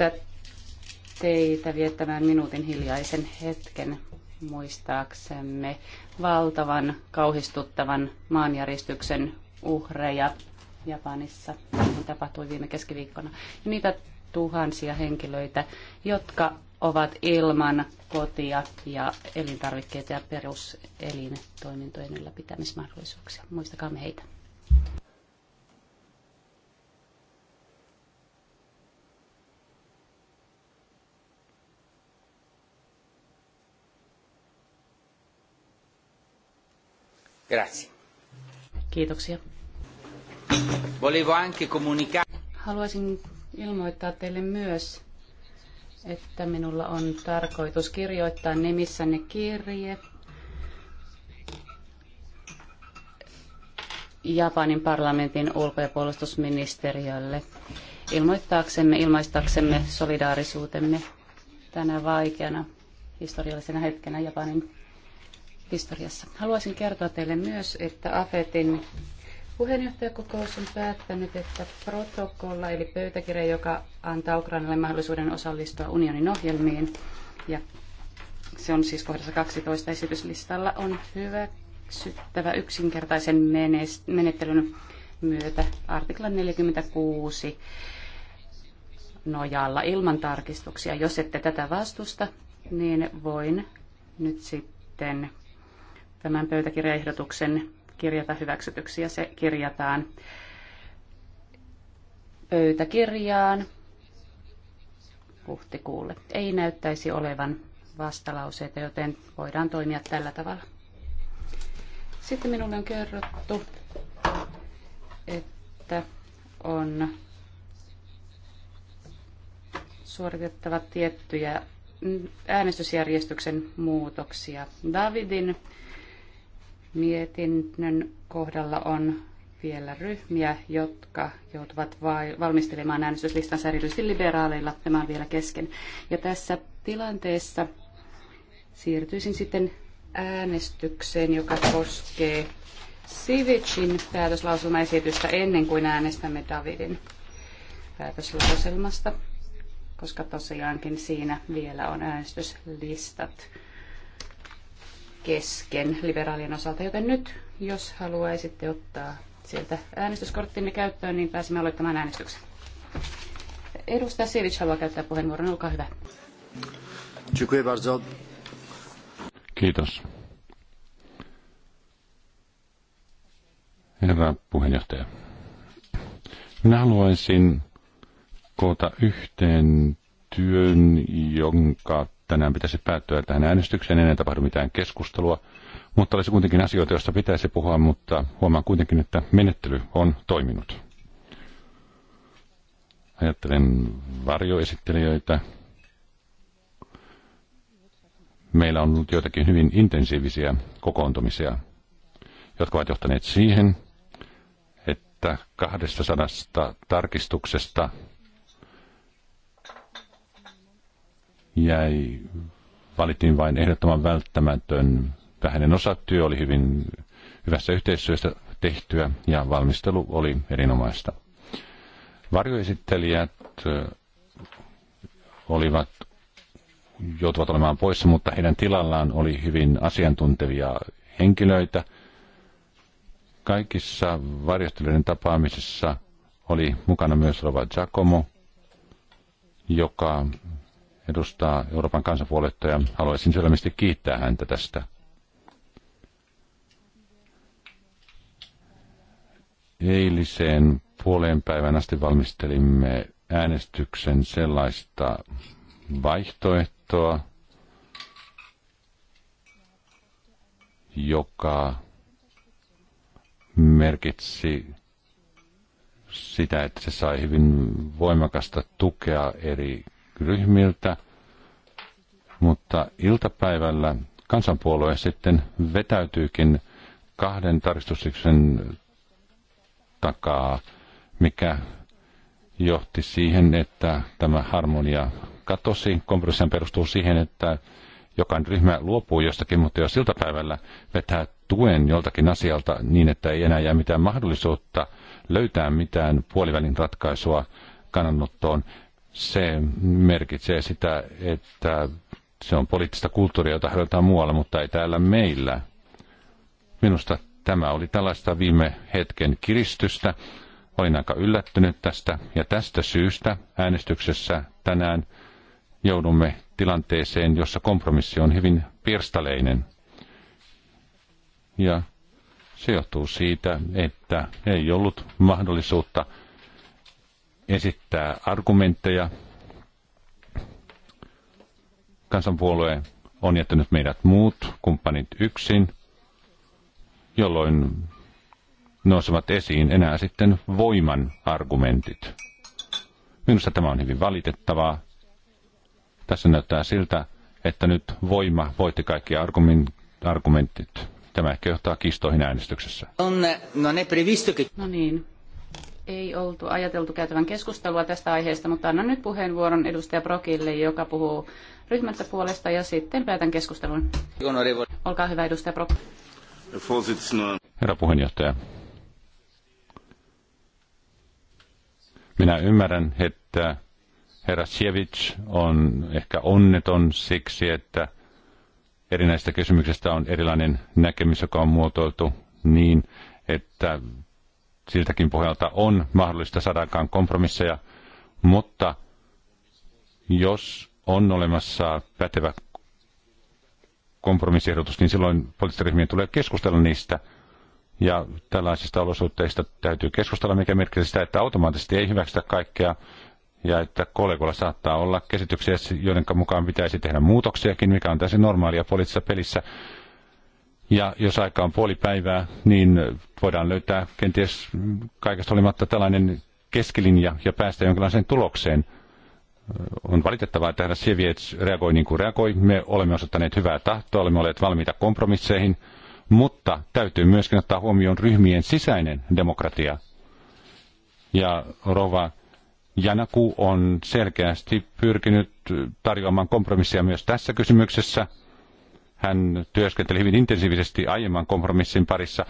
pyytää teitä viettämään minuutin hiljaisen hetken muistaaksemme valtavan kauhistuttavan maanjäristyksen uhreja Japanissa, mitä tapahtui viime keskiviikkona. Ja niitä tuhansia henkilöitä, jotka ovat ilman kotia ja elintarvikkeita ja peruselintoimintojen ylläpitämismahdollisuuksia. Muistakaa me heitä. Grazie. Kiitoksia. Volevo anche comunicare. Haluaisin ilmoittaa teille myös, että minulla on tarkoitus kirjoittaa nimissänne kirje Japanin parlamentin ulko- ja puolustusministeriölle ilmoittaaksemme, ilmaistaksemme solidaarisuutemme tänä vaikeana historiallisena hetkenä Japanin historiassa. Haluaisin kertoa teille myös, että AFETin puheenjohtajakokous on päättänyt, että protokolla eli pöytäkirja, joka antaa Ukrainalle mahdollisuuden osallistua unionin ohjelmiin ja se on siis kohdassa 12 esityslistalla, on hyväksyttävä yksinkertaisen menettelyn myötä artiklan 46 nojalla ilman tarkistuksia. Jos ette tätä vastusta, niin voin nyt sitten tämän pöytäkirjaehdotuksen kirjata hyväksytyksi ja se kirjataan pöytäkirjaan huhtikuulle. Ei näyttäisi olevan vastalauseita, joten voidaan toimia tällä tavalla. Sitten minulle on kerrottu, että on suoritettava tiettyjä äänestysjärjestyksen muutoksia. Davidin Mietinnön kohdalla on vielä ryhmiä, jotka joutuvat valmistelemaan äänestyslistansa erityisesti liberaaleilla. Tämä on vielä kesken. Ja tässä tilanteessa siirtyisin sitten äänestykseen, joka koskee Sivicin päätöslauselmaesitystä ennen kuin äänestämme Davidin päätöslauselmasta, koska tosiaankin siinä vielä on äänestyslistat kesken liberaalien osalta, joten nyt, jos haluaisitte ottaa sieltä äänestyskorttinne käyttöön, niin pääsemme aloittamaan äänestyksen. Edustaja Sivic haluaa käyttää puheenvuoron, olkaa hyvä. Kiitos. Herra puheenjohtaja, minä haluaisin koota yhteen työn, jonka tänään pitäisi päättyä tähän äänestykseen, ennen niin tapahdu mitään keskustelua, mutta olisi kuitenkin asioita, joista pitäisi puhua, mutta huomaan kuitenkin, että menettely on toiminut. Ajattelen varjoesittelijöitä. Meillä on ollut joitakin hyvin intensiivisiä kokoontumisia, jotka ovat johtaneet siihen, että 200 tarkistuksesta jäi, valittiin vain ehdottoman välttämätön. Vähäinen osatyö oli hyvin hyvässä yhteistyössä tehtyä ja valmistelu oli erinomaista. Varjoesittelijät olivat joutuvat olemaan poissa, mutta heidän tilallaan oli hyvin asiantuntevia henkilöitä. Kaikissa varjostelijoiden tapaamisissa oli mukana myös Rova Giacomo, joka edustaa Euroopan kansanpuoletta ja haluaisin selvästi kiittää häntä tästä. Eiliseen puoleen päivän asti valmistelimme äänestyksen sellaista vaihtoehtoa, joka merkitsi sitä, että se sai hyvin voimakasta tukea eri ryhmiltä, mutta iltapäivällä kansanpuolue sitten vetäytyykin kahden tarkistuksen takaa, mikä johti siihen, että tämä harmonia katosi. Kompromissihan perustuu siihen, että jokainen ryhmä luopuu jostakin, mutta jos iltapäivällä vetää tuen joltakin asialta niin, että ei enää jää mitään mahdollisuutta löytää mitään puolivälin ratkaisua kannanottoon, se merkitsee sitä, että se on poliittista kulttuuria, jota harjoitetaan muualla, mutta ei täällä meillä. Minusta tämä oli tällaista viime hetken kiristystä. Olin aika yllättynyt tästä ja tästä syystä äänestyksessä tänään joudumme tilanteeseen, jossa kompromissi on hyvin pirstaleinen. Ja se johtuu siitä, että ei ollut mahdollisuutta esittää argumentteja. Kansanpuolue on jättänyt meidät muut kumppanit yksin, jolloin nousevat esiin enää sitten voiman argumentit. Minusta tämä on hyvin valitettavaa. Tässä näyttää siltä, että nyt voima voitti kaikki argumentit. Tämä ehkä johtaa kistoihin äänestyksessä. No, no niin, ei oltu ajateltu käytävän keskustelua tästä aiheesta, mutta annan nyt puheenvuoron edustaja Brokille, joka puhuu ryhmältä puolesta ja sitten päätän keskustelun. Olkaa hyvä, edustaja Brok. Herra puheenjohtaja, minä ymmärrän, että herra Sievich on ehkä onneton siksi, että erinäistä kysymyksistä on erilainen näkemys, joka on muotoiltu niin, että siltäkin pohjalta on mahdollista saadaankaan kompromisseja, mutta jos on olemassa pätevä kompromissiehdotus, niin silloin poliittisten tulee keskustella niistä. Ja tällaisista olosuhteista täytyy keskustella, mikä merkitsee sitä, että automaattisesti ei hyväksytä kaikkea ja että kollegoilla saattaa olla käsityksiä, joiden mukaan pitäisi tehdä muutoksiakin, mikä on täysin normaalia poliittisessa pelissä. Ja jos aika on puoli päivää, niin voidaan löytää kenties kaikesta olimatta tällainen keskilinja ja päästä jonkinlaiseen tulokseen. On valitettavaa, että herra Sieviets reagoi niin kuin reagoi. Me olemme osoittaneet hyvää tahtoa, olemme olleet valmiita kompromisseihin, mutta täytyy myöskin ottaa huomioon ryhmien sisäinen demokratia. Ja Rova Janaku on selkeästi pyrkinyt tarjoamaan kompromissia myös tässä kysymyksessä – hän työskenteli hyvin intensiivisesti aiemman kompromissin parissa,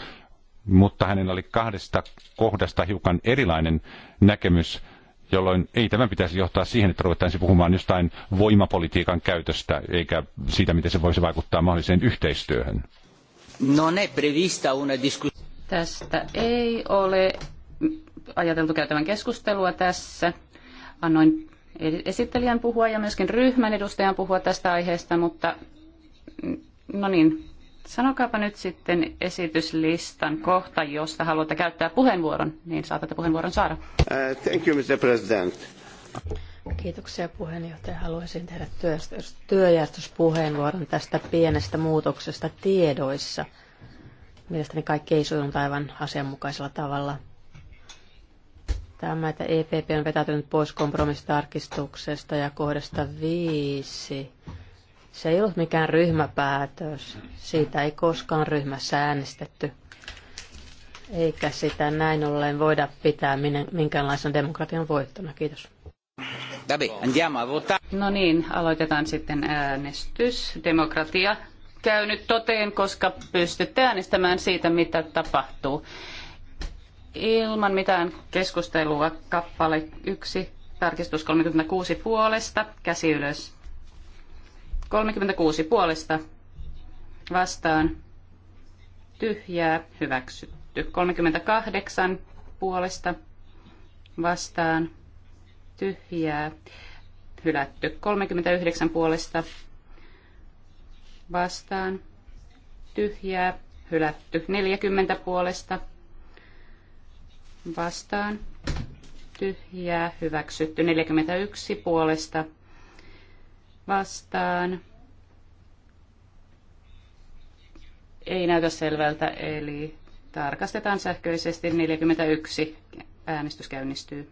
mutta hänellä oli kahdesta kohdasta hiukan erilainen näkemys, jolloin ei tämä pitäisi johtaa siihen, että ruvettaisiin puhumaan jostain voimapolitiikan käytöstä, eikä siitä, miten se voisi vaikuttaa mahdolliseen yhteistyöhön. No ne prevista una Tästä ei ole ajateltu käytävän keskustelua tässä. Annoin esittelijän puhua ja myöskin ryhmän edustajan puhua tästä aiheesta, mutta No niin, sanokaapa nyt sitten esityslistan kohta, josta haluatte käyttää puheenvuoron, niin saatatte puheenvuoron saada. Uh, thank you, Mr. President. Kiitoksia puheenjohtaja. Haluaisin tehdä työjärjestyspuheenvuoron tästä pienestä muutoksesta tiedoissa. Mielestäni kaikki ei sujunut aivan asianmukaisella tavalla. Tämä, että EPP on vetäytynyt pois kompromissitarkistuksesta ja kohdasta viisi se ei ollut mikään ryhmäpäätös. Siitä ei koskaan ryhmässä äänestetty. Eikä sitä näin ollen voida pitää minkäänlaisen demokratian voittona. Kiitos. No niin, aloitetaan sitten äänestys. Demokratia käy nyt toteen, koska pystytte äänestämään siitä, mitä tapahtuu. Ilman mitään keskustelua kappale yksi tarkistus 36 puolesta, käsi ylös 36 puolesta vastaan tyhjää hyväksytty. 38 puolesta vastaan tyhjää hylätty. 39 puolesta vastaan tyhjää hylätty. 40 puolesta vastaan tyhjää hyväksytty. 41 puolesta vastaan vastaan. Ei näytä selvältä, eli tarkastetaan sähköisesti 41. Äänestys käynnistyy.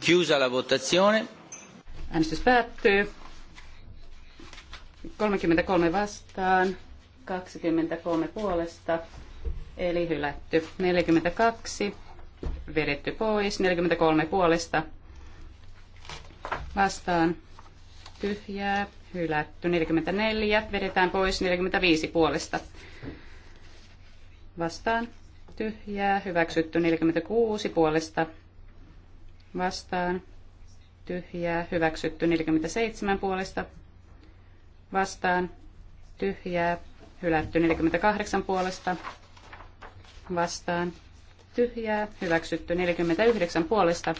Chiusa la votazione. Äänestys päättyy. 33 vastaan, 23 puolesta, eli hylätty. 42 vedetty pois, 43 puolesta vastaan tyhjää, hylätty. 44 vedetään pois, 45 puolesta vastaan tyhjää, hyväksytty. 46 puolesta vastaan tyhjää, hyväksytty. 47 puolesta vastaan tyhjää, hylätty. 48 puolesta vastaan tyhjää, hyväksytty 49 puolesta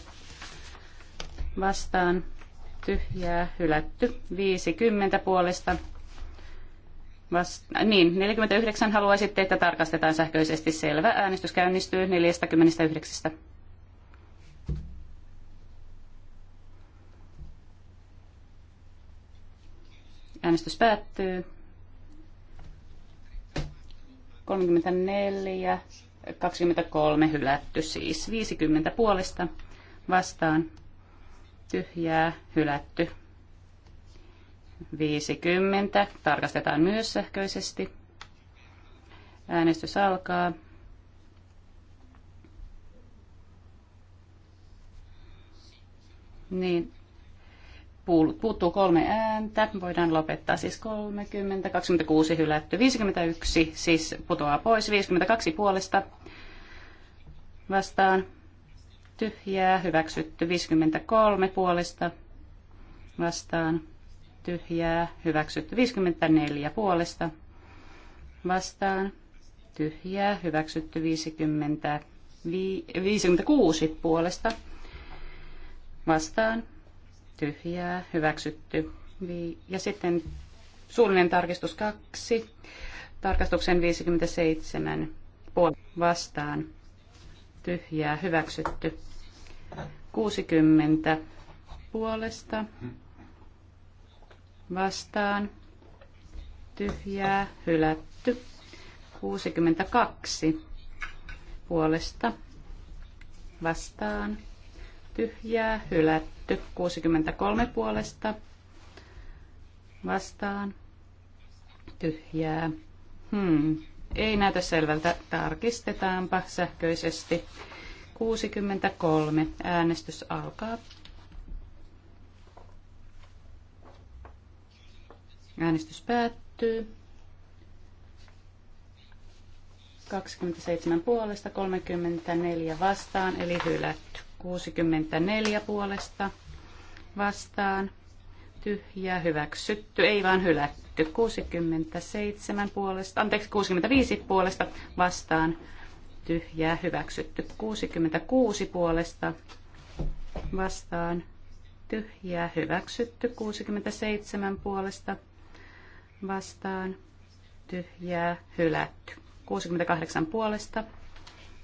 vastaan tyhjää, hylätty 50 puolesta vasta- niin, 49 haluaisitte, että tarkastetaan sähköisesti selvä. Äänestys käynnistyy 49. Äänestys päättyy. 34, 23 hylätty siis. 50 puolesta vastaan tyhjää hylätty. 50 tarkastetaan myös sähköisesti. Äänestys alkaa. Niin, puuttuu kolme ääntä. Voidaan lopettaa siis 30, 26 hylätty, 51 siis putoaa pois, 52 puolesta vastaan tyhjää, hyväksytty 53 puolesta vastaan tyhjää, hyväksytty 54 puolesta vastaan tyhjää, hyväksytty 50, 56 puolesta vastaan tyhjää, hyväksytty. Ja sitten suullinen tarkistus 2, tarkastuksen 57, puoli vastaan, tyhjää, hyväksytty. 60 puolesta, vastaan, tyhjää, hylätty. 62 puolesta, vastaan, tyhjää, hylätty hylätty. 63 puolesta vastaan. Tyhjää. Hmm. Ei näytä selvältä. Tarkistetaanpa sähköisesti. 63. Äänestys alkaa. Äänestys päättyy. 27 puolesta, 34 vastaan, eli hylätty. 64 puolesta vastaan. Tyhjää hyväksytty, ei vaan hylätty. 67 puolesta, anteeksi 65 puolesta vastaan. Tyhjää hyväksytty. 66 puolesta vastaan. Tyhjää hyväksytty. 67 puolesta vastaan. Tyhjää hylätty. 68 puolesta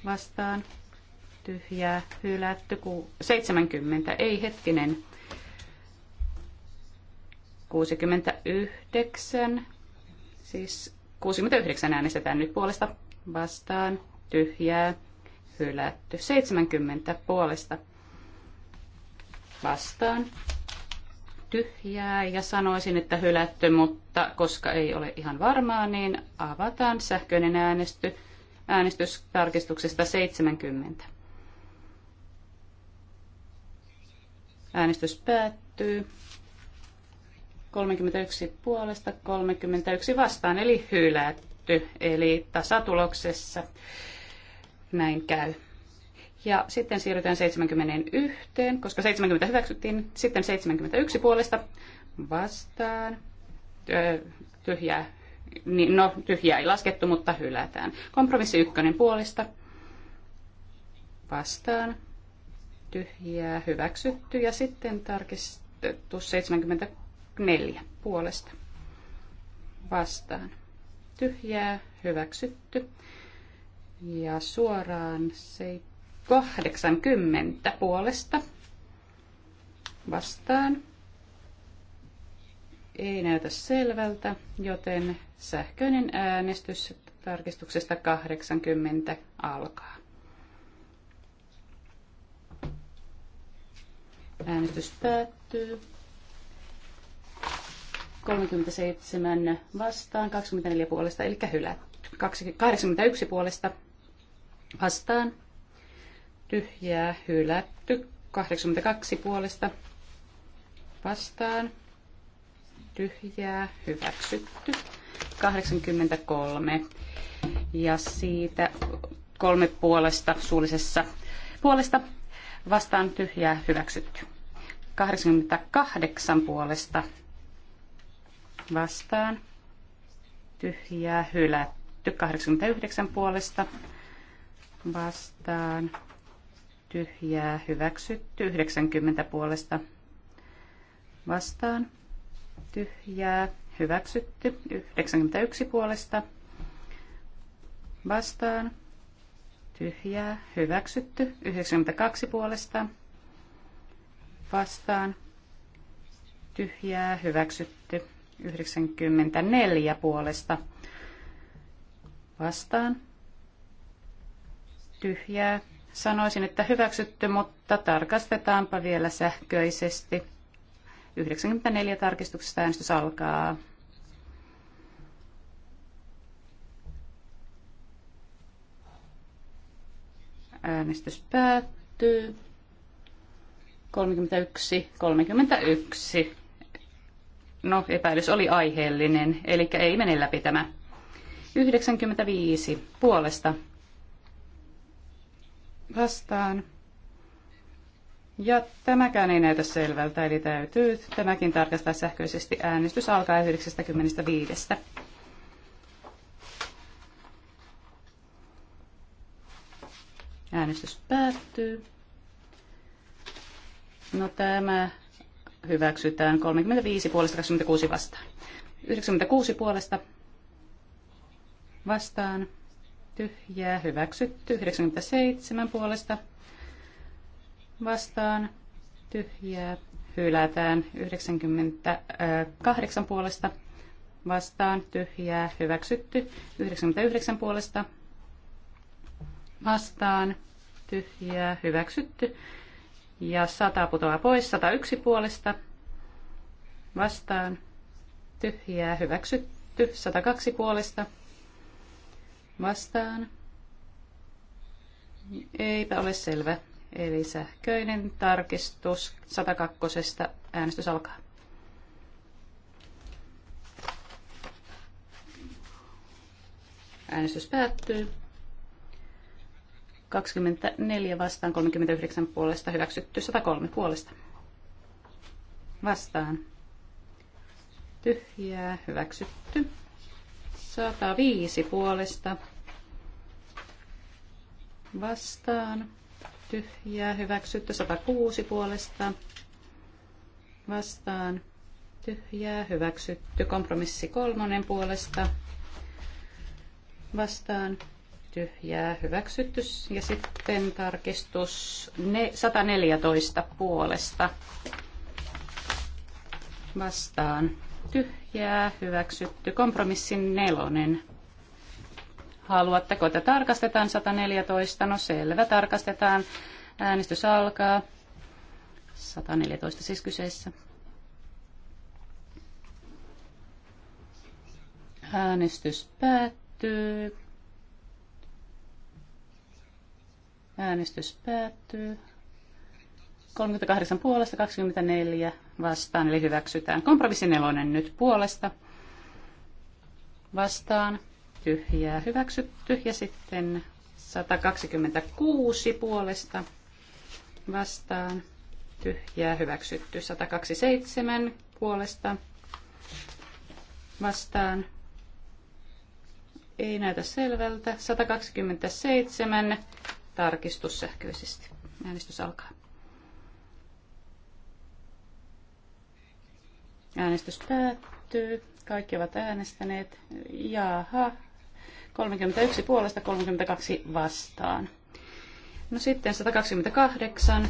vastaan tyhjää, hylätty, ku, 70, ei hetkinen, 69, siis 69 äänestetään nyt puolesta vastaan, tyhjää, hylätty, 70 puolesta vastaan, tyhjää ja sanoisin, että hylätty, mutta koska ei ole ihan varmaa, niin avataan sähköinen äänesty, äänestys tarkistuksesta 70. Äänestys päättyy. 31 puolesta, 31 vastaan, eli hylätty. Eli tasatuloksessa näin käy. Ja sitten siirrytään 71, koska 70 hyväksyttiin. Sitten 71 puolesta vastaan. Tyhjää. No, tyhjää ei laskettu, mutta hylätään. Kompromissi ykkönen puolesta vastaan tyhjää hyväksytty ja sitten tarkistettu 74 puolesta vastaan. Tyhjää hyväksytty ja suoraan 80 puolesta vastaan. Ei näytä selvältä, joten sähköinen äänestys tarkistuksesta 80 alkaa. Äänestys päättyy. 37 vastaan, 24 puolesta, eli hylät. 81 puolesta vastaan, tyhjää, hylätty. 82 puolesta vastaan, tyhjää, hyväksytty. 83 ja siitä kolme puolesta suullisessa puolesta vastaan tyhjää hyväksytty. 88 puolesta vastaan tyhjää hylätty. 89 puolesta vastaan tyhjää hyväksytty. 90 puolesta vastaan tyhjää hyväksytty. 91 puolesta vastaan tyhjää, hyväksytty. 92 puolesta vastaan, tyhjää, hyväksytty. 94 puolesta vastaan, tyhjää. Sanoisin, että hyväksytty, mutta tarkastetaanpa vielä sähköisesti. 94 tarkistuksesta äänestys alkaa. Äänestys päättyy. 31, 31. No, epäilys oli aiheellinen, eli ei mene läpi tämä. 95 puolesta vastaan. Ja tämäkään ei näytä selvältä, eli täytyy tämäkin tarkastaa sähköisesti. Äänestys alkaa 95. Äänestys päättyy. No tämä hyväksytään 35 puolesta 26 vastaan. 96 puolesta vastaan tyhjää hyväksytty. 97 puolesta vastaan tyhjää hylätään. 98 puolesta vastaan tyhjää hyväksytty. 99 puolesta vastaan, vastaan tyhjää hyväksytty. Ja 100 putoaa pois, 101 puolesta vastaan tyhjää hyväksytty, 102 puolesta vastaan. Eipä ole selvä. Eli sähköinen tarkistus 102. Äänestys alkaa. Äänestys päättyy. 24 vastaan, 39 puolesta hyväksytty, 103 puolesta. Vastaan. Tyhjää, hyväksytty. 105 puolesta. Vastaan. Tyhjää, hyväksytty. 106 puolesta. Vastaan. Tyhjää, hyväksytty. Kompromissi kolmonen puolesta. Vastaan ja hyväksytty. Ja sitten tarkistus 114 puolesta vastaan tyhjää hyväksytty. Kompromissin nelonen. Haluatteko, että tarkastetaan 114? No selvä, tarkastetaan. Äänestys alkaa. 114 siis kyseessä. Äänestys päättyy. Äänestys päättyy. 38 puolesta, 24 vastaan, eli hyväksytään. Kompromissi nelonen nyt puolesta vastaan, tyhjää hyväksytty. Ja sitten 126 puolesta vastaan, tyhjää hyväksytty. 127 puolesta vastaan, ei näytä selvältä. 127 tarkistus sähköisesti. Äänestys alkaa. Äänestys päättyy. Kaikki ovat äänestäneet. Jaha. 31 puolesta 32 vastaan. No sitten 128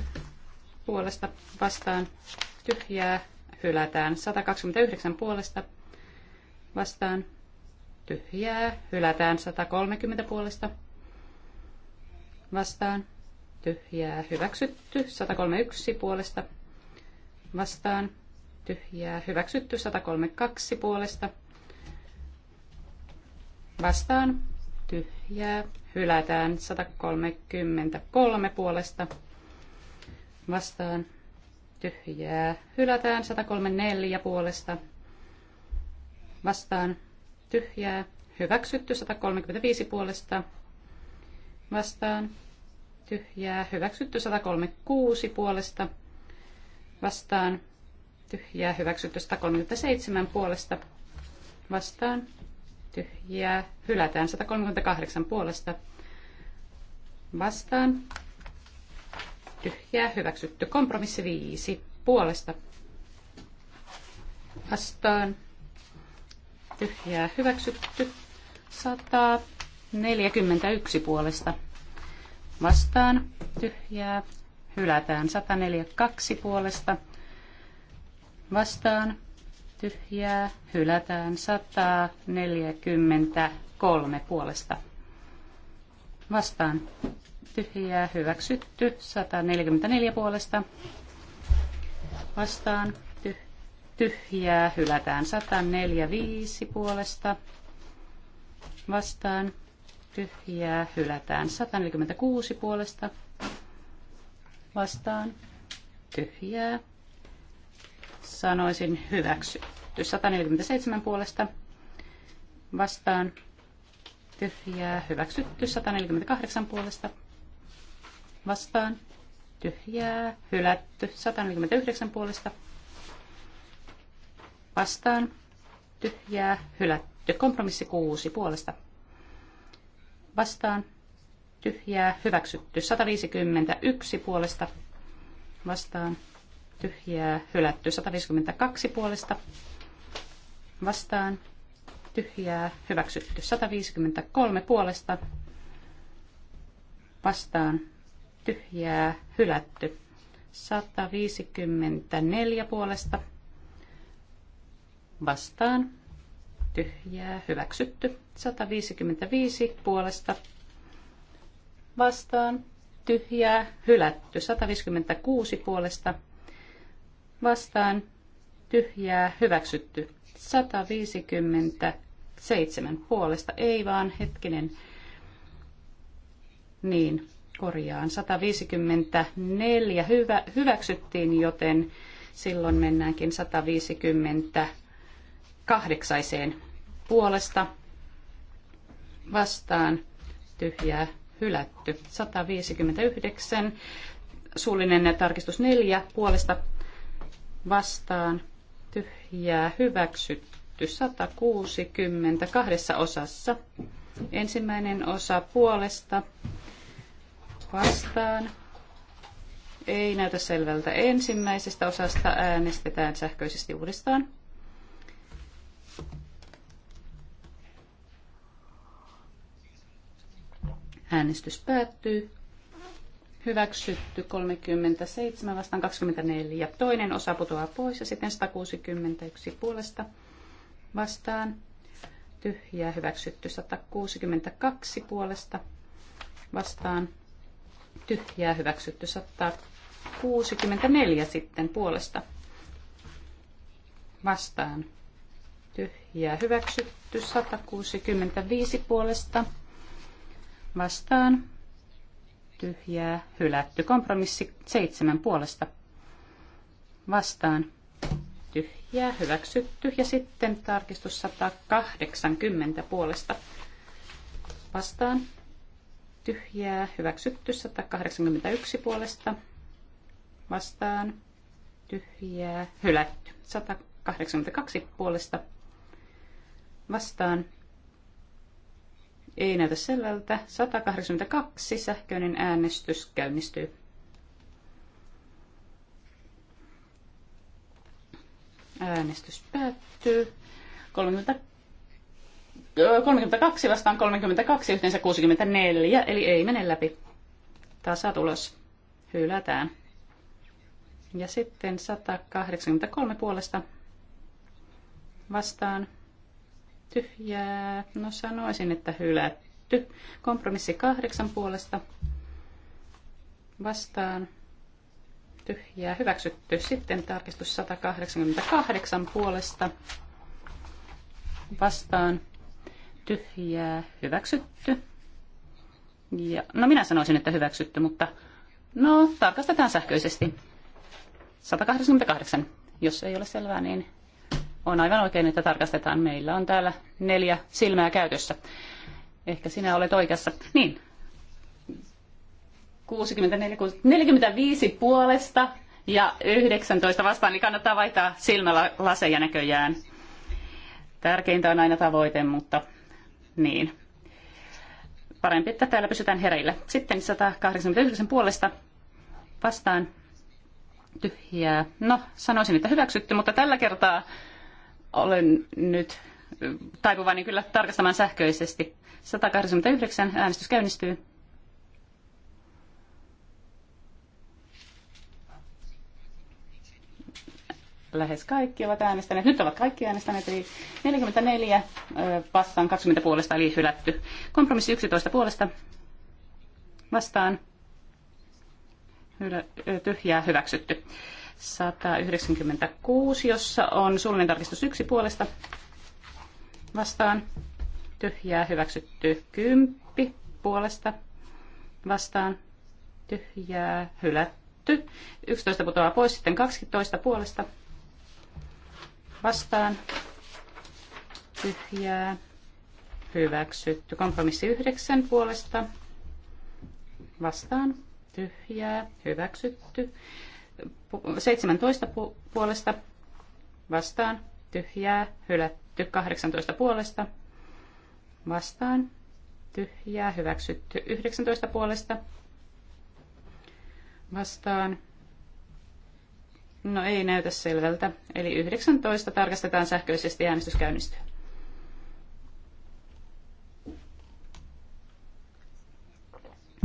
puolesta vastaan tyhjää hylätään. 129 puolesta vastaan tyhjää hylätään. 130 puolesta vastaan tyhjää hyväksytty 131 puolesta vastaan tyhjää hyväksytty 132 puolesta vastaan tyhjää hylätään 133 puolesta vastaan tyhjää hylätään 134 puolesta vastaan tyhjää hyväksytty 135 puolesta vastaan tyhjää, hyväksytty 136 puolesta vastaan, tyhjää, hyväksytty 137 puolesta vastaan, tyhjää, hylätään 138 puolesta vastaan, tyhjää, hyväksytty kompromissi 5 puolesta vastaan, tyhjää, hyväksytty 100 41 puolesta vastaan tyhjää, hylätään 142 puolesta vastaan tyhjää, hylätään 143 puolesta vastaan tyhjää, hyväksytty 144 puolesta vastaan tyhjää, hylätään 145 puolesta vastaan tyhjää hylätään. 146 puolesta vastaan tyhjää. Sanoisin hyväksytty. 147 puolesta vastaan tyhjää hyväksytty. 148 puolesta vastaan tyhjää hylätty. 149 puolesta vastaan tyhjää hylätty. Kompromissi 6 puolesta vastaan tyhjää hyväksytty. 151 puolesta vastaan tyhjää hylätty. 152 puolesta vastaan tyhjää hyväksytty. 153 puolesta vastaan tyhjää hylätty. 154 puolesta vastaan tyhjää hyväksytty. 155 puolesta vastaan tyhjää hylätty. 156 puolesta vastaan tyhjää hyväksytty. 157 puolesta ei vaan hetkinen niin korjaan. 154 hyvä, hyväksyttiin, joten silloin mennäänkin 150 kahdeksaiseen puolesta vastaan tyhjää hylätty. 159 suullinen tarkistus 4 puolesta vastaan tyhjää hyväksytty 160 kahdessa osassa. Ensimmäinen osa puolesta vastaan ei näytä selvältä ensimmäisestä osasta äänestetään sähköisesti uudestaan. Äänestys päättyy. Hyväksytty 37 vastaan 24. Toinen osa putoaa pois ja sitten 161 puolesta vastaan. Tyhjää hyväksytty 162 puolesta vastaan. Tyhjää hyväksytty 164 sitten puolesta vastaan ja hyväksytty 165 puolesta vastaan tyhjää hylätty kompromissi 7 puolesta vastaan tyhjää hyväksytty ja sitten tarkistus 180 puolesta vastaan tyhjää hyväksytty 181 puolesta vastaan tyhjää hylätty 182 puolesta vastaan. Ei näytä selvältä. 182 sähköinen äänestys käynnistyy. Äänestys päättyy. 30, 32 vastaan 32, yhteensä 64, eli ei mene läpi. tulos. Hylätään. Ja sitten 183 puolesta vastaan tyhjää. No sanoisin, että hylätty. Kompromissi kahdeksan puolesta vastaan tyhjää hyväksytty. Sitten tarkistus 188 puolesta vastaan tyhjää hyväksytty. Ja, no minä sanoisin, että hyväksytty, mutta no tarkastetaan sähköisesti. 188, jos ei ole selvää, niin on aivan oikein, että tarkastetaan. Meillä on täällä neljä silmää käytössä. Ehkä sinä olet oikeassa. Niin. 64, 45 puolesta ja 19 vastaan, niin kannattaa vaihtaa laseja näköjään. Tärkeintä on aina tavoite, mutta niin. Parempi, että täällä pysytään hereillä. Sitten 189 puolesta vastaan tyhjää. No, sanoisin, että hyväksytty, mutta tällä kertaa olen nyt taipuvainen kyllä tarkastamaan sähköisesti. 189 äänestys käynnistyy. Lähes kaikki ovat äänestäneet. Nyt ovat kaikki äänestäneet, eli 44 vastaan 20 puolesta, eli hylätty. Kompromissi 11 puolesta vastaan. Tyhjää hyväksytty. 196, jossa on suullinen tarkistus yksi puolesta vastaan. Tyhjää hyväksytty 10 puolesta vastaan. Tyhjää hylätty. 11 putoaa pois, sitten 12 puolesta vastaan. Tyhjää hyväksytty. Kompromissi 9 puolesta vastaan. Tyhjää hyväksytty. 17 puolesta vastaan, tyhjää, hylätty. 18 puolesta vastaan, tyhjää, hyväksytty. 19 puolesta vastaan. No ei näytä selvältä. Eli 19 tarkastetaan sähköisesti äänestys käynnistyy.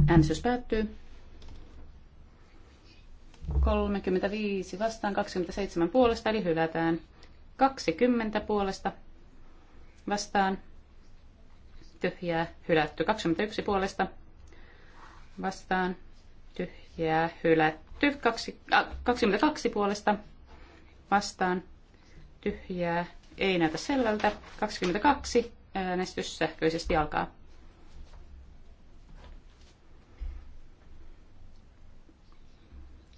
Äänestys päättyy. 35 vastaan, 27 puolesta, eli hylätään. 20 puolesta vastaan, tyhjää, hylätty. 21 puolesta vastaan, tyhjää, hylätty. 2, äh, 22 puolesta vastaan, tyhjää, ei näytä selvältä. 22 äänestys sähköisesti alkaa.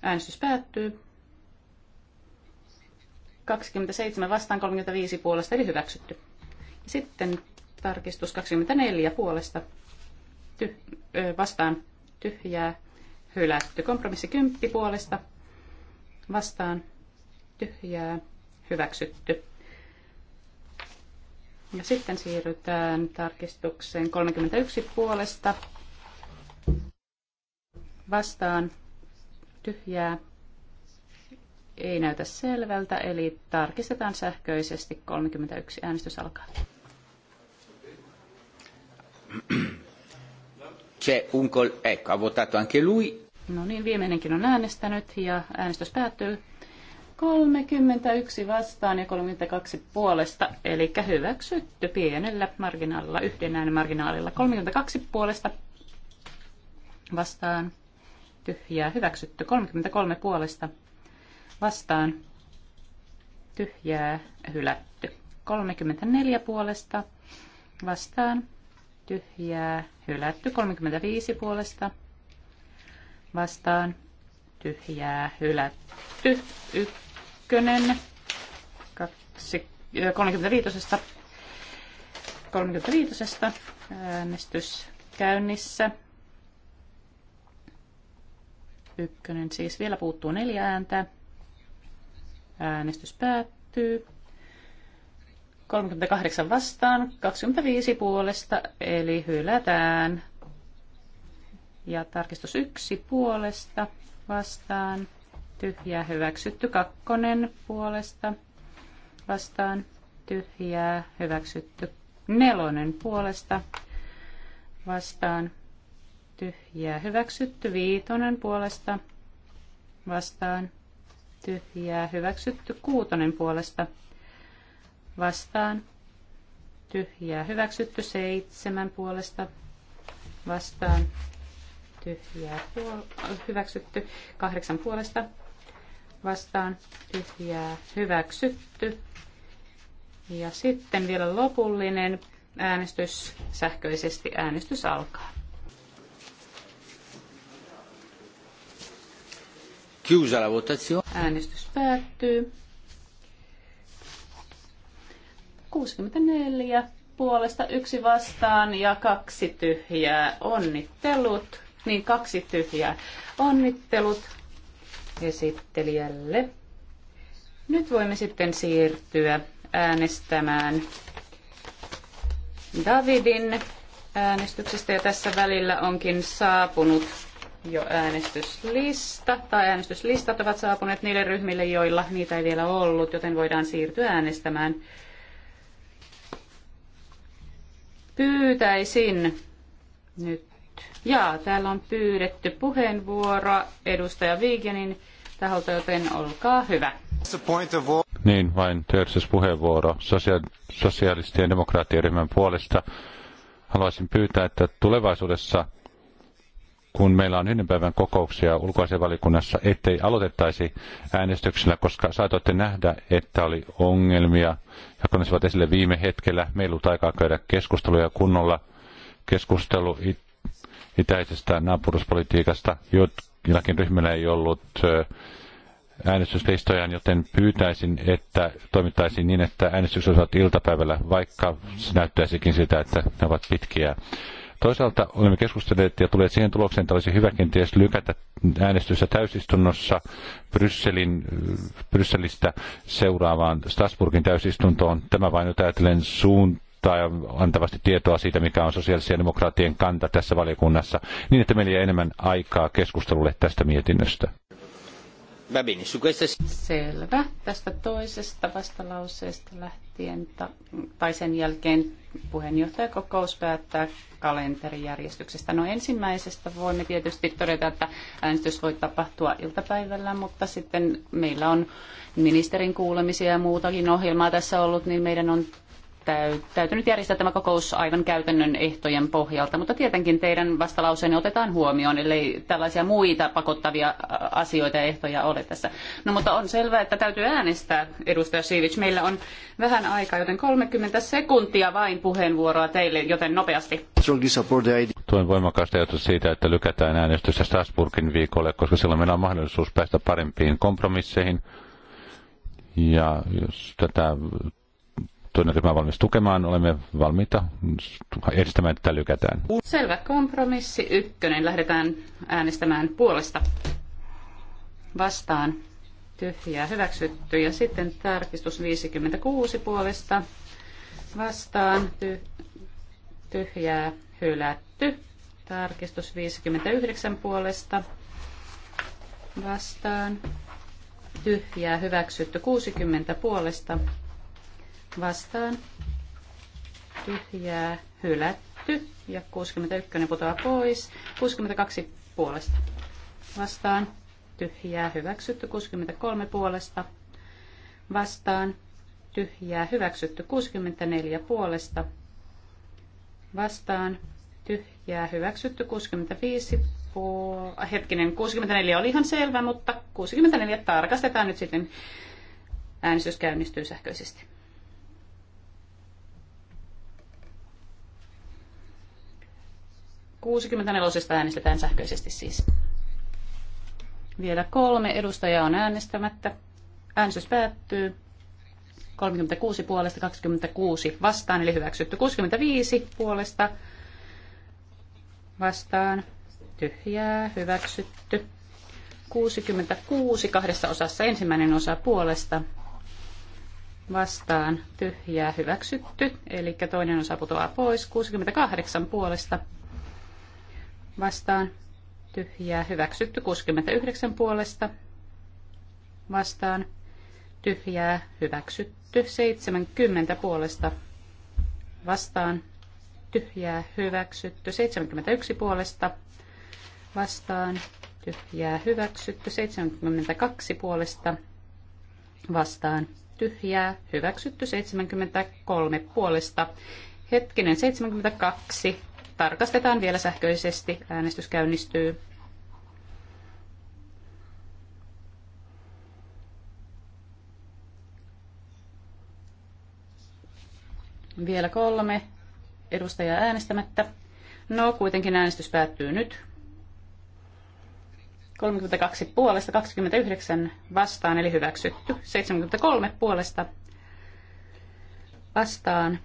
Äänestys päättyy. 27 vastaan 35 puolesta, eli hyväksytty. Sitten tarkistus 24 puolesta ty- vastaan tyhjää hylätty. Kompromissi 10 puolesta vastaan tyhjää hyväksytty. Ja sitten siirrytään tarkistukseen 31 puolesta vastaan tyhjää ei näytä selvältä, eli tarkistetaan sähköisesti 31. Äänestys alkaa. C'è un col... Ecco, ha votato anche lui. No niin, viimeinenkin on äänestänyt ja äänestys päättyy 31 vastaan ja 32 puolesta, eli hyväksytty pienellä marginaalilla, yhden äänen marginaalilla. 32 puolesta vastaan tyhjää hyväksytty. 33 puolesta vastaan tyhjää hylätty. 34 puolesta vastaan tyhjää hylätty. 35 puolesta vastaan tyhjää hylätty. Ykkönen. 2, 35. 35. Äänestys käynnissä ykkönen. Siis vielä puuttuu neljä ääntä. Äänestys päättyy. 38 vastaan, 25 puolesta, eli hylätään. Ja tarkistus 1 puolesta vastaan, tyhjää hyväksytty, kakkonen puolesta vastaan, tyhjää hyväksytty, nelonen puolesta vastaan, ja hyväksytty. Viitonen puolesta vastaan tyhjää hyväksytty. Kuutonen puolesta vastaan tyhjää hyväksytty. Seitsemän puolesta vastaan tyhjää puol- hyväksytty. Kahdeksan puolesta vastaan tyhjää hyväksytty. Ja sitten vielä lopullinen äänestys sähköisesti. Äänestys alkaa. Chiusa la votazione. Äänestys päättyy. 64 puolesta, yksi vastaan ja kaksi tyhjää. Onnittelut, niin kaksi tyhjää. Onnittelut esittelijälle. Nyt voimme sitten siirtyä äänestämään Davidin äänestyksestä ja tässä välillä onkin saapunut jo äänestyslista, tai äänestyslistat ovat saapuneet niille ryhmille, joilla niitä ei vielä ollut, joten voidaan siirtyä äänestämään. Pyytäisin nyt, jaa, täällä on pyydetty puheenvuoro edustaja Viigenin taholta, joten olkaa hyvä. Niin, vain työllistyspuheenvuoro puheenvuoro sosiaalisten ja demokraattien ryhmän puolesta. Haluaisin pyytää, että tulevaisuudessa kun meillä on yhden päivän kokouksia ulkoasevalikunnassa, ettei aloitettaisi äänestyksellä, koska saatoitte nähdä, että oli ongelmia, jotka nousivat esille viime hetkellä. Meillä ollut aikaa käydä keskusteluja kunnolla. Keskustelu it- itäisestä naapuruspolitiikasta. Jotkin ryhmillä ei ollut äänestyslistoja, joten pyytäisin, että toimittaisiin niin, että äänestykset ovat iltapäivällä, vaikka se näyttäisikin sitä, että ne ovat pitkiä. Toisaalta olemme keskustelleet ja tulleet siihen tulokseen, että olisi hyvä kenties lykätä äänestyssä täysistunnossa Brysselin, Brysselistä seuraavaan Strasburgin täysistuntoon. Tämä vain nyt ajatellen suuntaan tai antavasti tietoa siitä, mikä on sosiaalisen demokraattien kanta tässä valiokunnassa, niin että meillä jää enemmän aikaa keskustelulle tästä mietinnöstä su questa... Selvä. Tästä toisesta vastalauseesta lähtien ta- tai sen jälkeen puheenjohtajakokous päättää kalenterijärjestyksestä. No ensimmäisestä voimme tietysti todeta, että äänestys voi tapahtua iltapäivällä, mutta sitten meillä on ministerin kuulemisia ja muutakin ohjelmaa tässä ollut, niin meidän on täytynyt järjestää tämä kokous aivan käytännön ehtojen pohjalta, mutta tietenkin teidän vastalauseenne otetaan huomioon, ellei tällaisia muita pakottavia asioita ja ehtoja ole tässä. No mutta on selvää, että täytyy äänestää, edustaja Siivic. Meillä on vähän aikaa, joten 30 sekuntia vain puheenvuoroa teille, joten nopeasti. Tuen voimakkaasti ajatus siitä, että lykätään äänestystä Strasbourgin viikolle, koska silloin meillä on mahdollisuus päästä parempiin kompromisseihin. Ja jos tätä työryhmä on valmis tukemaan. Olemme valmiita edistämään, että lykätään. Selvä kompromissi ykkönen. Lähdetään äänestämään puolesta vastaan tyhjää hyväksytty. Ja sitten tarkistus 56 puolesta vastaan ty- tyhjää hylätty. Tarkistus 59 puolesta vastaan tyhjää hyväksytty 60 puolesta vastaan tyhjää hylätty ja 61 putoaa pois. 62 puolesta vastaan tyhjää hyväksytty 63 puolesta vastaan tyhjää hyväksytty 64 puolesta vastaan tyhjää hyväksytty 65 puolesta. Äh, hetkinen 64 oli ihan selvä, mutta 64 tarkastetaan nyt sitten äänestys käynnistyy sähköisesti. 64 äänestetään sähköisesti siis. Vielä kolme edustajaa on äänestämättä. Äänestys päättyy. 36 puolesta, 26 vastaan, eli hyväksytty. 65 puolesta vastaan, tyhjää, hyväksytty. 66 kahdessa osassa, ensimmäinen osa puolesta vastaan, tyhjää, hyväksytty. Eli toinen osa putoaa pois. 68 puolesta vastaan tyhjää hyväksytty 69 puolesta vastaan tyhjää hyväksytty 70 puolesta vastaan tyhjää hyväksytty 71 puolesta vastaan tyhjää hyväksytty 72 puolesta vastaan tyhjää hyväksytty 73 puolesta hetkinen 72 tarkastetaan vielä sähköisesti. Äänestys käynnistyy. Vielä kolme edustajaa äänestämättä. No, kuitenkin äänestys päättyy nyt. 32 puolesta, 29 vastaan, eli hyväksytty. 73 puolesta vastaan,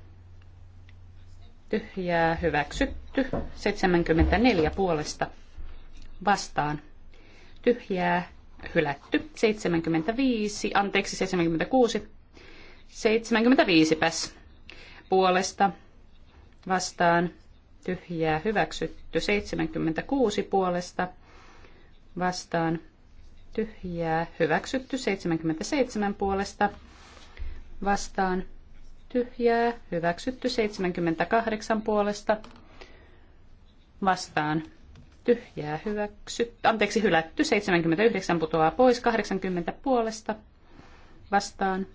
tyhjää hyväksytty. 74 puolesta vastaan tyhjää hylätty. 75, anteeksi 76, 75 päs puolesta vastaan tyhjää hyväksytty. 76 puolesta vastaan tyhjää hyväksytty. 77 puolesta vastaan tyhjää, hyväksytty 78 puolesta vastaan tyhjää, hyväksytty, anteeksi hylätty 79 putoaa pois 80 puolesta vastaan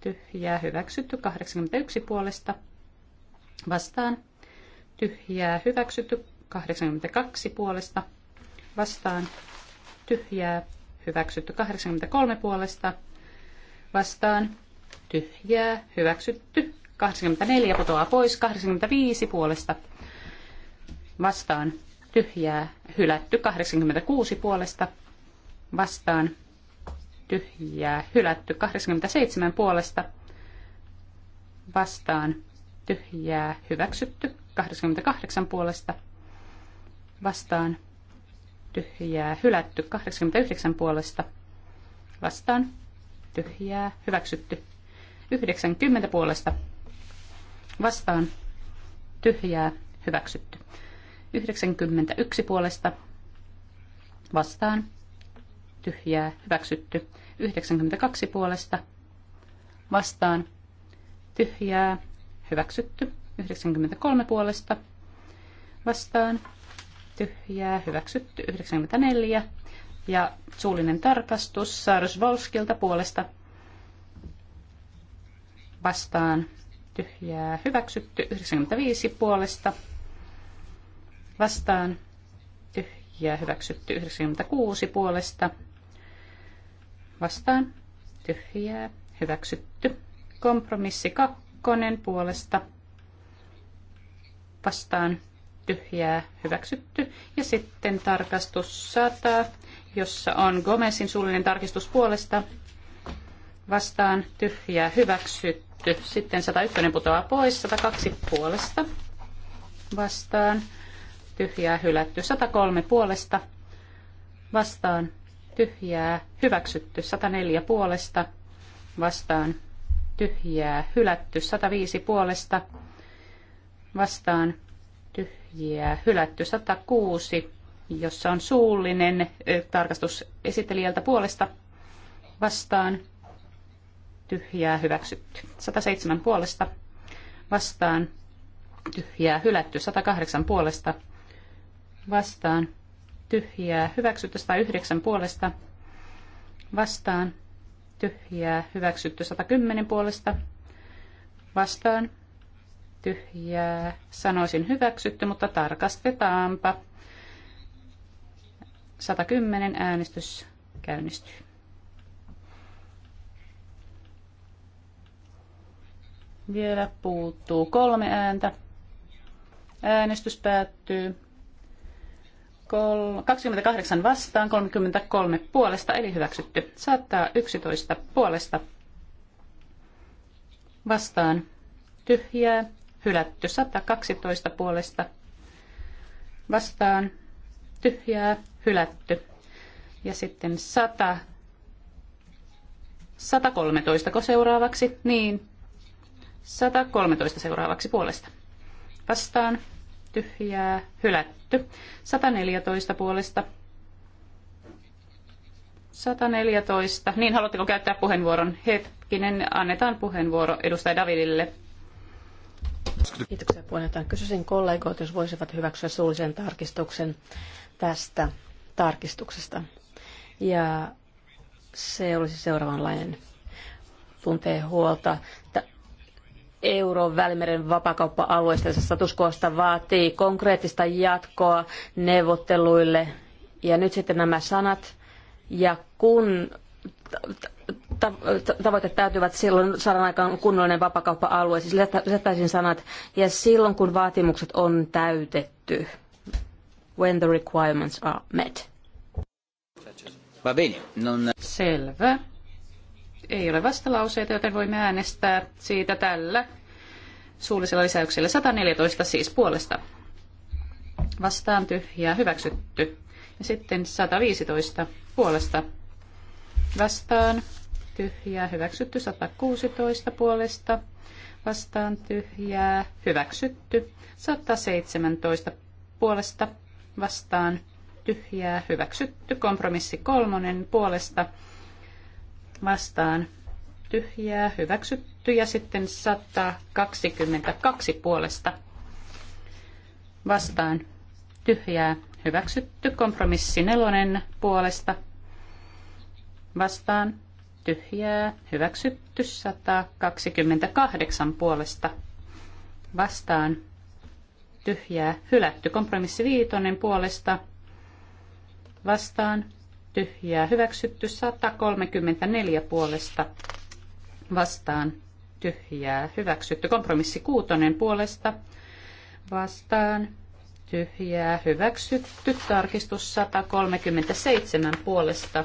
tyhjää, hyväksytty 81 puolesta vastaan tyhjää, hyväksytty 82 puolesta vastaan tyhjää, hyväksytty 83 puolesta vastaan tyhjää, hyväksytty. 84 putoaa pois, 85 puolesta vastaan tyhjää, hylätty. 86 puolesta vastaan tyhjää, hylätty. 87 puolesta vastaan tyhjää, hyväksytty. 88 puolesta vastaan tyhjää, hylätty. 89 puolesta vastaan tyhjää, hyväksytty. 90 puolesta vastaan tyhjää hyväksytty. 91 puolesta vastaan tyhjää hyväksytty. 92 puolesta vastaan tyhjää hyväksytty. 93 puolesta vastaan tyhjää hyväksytty. 94 ja suullinen tarkastus Saarus Volskilta puolesta vastaan tyhjää hyväksytty. 95 puolesta vastaan tyhjää hyväksytty. 96 puolesta vastaan tyhjää hyväksytty. Kompromissi 2 puolesta vastaan tyhjää hyväksytty. Ja sitten tarkastus 100, jossa on Gomesin suullinen tarkistus puolesta vastaan tyhjää hyväksytty. Sitten 101 putoaa pois, 102 puolesta vastaan tyhjää hylätty. 103 puolesta vastaan tyhjää hyväksytty. 104 puolesta vastaan tyhjää hylätty. 105 puolesta vastaan tyhjää hylätty. 106 jossa on suullinen tarkastus esittelijältä puolesta vastaan tyhjää hyväksytty. 107 puolesta vastaan tyhjää hylätty. 108 puolesta vastaan tyhjää hyväksytty. 109 puolesta vastaan tyhjää hyväksytty. 110 puolesta vastaan tyhjää sanoisin hyväksytty, mutta tarkastetaanpa. 110 äänestys käynnistyy. Vielä puuttuu kolme ääntä. Äänestys päättyy. 28 vastaan, 33 puolesta, eli hyväksytty. Saattaa 11 puolesta vastaan tyhjää, hylätty. 112 puolesta vastaan tyhjää, hylätty. Ja sitten 100, 113 seuraavaksi, niin 113 seuraavaksi puolesta. Vastaan tyhjää hylätty. 114 puolesta. 114. Niin, haluatteko käyttää puheenvuoron? Hetkinen, annetaan puheenvuoro edustaja Davidille. Kiitoksia puheenjohtaja. Kysyisin kollegoita, jos voisivat hyväksyä suullisen tarkistuksen tästä tarkistuksesta. Ja se olisi seuraavanlainen tuntee huolta euron välimeren vapakauppa-alueesta, jossa statuskoosta vaatii konkreettista jatkoa neuvotteluille. Ja nyt sitten nämä sanat. Ja kun tavoitteet täytyvät silloin saadaan aikaan kunnollinen vapakauppa-alue, siis lisättäisiin sanat, ja silloin kun vaatimukset on täytetty. When the requirements are met. Selvä. Ei ole vastalauseita, joten voimme äänestää siitä tällä suullisella lisäyksellä 114 siis puolesta. Vastaan tyhjää hyväksytty. Ja sitten 115 puolesta vastaan tyhjää hyväksytty. 116 puolesta vastaan tyhjää hyväksytty. 117 puolesta vastaan tyhjää hyväksytty. Kompromissi kolmonen puolesta vastaan tyhjää hyväksytty ja sitten 122 puolesta vastaan tyhjää hyväksytty. Kompromissi nelonen puolesta vastaan tyhjää hyväksytty 128 puolesta vastaan tyhjää hylätty. Kompromissi viitonen puolesta vastaan tyhjää hyväksytty 134 puolesta vastaan tyhjää hyväksytty. Kompromissi kuutonen puolesta vastaan tyhjää hyväksytty. Tarkistus 137 puolesta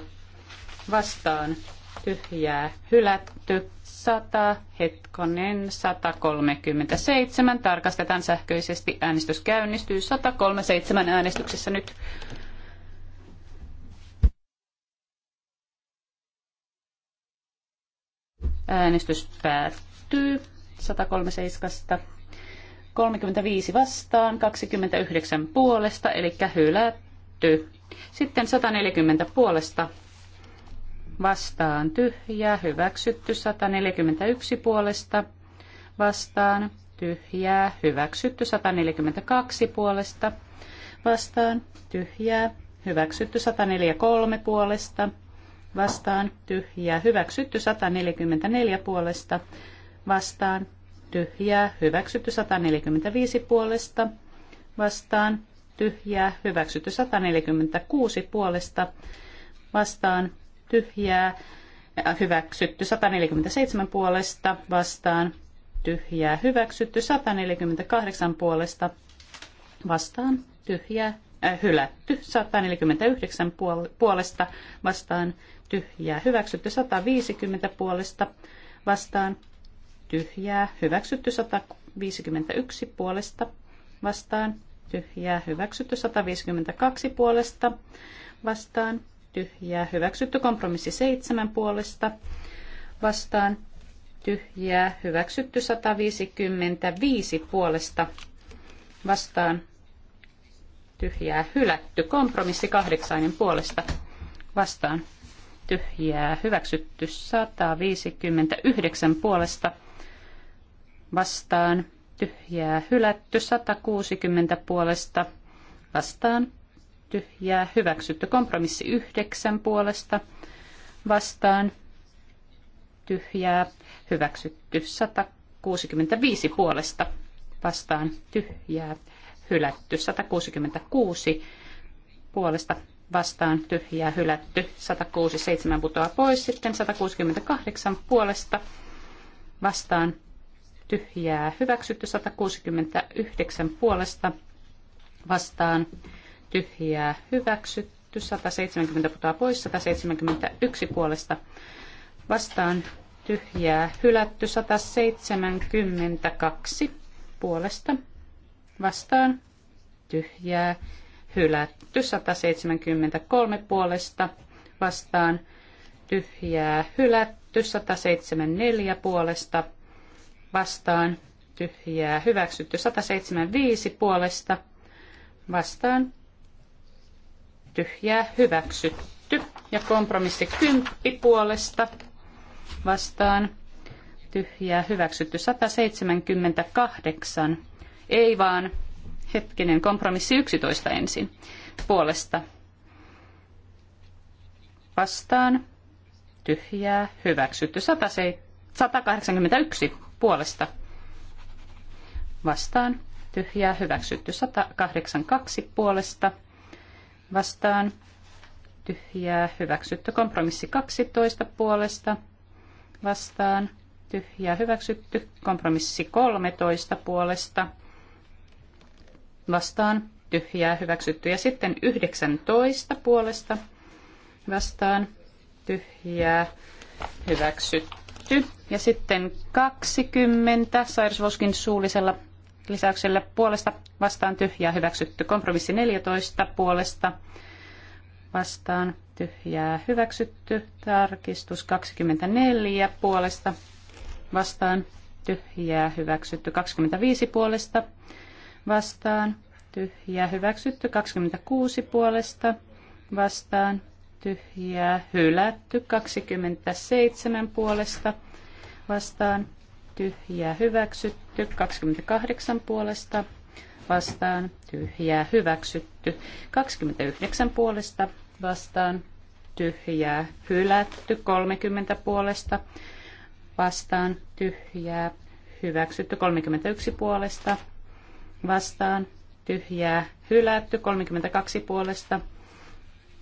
vastaan tyhjää hylätty. 100 hetkonen 137. Tarkastetaan sähköisesti. Äänestys käynnistyy 137 äänestyksessä nyt. Äänestys päättyy 137. 35 vastaan, 29 puolesta, eli hylätty. Sitten 140 puolesta vastaan tyhjä, hyväksytty 141 puolesta vastaan tyhjää, hyväksytty 142 puolesta vastaan tyhjää, hyväksytty 143 puolesta vastaan tyhjää hyväksytty 144 puolesta vastaan tyhjää hyväksytty 145 puolesta vastaan tyhjää hyväksytty 146 puolesta vastaan tyhjää hyväksytty 147 puolesta vastaan tyhjää hyväksytty 148 puolesta vastaan tyhjää Äh, hylätty 149 puolesta vastaan tyhjää hyväksytty 150 puolesta vastaan tyhjää hyväksytty 151 puolesta vastaan tyhjää hyväksytty 152 puolesta vastaan tyhjää hyväksytty kompromissi 7 puolesta vastaan tyhjää hyväksytty 155 puolesta vastaan tyhjää hylätty. Kompromissi kahdeksainen puolesta vastaan tyhjää hyväksytty 159 puolesta vastaan tyhjää hylätty 160 puolesta vastaan tyhjää hyväksytty kompromissi 9 puolesta vastaan tyhjää hyväksytty 165 puolesta vastaan tyhjää hylätty. 166 puolesta vastaan tyhjää hylätty. 167 putoaa pois. Sitten 168 puolesta vastaan tyhjää hyväksytty. 169 puolesta vastaan tyhjää hyväksytty. 170 putoaa pois. 171 puolesta vastaan tyhjää hylätty. 172 puolesta vastaan tyhjää hylätty. 173 puolesta vastaan tyhjää hylätty. 174 puolesta vastaan tyhjää hyväksytty. 175 puolesta vastaan tyhjää hyväksytty. Ja kompromissi 10 puolesta vastaan tyhjää hyväksytty. 178 ei vaan, hetkinen, kompromissi 11 ensin puolesta. Vastaan, tyhjää, hyväksytty. 181 puolesta. Vastaan, tyhjää, hyväksytty. 182 puolesta. Vastaan, tyhjää, hyväksytty. Kompromissi 12 puolesta. Vastaan, tyhjää, hyväksytty. Kompromissi 13 puolesta vastaan tyhjää hyväksytty. Ja sitten 19 puolesta vastaan tyhjää hyväksytty. Ja sitten 20 Sairsvoskin suullisella lisäyksellä puolesta vastaan tyhjää hyväksytty. Kompromissi 14 puolesta vastaan tyhjää hyväksytty. Tarkistus 24 puolesta vastaan tyhjää hyväksytty. 25 puolesta vastaan, tyhjää hyväksytty. 26 puolesta vastaan, tyhjää hylätty. 27 puolesta vastaan, tyhjää hyväksytty. 28 puolesta vastaan, tyhjää hyväksytty. 29 puolesta vastaan, tyhjää hylätty. 30 puolesta vastaan, tyhjää hyväksytty. 31 puolesta vastaan tyhjää hylätty 32 puolesta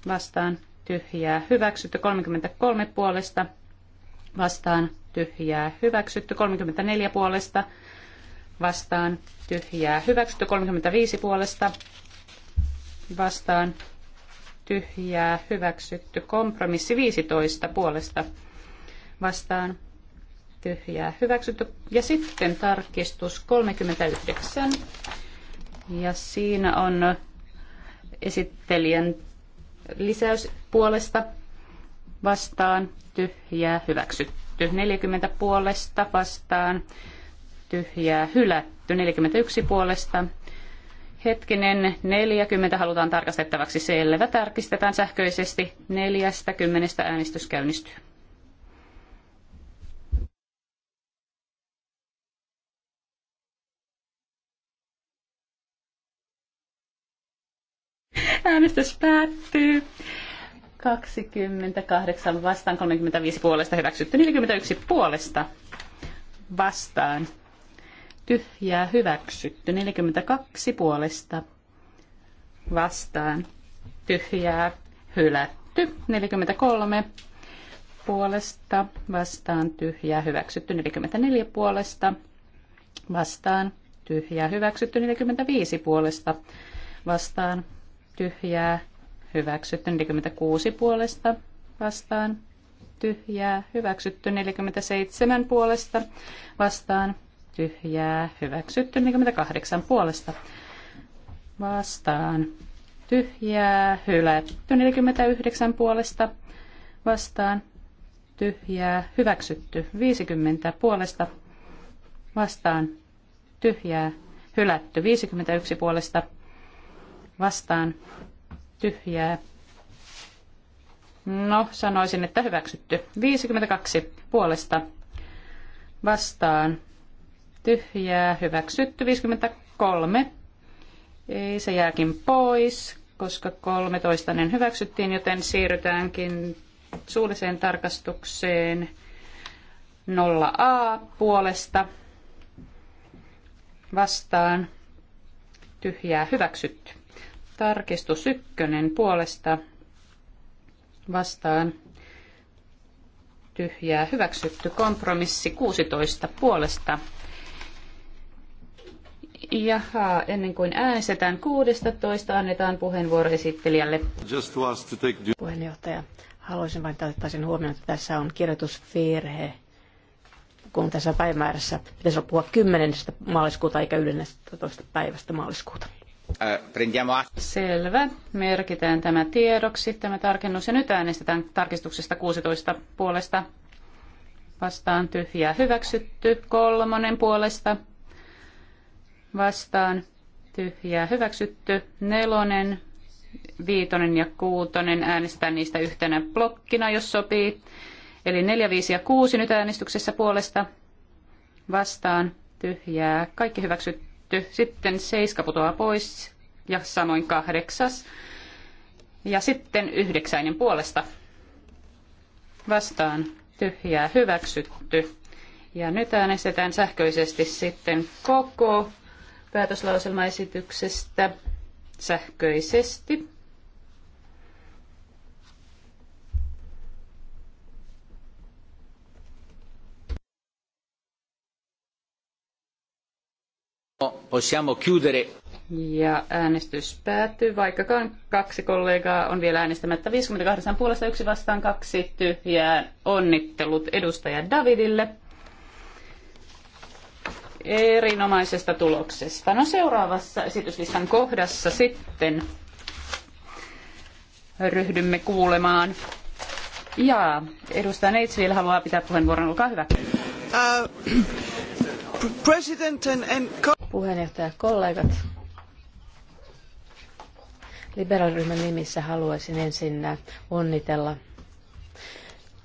vastaan tyhjää hyväksytty 33 puolesta vastaan tyhjää hyväksytty 34 puolesta vastaan tyhjää hyväksytty 35 puolesta vastaan tyhjää hyväksytty kompromissi 15 puolesta vastaan tyhjää hyväksytty. Ja sitten tarkistus 39. Ja siinä on esittelijän lisäys puolesta vastaan tyhjää hyväksytty. 40 puolesta vastaan tyhjää hylätty. 41 puolesta Hetkinen, 40 halutaan tarkastettavaksi selvä. Tarkistetaan sähköisesti. 40 äänestys käynnistyy. Äänestys päättyy. 28 vastaan, 35 puolesta hyväksytty, 41 puolesta vastaan. Tyhjää hyväksytty, 42 puolesta vastaan. Tyhjää hylätty, 43 puolesta vastaan. Tyhjää hyväksytty, 44 puolesta vastaan. Tyhjää hyväksytty, 45 puolesta vastaan tyhjää, hyväksytty 46 puolesta vastaan, tyhjää, hyväksytty 47 puolesta vastaan, tyhjää, hyväksytty 48 puolesta vastaan, tyhjää, hylätty 49 puolesta vastaan, tyhjää, hyväksytty 50 puolesta vastaan, tyhjää, hylätty 51 puolesta vastaan tyhjää. No, sanoisin, että hyväksytty. 52 puolesta vastaan tyhjää, hyväksytty. 53. Ei, se jääkin pois, koska 13 hyväksyttiin, joten siirrytäänkin suulliseen tarkastukseen 0a puolesta vastaan tyhjää hyväksytty. Tarkistus ykkönen puolesta vastaan tyhjää hyväksytty kompromissi 16 puolesta. Jaha, ennen kuin äänestetään 16, annetaan puheenvuoro esittelijälle. Just to take... Puheenjohtaja, haluaisin vain sen huomioon, että tässä on kirjoitusvirhe kun tässä päivämäärässä pitäisi olla puhua 10. maaliskuuta eikä 11. päivästä maaliskuuta. Eh, Selvä. Merkitään tämä tiedoksi, tämä tarkennus. Ja nyt äänestetään tarkistuksesta 16 puolesta. Vastaan tyhjä hyväksytty. Kolmonen puolesta. Vastaan tyhjä hyväksytty. Nelonen, viitonen ja kuutonen. Äänestetään niistä yhtenä blokkina, jos sopii. Eli 4, 5 ja 6 nyt äänestyksessä puolesta. Vastaan tyhjää. Kaikki hyväksytty hyväksytty. Sitten seiska putoaa pois ja samoin kahdeksas. Ja sitten yhdeksäinen puolesta vastaan tyhjää hyväksytty. Ja nyt äänestetään sähköisesti sitten koko päätöslauselmaesityksestä sähköisesti. Possiamo chiudere. Ja äänestys päättyy, vaikkakaan kaksi kollegaa on vielä äänestämättä. 58 puolesta yksi vastaan kaksi tyhjää. Onnittelut edustaja Davidille erinomaisesta tuloksesta. No seuraavassa esityslistan kohdassa sitten ryhdymme kuulemaan. Ja edustaja Neits vielä haluaa pitää puheenvuoron, olkaa hyvä. Uh, president and, and puheenjohtaja kollegat. Liberaaliryhmän nimissä haluaisin ensin äh, onnitella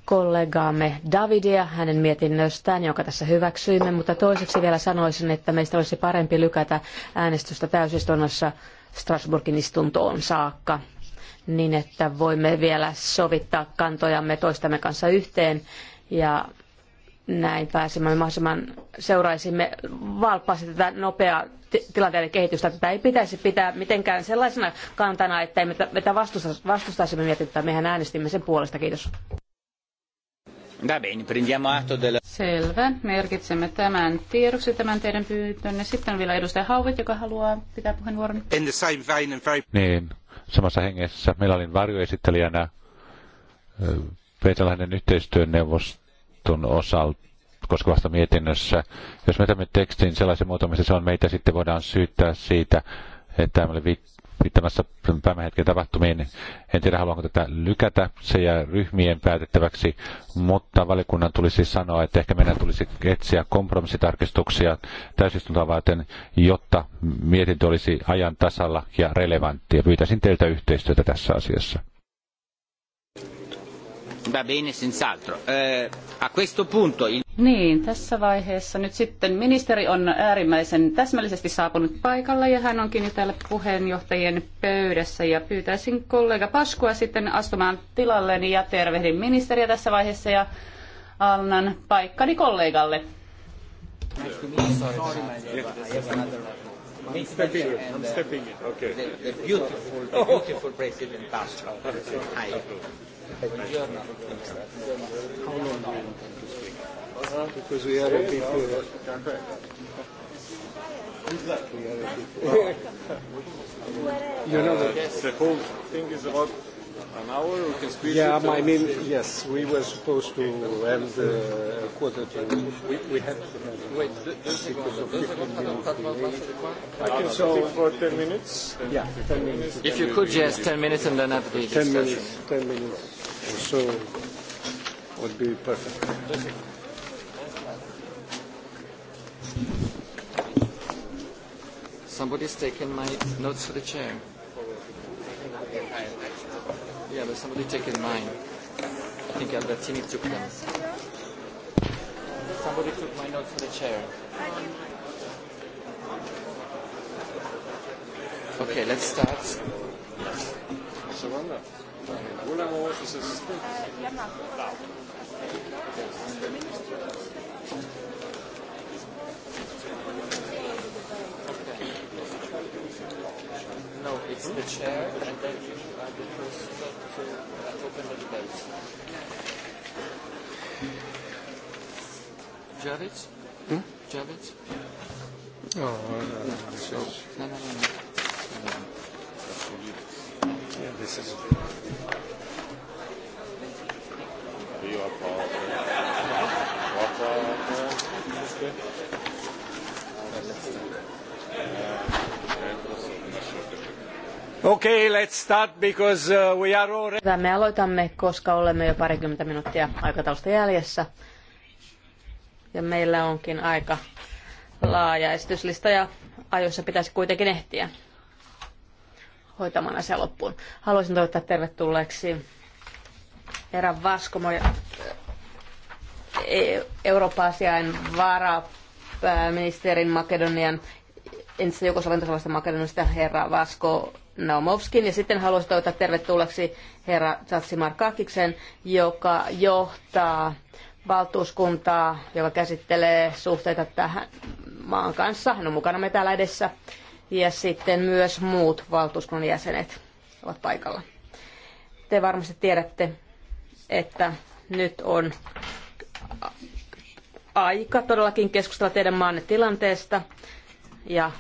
kollegaamme Davidia hänen mietinnöstään, jonka tässä hyväksyimme, mutta toiseksi vielä sanoisin, että meistä olisi parempi lykätä äänestystä täysistunnossa Strasbourgin istuntoon saakka, niin että voimme vielä sovittaa kantojamme toistamme kanssa yhteen ja näin pääsemään mahdollisimman seuraisimme valppaasti tätä nopeaa tilanteiden kehitystä. Tätä ei pitäisi pitää mitenkään sellaisena kantana, että me tätä vastustaisimme mietintöä. Mehän äänestimme sen puolesta. Kiitos. Selvä. Merkitsemme tämän tiedoksi, tämän teidän pyyntönne. Sitten on vielä edustaja Hauvit, joka haluaa pitää puheenvuoron. In the same vein and very... Niin, samassa hengessä. Meillä oli varjoesittelijänä Petralainen yhteistyöneuvosto raamatun osalta vasta mietinnössä. Jos me otamme tekstin sellaisen muutamista, se on meitä sitten voidaan syyttää siitä, että tämä oli viittämässä tämän hetken tapahtumiin. En tiedä, haluanko tätä lykätä, se jää ryhmien päätettäväksi, mutta valikunnan tulisi sanoa, että ehkä meidän tulisi etsiä kompromissitarkistuksia täysistuntoa varten, jotta mietintö olisi ajan tasalla ja relevanttia. Pyytäisin teiltä yhteistyötä tässä asiassa. Va bene, senz'altro. Eh, a questo punto... Il... Niin, tässä vaiheessa nyt sitten ministeri on äärimmäisen täsmällisesti saapunut paikalle ja hän onkin jo täällä puheenjohtajien pöydässä ja pyytäisin kollega Paskua sitten astumaan tilalleni ja tervehdin ministeriä tässä vaiheessa ja annan paikkani kollegalle. beautiful, beautiful president because we are a you know, the whole thing is about an hour? We can squeeze yeah, it? Yeah, I mean, yes, we were supposed to okay. end the uh, quarter to. We, we had to have. Wait, deux seconds. I can speak for 10 minutes. Yeah, 10 minutes. If you could, yes, 10 minutes and then have the discussion. 10 minutes, 10 minutes so would be perfect. Somebody's taken my notes for the chair. Yeah, but somebody taken mine. I think Albertini took them. Somebody took my note for the chair. Okay, let's start. Szymona, No, it's the chair and then you are the person. Javits? Hmm? Javits? Oh, uh, no, so. no, no, no, no. Yeah, this is. You are Paul. What are the? Let's. Uh, Okay, let's start because we are already... Hyvä, me aloitamme, koska olemme jo parikymmentä minuuttia aikataulusta jäljessä. Ja meillä onkin aika laaja esityslista ja ajoissa pitäisi kuitenkin ehtiä hoitamaan asia loppuun. Haluaisin toivottaa tervetulleeksi Erän Vaskomo, Eurooppa-asiain varapääministerin Makedonian entistä Jugoslavian tasavallasta Makedonista herra Vasko Naumovskin. Ja sitten haluaisin toivottaa tervetulleeksi herra Tsatsimar Markakiksen, joka johtaa valtuuskuntaa, joka käsittelee suhteita tähän maan kanssa. Hän on mukana me täällä edessä. Ja sitten myös muut valtuuskunnan jäsenet ovat paikalla. Te varmasti tiedätte, että nyt on aika todellakin keskustella teidän maanne tilanteesta ja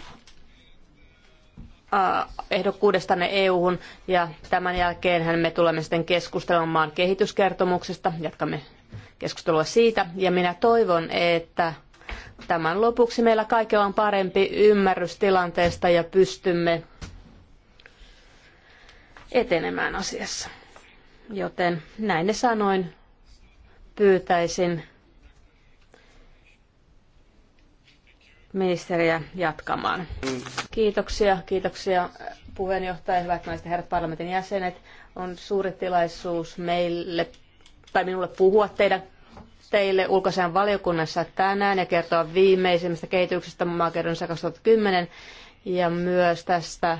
Äh, ehdokkuudestanne EU-hun ja tämän jälkeen me tulemme sitten keskustelemaan kehityskertomuksesta. Jatkamme keskustelua siitä ja minä toivon, että tämän lopuksi meillä kaikilla on parempi ymmärrys tilanteesta ja pystymme etenemään asiassa. Joten näin ne sanoin pyytäisin ministeriä jatkamaan. Kiitoksia, kiitoksia puheenjohtaja, hyvät naiset ja herrat parlamentin jäsenet. On suuri tilaisuus meille, tai minulle puhua teidän teille ulkoisen valiokunnassa tänään ja kertoa viimeisimmistä kehityksistä maakerronissa 2010 ja myös tästä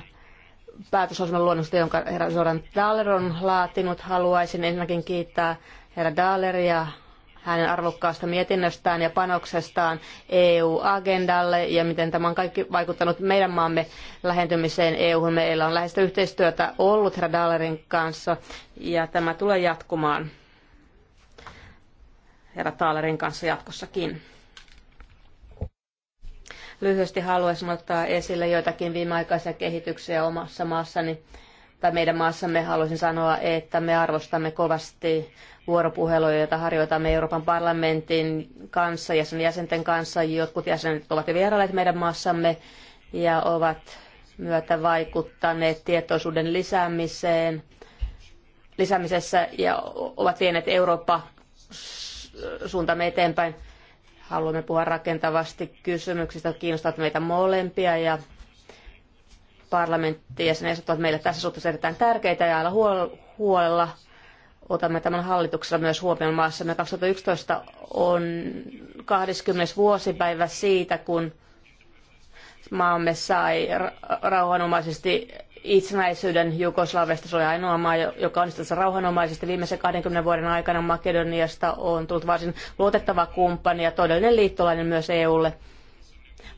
päätösosman luonnosta, jonka herra Zoran Dahler on laatinut. Haluaisin ensinnäkin kiittää herra Dahleria hänen arvokkaasta mietinnöstään ja panoksestaan EU-agendalle ja miten tämä on kaikki vaikuttanut meidän maamme lähentymiseen EU-hun. Meillä on läheistä yhteistyötä ollut herra Dallerin kanssa ja tämä tulee jatkumaan herra Taalerin kanssa jatkossakin. Lyhyesti haluaisin ottaa esille joitakin viimeaikaisia kehityksiä omassa maassani tai meidän maassamme haluaisin sanoa, että me arvostamme kovasti vuoropuheluja, joita harjoitamme Euroopan parlamentin kanssa ja sen jäsenten kanssa. Jotkut jäsenet ovat jo vierailleet meidän maassamme ja ovat myötä vaikuttaneet tietoisuuden lisäämiseen, lisäämisessä ja ovat vieneet Eurooppa suuntamme eteenpäin. Haluamme puhua rakentavasti kysymyksistä, jotka kiinnostavat meitä molempia ja parlamentti ja sen ovat meille tässä suhteessa erittäin tärkeitä ja aina huolella otamme tämän hallituksella myös huomioon maassamme. 2011 on 20. vuosipäivä siitä, kun maamme sai rauhanomaisesti itsenäisyyden Jugoslaviasta. Se oli ainoa maa, joka onnistui rauhanomaisesti. Viimeisen 20 vuoden aikana Makedoniasta on tullut varsin luotettava kumppani ja todellinen liittolainen myös EUlle.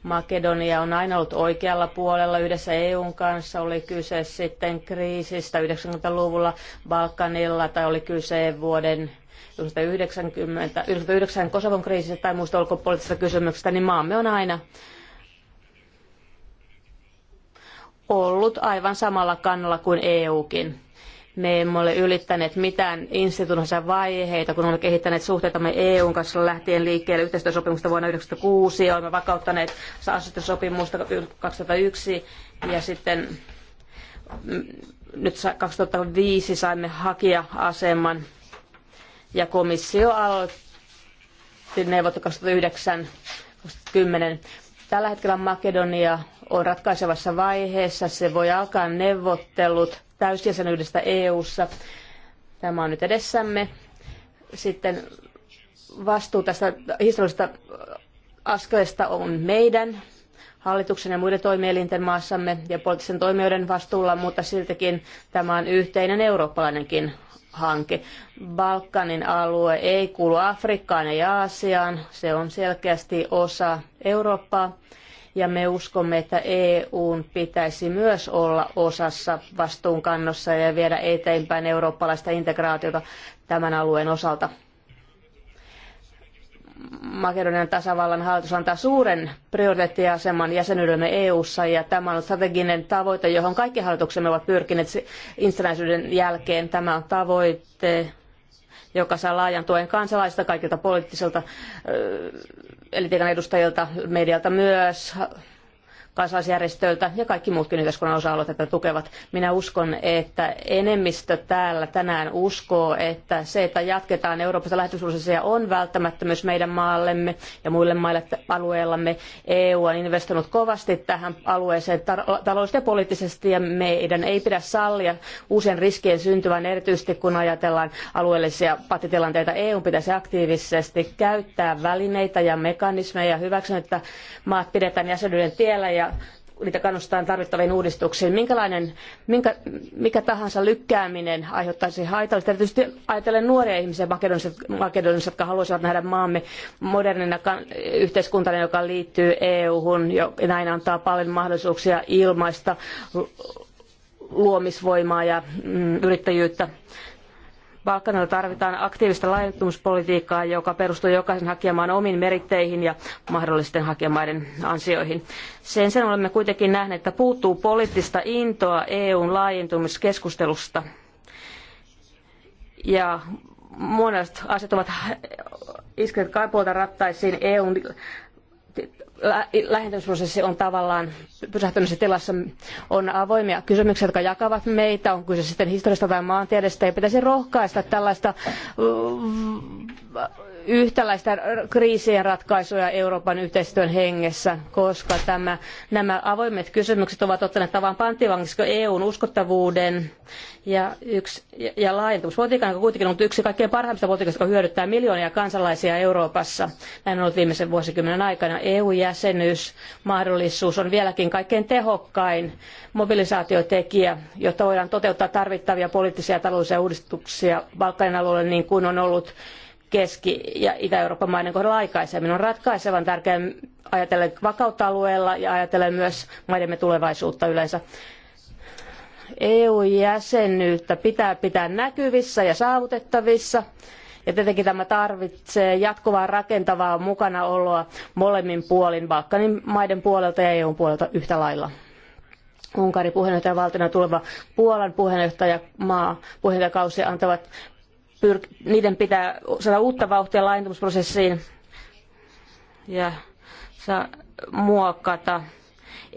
Makedonia on aina ollut oikealla puolella yhdessä EUn kanssa, oli kyse sitten kriisistä 90-luvulla Balkanilla tai oli kyse vuoden 1990, 99 Kosovon kriisistä tai muista ulkopoliittisesta kysymyksistä, niin maamme on aina ollut aivan samalla kannalla kuin EUkin. Me emme ole ylittäneet mitään instituutioissa vaiheita, kun olemme kehittäneet suhteitamme EUn kanssa lähtien liikkeelle yhteistyösopimusta vuonna 1996 ja olemme vakauttaneet asetussopimusta 2001 ja sitten mm, nyt 2005 saimme hakija-aseman ja komissio aloitti neuvottelut 2009 2010. Tällä hetkellä Makedonia on ratkaisevassa vaiheessa. Se voi alkaa neuvottelut täysjäsenyydestä EU-ssa. Tämä on nyt edessämme. Sitten vastuu tästä historiallisesta askeleesta on meidän, hallituksen ja muiden toimielinten maassamme ja poliittisen toimijoiden vastuulla, mutta siltikin tämä on yhteinen eurooppalainenkin hanke. Balkanin alue ei kuulu Afrikkaan ja Aasiaan, se on selkeästi osa Eurooppaa ja me uskomme, että EUn pitäisi myös olla osassa vastuunkannossa ja viedä eteenpäin eurooppalaista integraatiota tämän alueen osalta. Makedonian tasavallan hallitus antaa suuren prioriteettiaseman jäsenyydemme EU-ssa ja tämä on strateginen tavoite, johon kaikki hallituksemme ovat pyrkineet itsenäisyyden jälkeen. Tämä on tavoite, joka saa laajan tuen kansalaisista kaikilta poliittisilta elitikan edustajilta, medialta myös, kansalaisjärjestöiltä ja kaikki muutkin yhteiskunnan osa-alueet tätä tukevat. Minä uskon, että enemmistö täällä tänään uskoo, että se, että jatketaan Euroopassa lähetysprosesseja, on välttämättömyys meidän maallemme ja muille maille alueellamme. EU on investoinut kovasti tähän alueeseen taloudellisesti ja poliittisesti ja meidän ei pidä sallia uusien riskien syntyvän erityisesti kun ajatellaan alueellisia pattitilanteita. EU pitäisi aktiivisesti käyttää välineitä ja mekanismeja hyväksyn, että maat pidetään jäsenyyden tiellä ja ja niitä kannustetaan tarvittaviin uudistuksiin. Minkälainen, minkä, mikä tahansa lykkääminen aiheuttaisi haitallista. Erityisesti ajatellen nuoria ihmisiä Makedonissa, jotka haluaisivat nähdä maamme modernina yhteiskuntana, joka liittyy EU-hun. Näin antaa paljon mahdollisuuksia ilmaista luomisvoimaa ja mm, yrittäjyyttä. Balkanilla tarvitaan aktiivista laajentumispolitiikkaa, joka perustuu jokaisen hakijamaan omiin meritteihin ja mahdollisten hakijamaiden ansioihin. Sen sen olemme kuitenkin nähneet, että puuttuu poliittista intoa EUn laajentumiskeskustelusta. Ja monet asiat ovat iskeneet kaipuolta rattaisiin EUn lähentymisprosessi on tavallaan pysähtymisen tilassa. On avoimia kysymyksiä, jotka jakavat meitä, on kyse sitten historiasta tai maantiedestä, ja pitäisi rohkaista tällaista mm, yhtäläistä kriisien ratkaisua Euroopan yhteistyön hengessä, koska nämä avoimet kysymykset ovat ottaneet tavan panttivangiksi EUn uskottavuuden ja, uskottavuuden ja, laajentumispolitiikan, joka kuitenkin on ollut yksi kaikkein parhaimmista politiikoista, joka hyödyttää miljoonia kansalaisia Euroopassa. Näin on ollut viimeisen vuosikymmenen aikana. EU-jäsenyys, mahdollisuus on vieläkin kaikkein tehokkain mobilisaatiotekijä, jotta voidaan toteuttaa tarvittavia poliittisia ja taloudellisia uudistuksia Balkanin alueella niin kuin on ollut Keski- ja Itä-Euroopan maiden kohdalla aikaisemmin. On ratkaisevan tärkeää ajatellen vakautta alueella ja ajatellen myös maidemme tulevaisuutta yleensä. EU-jäsenyyttä pitää pitää näkyvissä ja saavutettavissa. Ja tietenkin tämä tarvitsee jatkuvaa rakentavaa mukanaoloa molemmin puolin, Balkanin maiden puolelta ja EUn puolelta yhtä lailla. Unkarin puheenjohtajavaltiona tuleva Puolan puheenjohtajamaa puheenjohtajakausi antavat niiden pitää saada uutta vauhtia laajentumisprosessiin ja saa muokata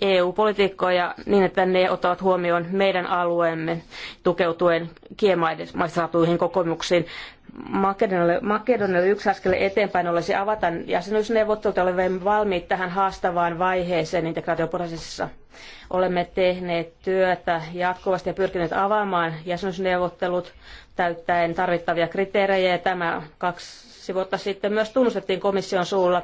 EU-politiikkoja niin, että ne ottavat huomioon meidän alueemme tukeutuen kiemaissa saatuihin kokemuksiin. Makedonialle, Makedonialle yksi askel eteenpäin olisi avata jäsenyysneuvottelut, olemme valmiit tähän haastavaan vaiheeseen integraatioprosessissa. Olemme tehneet työtä jatkuvasti ja pyrkineet avaamaan jäsenyysneuvottelut, täyttäen tarvittavia kriteerejä ja tämä kaksi vuotta sitten myös tunnustettiin komission suulla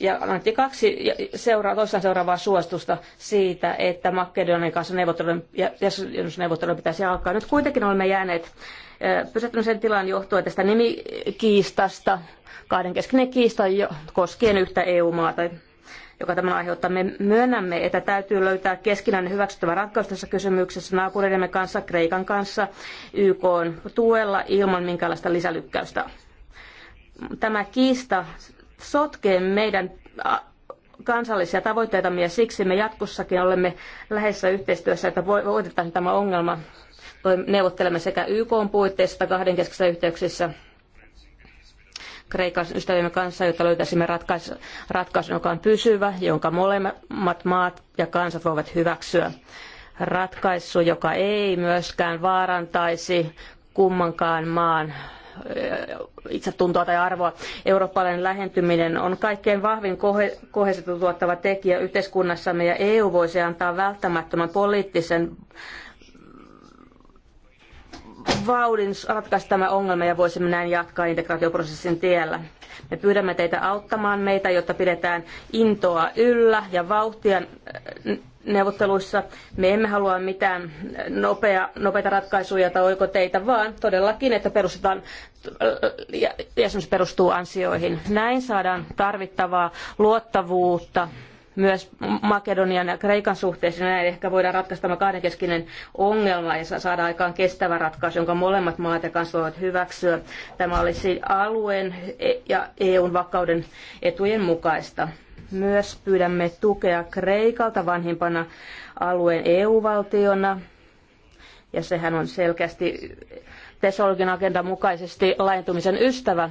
ja annettiin kaksi seura- toistaan seuraavaa suositusta siitä, että Makedonian kanssa neuvottelujen, jäsenyysneuvottelujen pitäisi alkaa. Nyt kuitenkin olemme jääneet pysähtymisen tilan johtuen tästä nimikiistasta, kahdenkeskinen kiista koskien yhtä EU-maata joka tämän aiheuttaa. Me myönnämme, että täytyy löytää keskinäinen hyväksyttävä ratkaisu tässä kysymyksessä naapureidemme kanssa, Kreikan kanssa, YK tuella ilman minkäänlaista lisälykkäystä. Tämä kiista sotkee meidän kansallisia tavoitteitamme ja siksi me jatkossakin olemme läheisessä yhteistyössä, että voitetaan tämä ongelma. Neuvottelemme sekä YK puitteissa että kahdenkeskisissä yhteyksissä Kreikan ystäviemme kanssa, jotta löytäisimme ratkais- ratkaisun, joka on pysyvä, jonka molemmat maat ja kansat voivat hyväksyä. Ratkaisu, joka ei myöskään vaarantaisi kummankaan maan eh, itsetuntoa tai arvoa. Eurooppalainen lähentyminen on kaikkein vahvin kohesiota tuottava tekijä yhteiskunnassamme ja EU voisi antaa välttämättömän poliittisen vauhdin ratkaista tämä ongelma ja voisimme näin jatkaa integraatioprosessin tiellä. Me pyydämme teitä auttamaan meitä, jotta pidetään intoa yllä ja vauhtia äh, neuvotteluissa. Me emme halua mitään äh, nopea, nopeita ratkaisuja tai oikoteitä, vaan todellakin, että perustetaan, äh, jäsenyys perustuu ansioihin. Näin saadaan tarvittavaa luottavuutta myös Makedonian ja Kreikan suhteessa. Näin ehkä voidaan ratkaista tämä kahdenkeskinen ongelma ja saada aikaan kestävä ratkaisu, jonka molemmat maat ja kanssa voivat hyväksyä. Tämä olisi alueen e- ja EUn vakauden etujen mukaista. Myös pyydämme tukea Kreikalta vanhimpana alueen EU-valtiona, ja sehän on selkeästi Tesolgin agendan mukaisesti laajentumisen ystävä.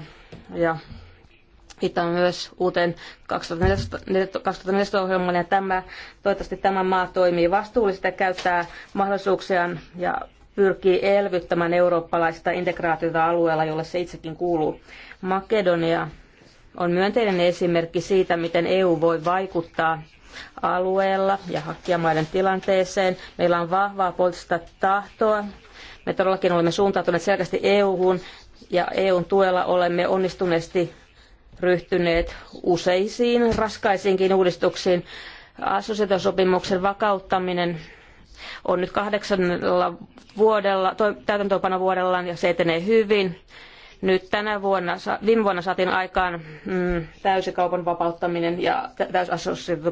Ja Viittaan myös uuteen 2014, 2014 ohjelmaan ja tämä, toivottavasti tämä maa toimii vastuullisesti ja käyttää mahdollisuuksiaan ja pyrkii elvyttämään eurooppalaista integraatiota alueella, jolle se itsekin kuuluu. Makedonia on myönteinen esimerkki siitä, miten EU voi vaikuttaa alueella ja hakijamaiden tilanteeseen. Meillä on vahvaa poliittista tahtoa. Me todellakin olemme suuntautuneet selkeästi EU-hun ja EUn tuella olemme onnistuneesti ryhtyneet useisiin raskaisiinkin uudistuksiin. Assosiaatiosopimuksen vakauttaminen on nyt kahdeksannella vuodella, täytäntöönpanovuodellaan ja se etenee hyvin. Nyt tänä vuonna, viime vuonna saatiin aikaan mm, täysikaupan vapauttaminen ja täysassosiaatio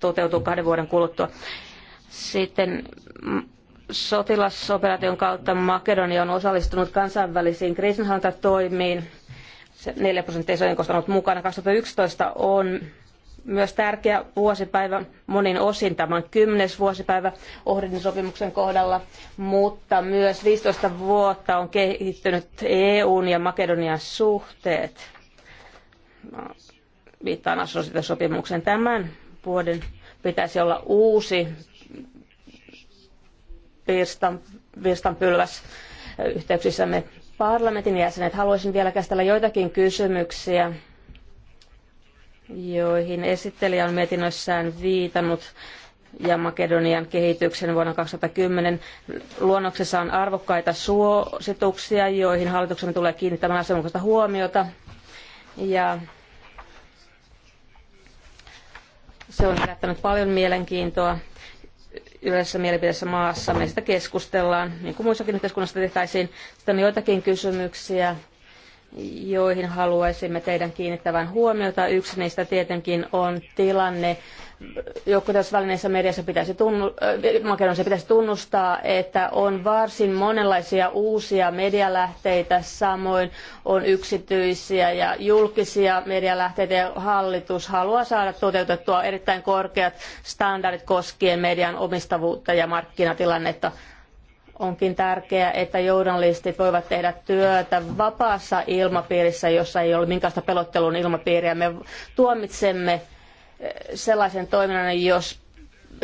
toteutuu kahden vuoden kuluttua. Sitten mm, sotilasoperaation kautta Makedonia on osallistunut kansainvälisiin kriisinhallintatoimiin se 4 prosenttia se on ollut mukana. 2011 on myös tärkeä vuosipäivä monin osin, tämä on kymmenes vuosipäivä Ohridin sopimuksen kohdalla, mutta myös 15 vuotta on kehittynyt EUn ja Makedonian suhteet. Viittaan sopimuksen tämän vuoden pitäisi olla uusi virstan, virstanpylväs yhteyksissämme parlamentin jäsenet, haluaisin vielä käsitellä joitakin kysymyksiä, joihin esittelijä on mietinnössään viitannut ja Makedonian kehityksen vuonna 2010. Luonnoksessa on arvokkaita suosituksia, joihin hallituksen tulee kiinnittämään asianmukaista huomiota. Ja se on herättänyt paljon mielenkiintoa yleisessä mielipiteessä maassa. Me sitä keskustellaan, niin kuin muissakin yhteiskunnassa tehtäisiin. Sitten on joitakin kysymyksiä, joihin haluaisimme teidän kiinnittävän huomiota. Yksi niistä tietenkin on tilanne, joukkotaisvälineissä mediassa pitäisi, tunnu, äh, pitäisi tunnustaa, että on varsin monenlaisia uusia medialähteitä, samoin on yksityisiä ja julkisia medialähteitä ja hallitus haluaa saada toteutettua erittäin korkeat standardit koskien median omistavuutta ja markkinatilannetta Onkin tärkeää, että journalistit voivat tehdä työtä vapaassa ilmapiirissä, jossa ei ole minkäänlaista pelottelun ilmapiiriä. Me tuomitsemme eh, sellaisen toiminnan, jos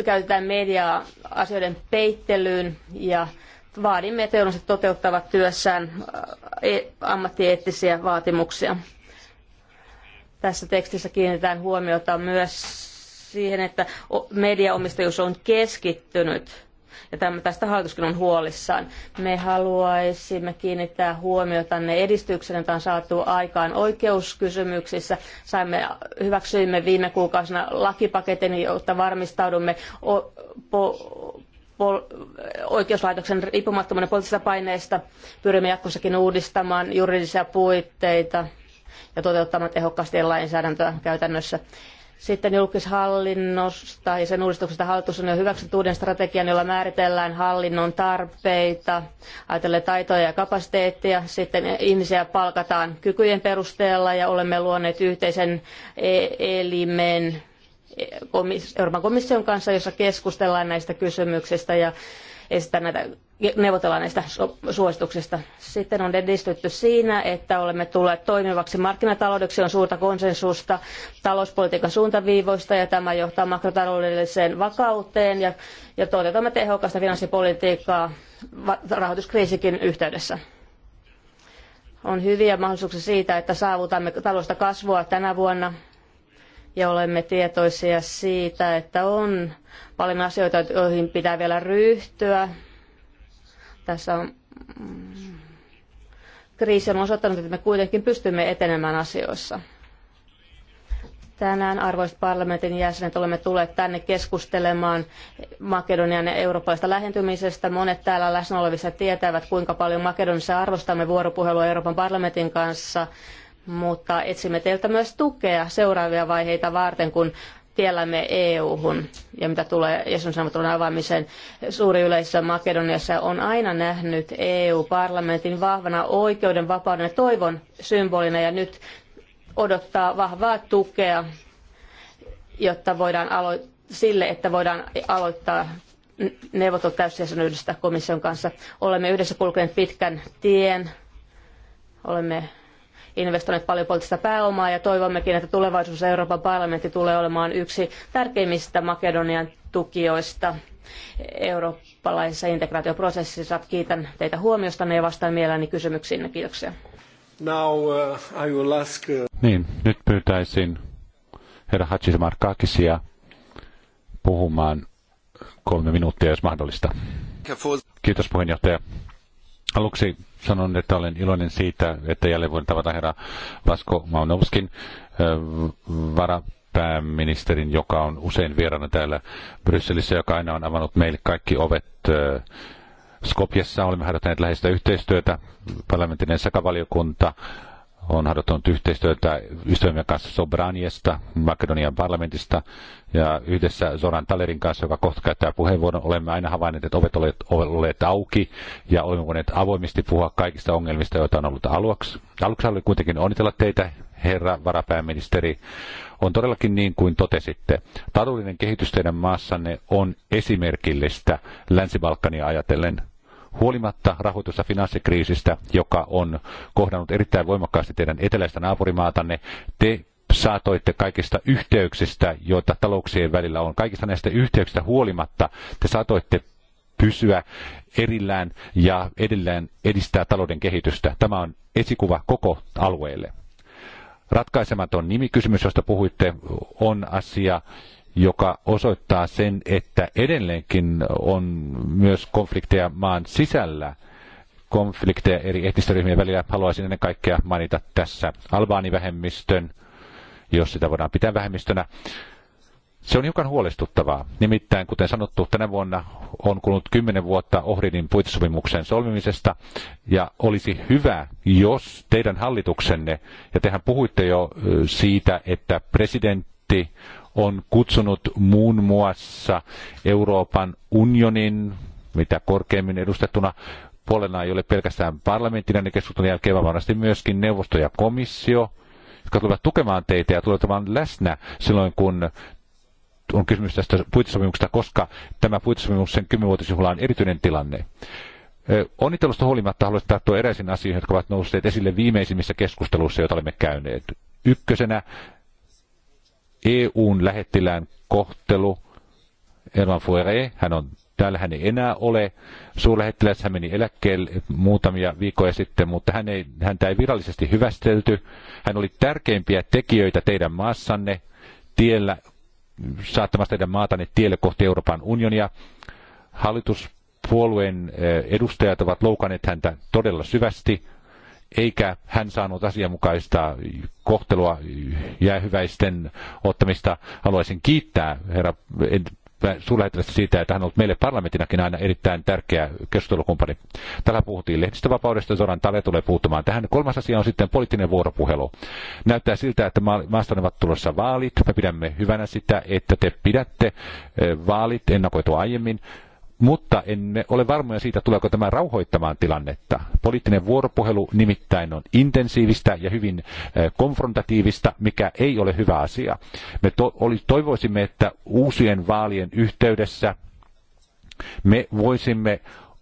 käytetään mediaa asioiden peittelyyn ja vaadimme, että journalistit toteuttavat työssään eh, e-, ammattieettisiä vaatimuksia. Tässä tekstissä kiinnitetään huomiota myös siihen, että mediaomistajuus on keskittynyt ja tästä hallituskin on huolissaan. Me haluaisimme kiinnittää huomiota ne edistyksen, jota on saatu aikaan oikeuskysymyksissä. Saimme, hyväksyimme viime kuukausina lakipaketin, jotta varmistaudumme o, po, pol, oikeuslaitoksen riippumattomuuden poliittisista paineista. Pyrimme jatkossakin uudistamaan juridisia puitteita ja toteuttamaan tehokkaasti lainsäädäntöä käytännössä. Sitten julkishallinnosta ja sen uudistuksesta hallitus on jo hyväksynyt uuden strategian, jolla määritellään hallinnon tarpeita, ajatellen taitoja ja kapasiteettia. Sitten ihmisiä palkataan kykyjen perusteella ja olemme luoneet yhteisen e- elimen Euroopan komission kanssa, jossa keskustellaan näistä kysymyksistä ja esitetään näitä neuvotella näistä suosituksista. Sitten on edistytty siinä, että olemme tulleet toimivaksi markkinataloudeksi, on suurta konsensusta talouspolitiikan suuntaviivoista ja tämä johtaa makrotaloudelliseen vakauteen ja, ja toteutamme tehokasta finanssipolitiikkaa rahoituskriisikin yhteydessä. On hyviä mahdollisuuksia siitä, että saavutamme taloudellista kasvua tänä vuonna ja olemme tietoisia siitä, että on paljon asioita, joihin pitää vielä ryhtyä tässä on mm, kriisi on osoittanut, että me kuitenkin pystymme etenemään asioissa. Tänään arvoisat parlamentin jäsenet olemme tulleet tänne keskustelemaan Makedonian ja eurooppalaista lähentymisestä. Monet täällä läsnä olevissa tietävät, kuinka paljon Makedonissa arvostamme vuoropuhelua Euroopan parlamentin kanssa, mutta etsimme teiltä myös tukea seuraavia vaiheita varten, kun tiellämme EU-hun ja mitä tulee Jesun sanotun avaamiseen. Suuri yleisö Makedoniassa on aina nähnyt EU-parlamentin vahvana oikeuden, vapauden ja toivon symbolina ja nyt odottaa vahvaa tukea, jotta voidaan alo- sille, että voidaan aloittaa neuvottelut täysjäsenyydestä komission kanssa. Olemme yhdessä kulkeneet pitkän tien. Olemme investoineet paljon poliittista pääomaa ja toivommekin, että tulevaisuudessa Euroopan parlamentti tulee olemaan yksi tärkeimmistä Makedonian tukijoista eurooppalaisessa integraatioprosessissa. Kiitän teitä huomiostanne ja vastaan mielelläni kysymyksiinne. Kiitoksia. Now, uh, I will ask, uh... Niin, nyt pyytäisin herra Hatsimarkakisia puhumaan kolme minuuttia, jos mahdollista. Kiitos puheenjohtaja. Aluksi sanon, että olen iloinen siitä, että jälleen voin tavata herra Vasko Maunovskin varapääministerin, joka on usein vieraana täällä Brysselissä, joka aina on avannut meille kaikki ovet Skopjassa. Olemme harjoittaneet läheistä yhteistyötä, parlamentin sekavaliokunta on harjoittanut yhteistyötä ystävämme kanssa Sobraniesta, Makedonian parlamentista, ja yhdessä Zoran Talerin kanssa, joka kohta käyttää puheenvuoron, olemme aina havainneet, että ovet olet, olleet auki, ja olemme voineet avoimesti puhua kaikista ongelmista, joita on ollut aluksi. Aluksi haluan kuitenkin onnitella teitä, herra varapääministeri. On todellakin niin kuin totesitte. Taloudellinen kehitys teidän maassanne on esimerkillistä Länsi-Balkania ajatellen Huolimatta rahoitus- ja finanssikriisistä, joka on kohdannut erittäin voimakkaasti teidän eteläistä naapurimaatanne, te saatoitte kaikista yhteyksistä, joita talouksien välillä on. Kaikista näistä yhteyksistä huolimatta te saatoitte pysyä erillään ja edellään edistää talouden kehitystä. Tämä on esikuva koko alueelle. Ratkaisematon nimikysymys, josta puhuitte, on asia, joka osoittaa sen, että edelleenkin on myös konflikteja maan sisällä, konflikteja eri etnisten ryhmien välillä. Haluaisin ennen kaikkea mainita tässä albaanivähemmistön, jos sitä voidaan pitää vähemmistönä. Se on hiukan huolestuttavaa. Nimittäin, kuten sanottu, tänä vuonna on kulunut kymmenen vuotta Ohridin puitesopimuksen solmimisesta, ja olisi hyvä, jos teidän hallituksenne, ja tehän puhuitte jo siitä, että presidentti on kutsunut muun muassa Euroopan unionin, mitä korkeimmin edustettuna puolena ei ole pelkästään parlamentin keskustelun jälkeen, vaan varmasti myöskin neuvosto ja komissio, jotka tulevat tukemaan teitä ja tulevat olemaan läsnä silloin, kun on kysymys tästä puitesopimuksesta, koska tämä puitesopimuksen kymmenvuotisjuhla on erityinen tilanne. Onnittelusta huolimatta haluaisin tarttua eräisiin asioihin, jotka ovat nousseet esille viimeisimmissä keskusteluissa, joita olemme käyneet. Ykkösenä EUn lähettilään kohtelu. Elman Fuere, hän on täällä hän ei enää ole. Suurlähettiläs hän meni eläkkeelle muutamia viikkoja sitten, mutta hän ei, häntä ei virallisesti hyvästelty. Hän oli tärkeimpiä tekijöitä teidän maassanne tiellä, saattamassa teidän maatanne tielle kohti Euroopan unionia. Hallituspuolueen eh, edustajat ovat loukanneet häntä todella syvästi eikä hän saanut asianmukaista kohtelua ja hyväisten ottamista. Haluaisin kiittää herra suurlähettilästä siitä, että hän on ollut meille parlamentinakin aina erittäin tärkeä keskustelukumppani. Tällä puhuttiin lehdistövapaudesta, Zoran Tale tulee puuttumaan tähän. Kolmas asia on sitten poliittinen vuoropuhelu. Näyttää siltä, että maasta ovat tulossa vaalit. Me pidämme hyvänä sitä, että te pidätte eh, vaalit ennakoitua aiemmin mutta emme ole varmoja siitä, tuleeko tämä rauhoittamaan tilannetta. Poliittinen vuoropuhelu nimittäin on intensiivistä ja hyvin eh, konfrontatiivista, mikä ei ole hyvä asia. Me toivoisimme, että uusien vaalien yhteydessä me voisimme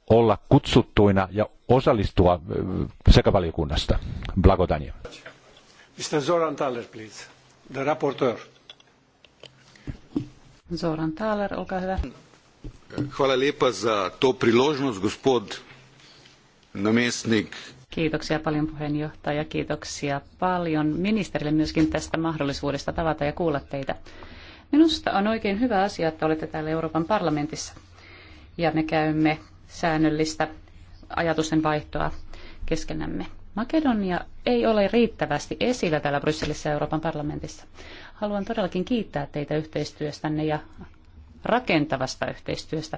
olla kutsuttuina ja osallistua eh, sekä valiokunnasta. Mr. Zoran Thaler, please. The rapporteur. Zoran Thaler, olkaa hyvä. Hvala lepa za to priložnost, gospod namestnik. Kiitoksia paljon puheenjohtaja, kiitoksia paljon ministerille myöskin tästä mahdollisuudesta tavata ja kuulla teitä. Minusta on oikein hyvä asia, että olette täällä Euroopan parlamentissa ja me käymme säännöllistä ajatusten vaihtoa keskenämme. Makedonia ei ole riittävästi esillä täällä Brysselissä Euroopan parlamentissa. Haluan todellakin kiittää teitä yhteistyöstänne ja rakentavasta yhteistyöstä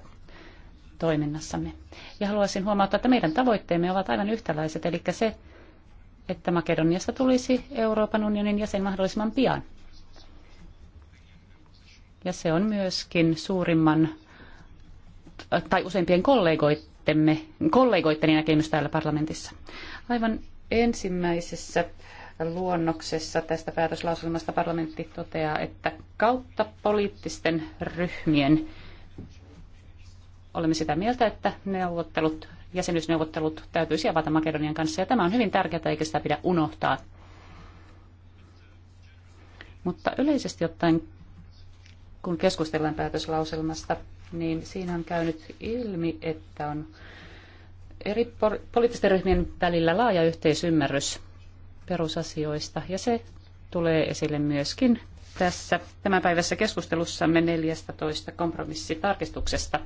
toiminnassamme. Ja haluaisin huomauttaa, että meidän tavoitteemme ovat aivan yhtäläiset, eli se, että Makedoniasta tulisi Euroopan unionin jäsen mahdollisimman pian. Ja se on myöskin suurimman tai useimpien kollegoittemme, kollegoitteni näkemys täällä parlamentissa. Aivan ensimmäisessä luonnoksessa tästä päätöslauselmasta parlamentti toteaa, että kautta poliittisten ryhmien olemme sitä mieltä, että neuvottelut, jäsenyysneuvottelut täytyisi avata Makedonian kanssa ja tämä on hyvin tärkeää eikä sitä pidä unohtaa. Mutta yleisesti ottaen, kun keskustellaan päätöslauselmasta, niin siinä on käynyt ilmi, että on eri poliittisten ryhmien välillä laaja yhteisymmärrys perusasioista ja se tulee esille myöskin tässä tämän päivässä keskustelussamme 14 kompromissitarkistuksesta,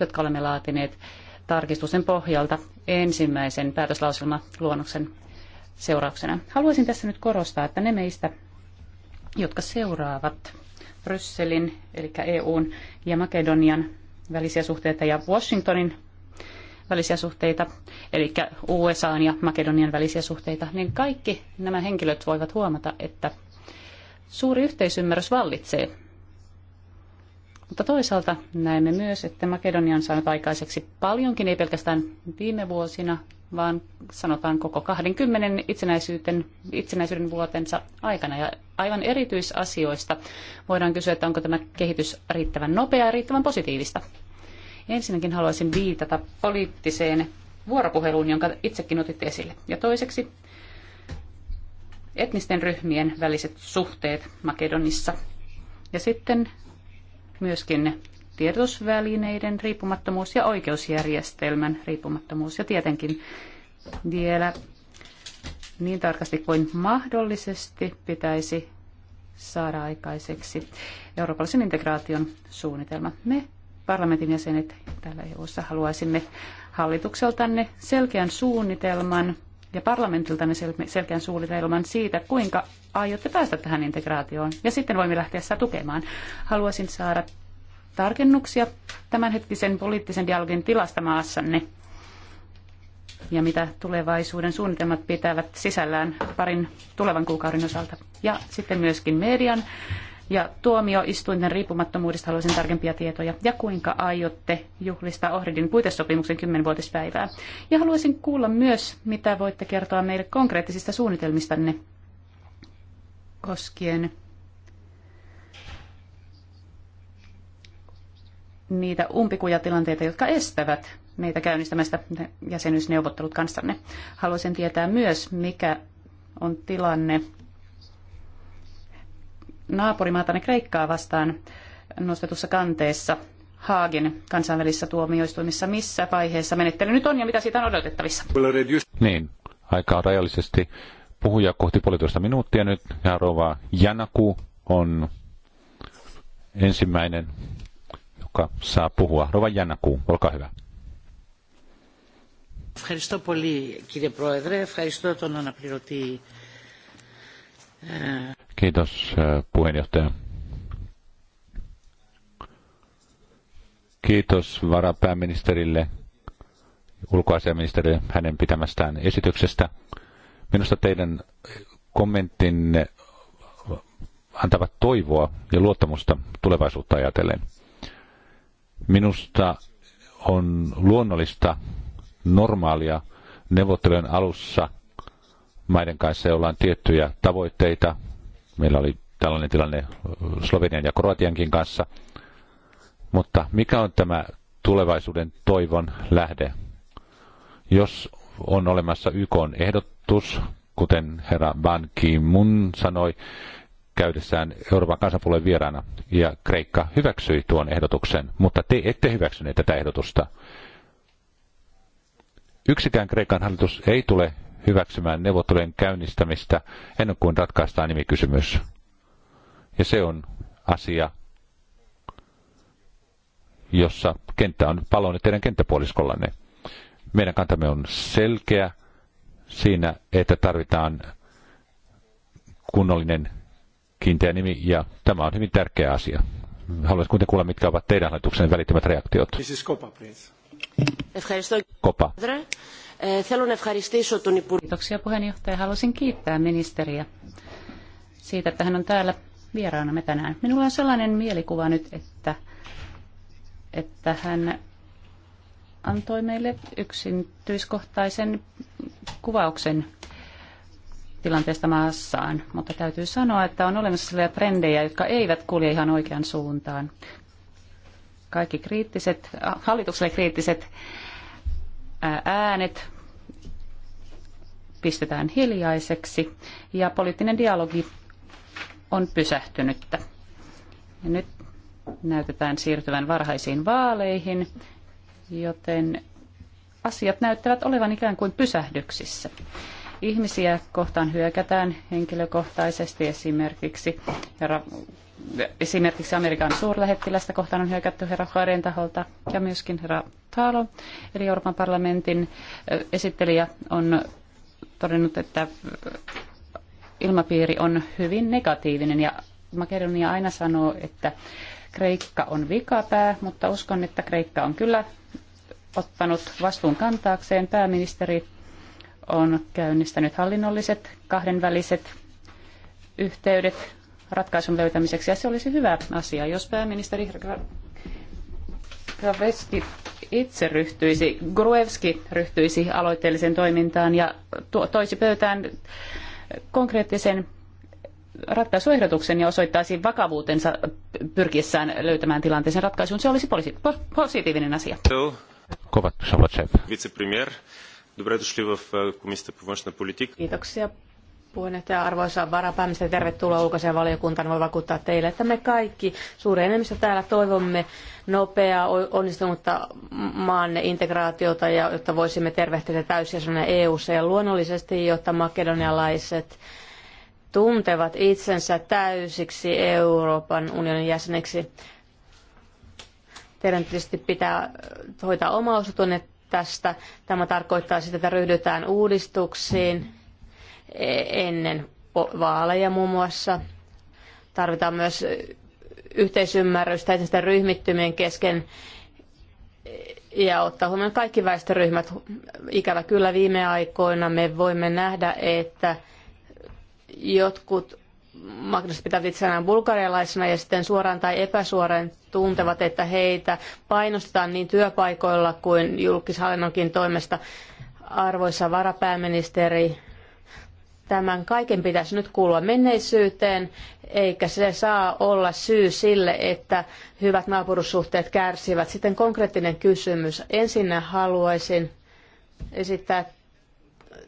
jotka olemme laatineet tarkistusten pohjalta ensimmäisen päätöslauselmaluonnoksen seurauksena. Haluaisin tässä nyt korostaa, että ne meistä, jotka seuraavat Brysselin, eli EUn ja Makedonian välisiä suhteita ja Washingtonin välisiä suhteita, eli USA ja Makedonian välisiä suhteita, niin kaikki nämä henkilöt voivat huomata, että suuri yhteisymmärrys vallitsee. Mutta toisaalta näemme myös, että Makedonia on saanut aikaiseksi paljonkin, ei pelkästään viime vuosina, vaan sanotaan koko 20 itsenäisyyden, itsenäisyyden vuotensa aikana. Ja aivan erityisasioista voidaan kysyä, että onko tämä kehitys riittävän nopeaa ja riittävän positiivista. Ensinnäkin haluaisin viitata poliittiseen vuoropuheluun, jonka itsekin otit esille. Ja toiseksi etnisten ryhmien väliset suhteet Makedonissa. Ja sitten myöskin tiedotusvälineiden riippumattomuus ja oikeusjärjestelmän riippumattomuus. Ja tietenkin vielä niin tarkasti kuin mahdollisesti pitäisi saada aikaiseksi eurooppalaisen integraation suunnitelma. Me parlamentin jäsenet täällä EU-ssa haluaisimme hallitukseltanne selkeän suunnitelman ja parlamentiltanne selkeän suunnitelman siitä, kuinka aiotte päästä tähän integraatioon. Ja sitten voimme lähteä sitä tukemaan. Haluaisin saada tarkennuksia tämänhetkisen poliittisen dialogin tilasta maassanne ja mitä tulevaisuuden suunnitelmat pitävät sisällään parin tulevan kuukauden osalta. Ja sitten myöskin median ja tuomioistuinten riippumattomuudesta haluaisin tarkempia tietoja ja kuinka aiotte juhlistaa Ohridin puitesopimuksen kymmenvuotispäivää. Ja haluaisin kuulla myös, mitä voitte kertoa meille konkreettisista suunnitelmistanne koskien niitä umpikujatilanteita, jotka estävät meitä käynnistämästä jäsenyysneuvottelut kanssanne. Haluaisin tietää myös, mikä on tilanne naapurimaatanne Kreikkaa vastaan nostetussa kanteessa Haagin kansainvälisissä tuomioistuimissa. Missä vaiheessa menettely nyt on ja mitä siitä on odotettavissa? Niin, aikaa rajallisesti. Puhuja kohti puolitoista minuuttia nyt. Ja Rova Janaku on ensimmäinen, joka saa puhua. Rova Janaku, olkaa hyvä. Ευχαριστώ πολύ κύριε Πρόεδρε, ευχαριστώ τον αναπληρωτή Kiitos puheenjohtaja. Kiitos varapääministerille, ulkoasiaministerille hänen pitämästään esityksestä. Minusta teidän kommenttinne antavat toivoa ja luottamusta tulevaisuutta ajatellen. Minusta on luonnollista, normaalia neuvottelujen alussa maiden kanssa, joilla on tiettyjä tavoitteita, Meillä oli tällainen tilanne Slovenian ja Kroatiankin kanssa. Mutta mikä on tämä tulevaisuuden toivon lähde? Jos on olemassa YK ehdotus, kuten herra Ban Ki-mun sanoi, käydessään Euroopan kansanpuolen vieraana, ja Kreikka hyväksyi tuon ehdotuksen, mutta te ette hyväksyneet tätä ehdotusta. Yksikään Kreikan hallitus ei tule hyväksymään neuvottelujen käynnistämistä ennen kuin ratkaistaan nimikysymys. Ja se on asia, jossa kenttä on palonut teidän kenttäpuoliskollanne. Meidän kantamme on selkeä siinä, että tarvitaan kunnollinen kiinteä nimi, ja tämä on hyvin tärkeä asia. Haluaisin kuitenkin kuulla, mitkä ovat teidän hallituksen välittömät reaktiot. Kopa. Θέλω να ευχαριστήσω τον Υπουργό. Kiitoksia puheenjohtaja. Haluaisin kiittää ministeriä siitä, että hän on täällä me tänään. Minulla on sellainen mielikuva nyt, että, että hän antoi meille yksityiskohtaisen kuvauksen tilanteesta maassaan, mutta täytyy sanoa, että on olemassa sellaisia trendejä, jotka eivät kulje ihan oikean suuntaan. Kaikki kriittiset, hallitukselle kriittiset äänet pistetään hiljaiseksi ja poliittinen dialogi on pysähtynyttä. Ja nyt näytetään siirtyvän varhaisiin vaaleihin, joten asiat näyttävät olevan ikään kuin pysähdyksissä. Ihmisiä kohtaan hyökätään henkilökohtaisesti esimerkiksi. Herra esimerkiksi Amerikan suurlähettilästä kohtaan on hyökätty herra Juaren taholta ja myöskin herra Taalo, eli Euroopan parlamentin esittelijä on todennut, että ilmapiiri on hyvin negatiivinen ja Makedonia aina sanoo, että Kreikka on vikapää, mutta uskon, että Kreikka on kyllä ottanut vastuun kantaakseen. Pääministeri on käynnistänyt hallinnolliset kahdenväliset yhteydet ratkaisun löytämiseksi. Ja se olisi hyvä asia, jos pääministeri Graveski itse ryhtyisi, Gruevski ryhtyisi aloitteelliseen toimintaan ja toisi pöytään konkreettisen ratkaisuehdotuksen ja osoittaisi vakavuutensa pyrkiessään löytämään tilanteeseen ratkaisun. Se olisi positiivinen asia. Kovat Kiitoksia Puheenjohtaja, arvoisa varapääministeri, tervetuloa ulkoisen valiokuntaan. Voin vakuuttaa teille, että me kaikki suuren enemmistö täällä toivomme nopeaa, onnistunutta maanne integraatiota, ja, jotta voisimme tervehtiä täysjäsenenä EU-ssa ja luonnollisesti, jotta makedonialaiset tuntevat itsensä täysiksi Euroopan unionin jäseniksi. Teidän tietysti pitää hoitaa oma osuutenne tästä. Tämä tarkoittaa sitä, että ryhdytään uudistuksiin ennen vaaleja muun muassa. Tarvitaan myös yhteisymmärrystä entisten ryhmittymien kesken ja ottaa huomioon kaikki väestöryhmät. Ikävä kyllä viime aikoina me voimme nähdä, että jotkut mahdollisesti pitävät itseään bulgarialaisena ja sitten suoraan tai epäsuoraan tuntevat, että heitä painostetaan niin työpaikoilla kuin julkishallinnonkin toimesta. Arvoisa varapääministeri, Tämän kaiken pitäisi nyt kuulua menneisyyteen, eikä se saa olla syy sille, että hyvät naapurussuhteet kärsivät. Sitten konkreettinen kysymys. Ensinnä haluaisin esittää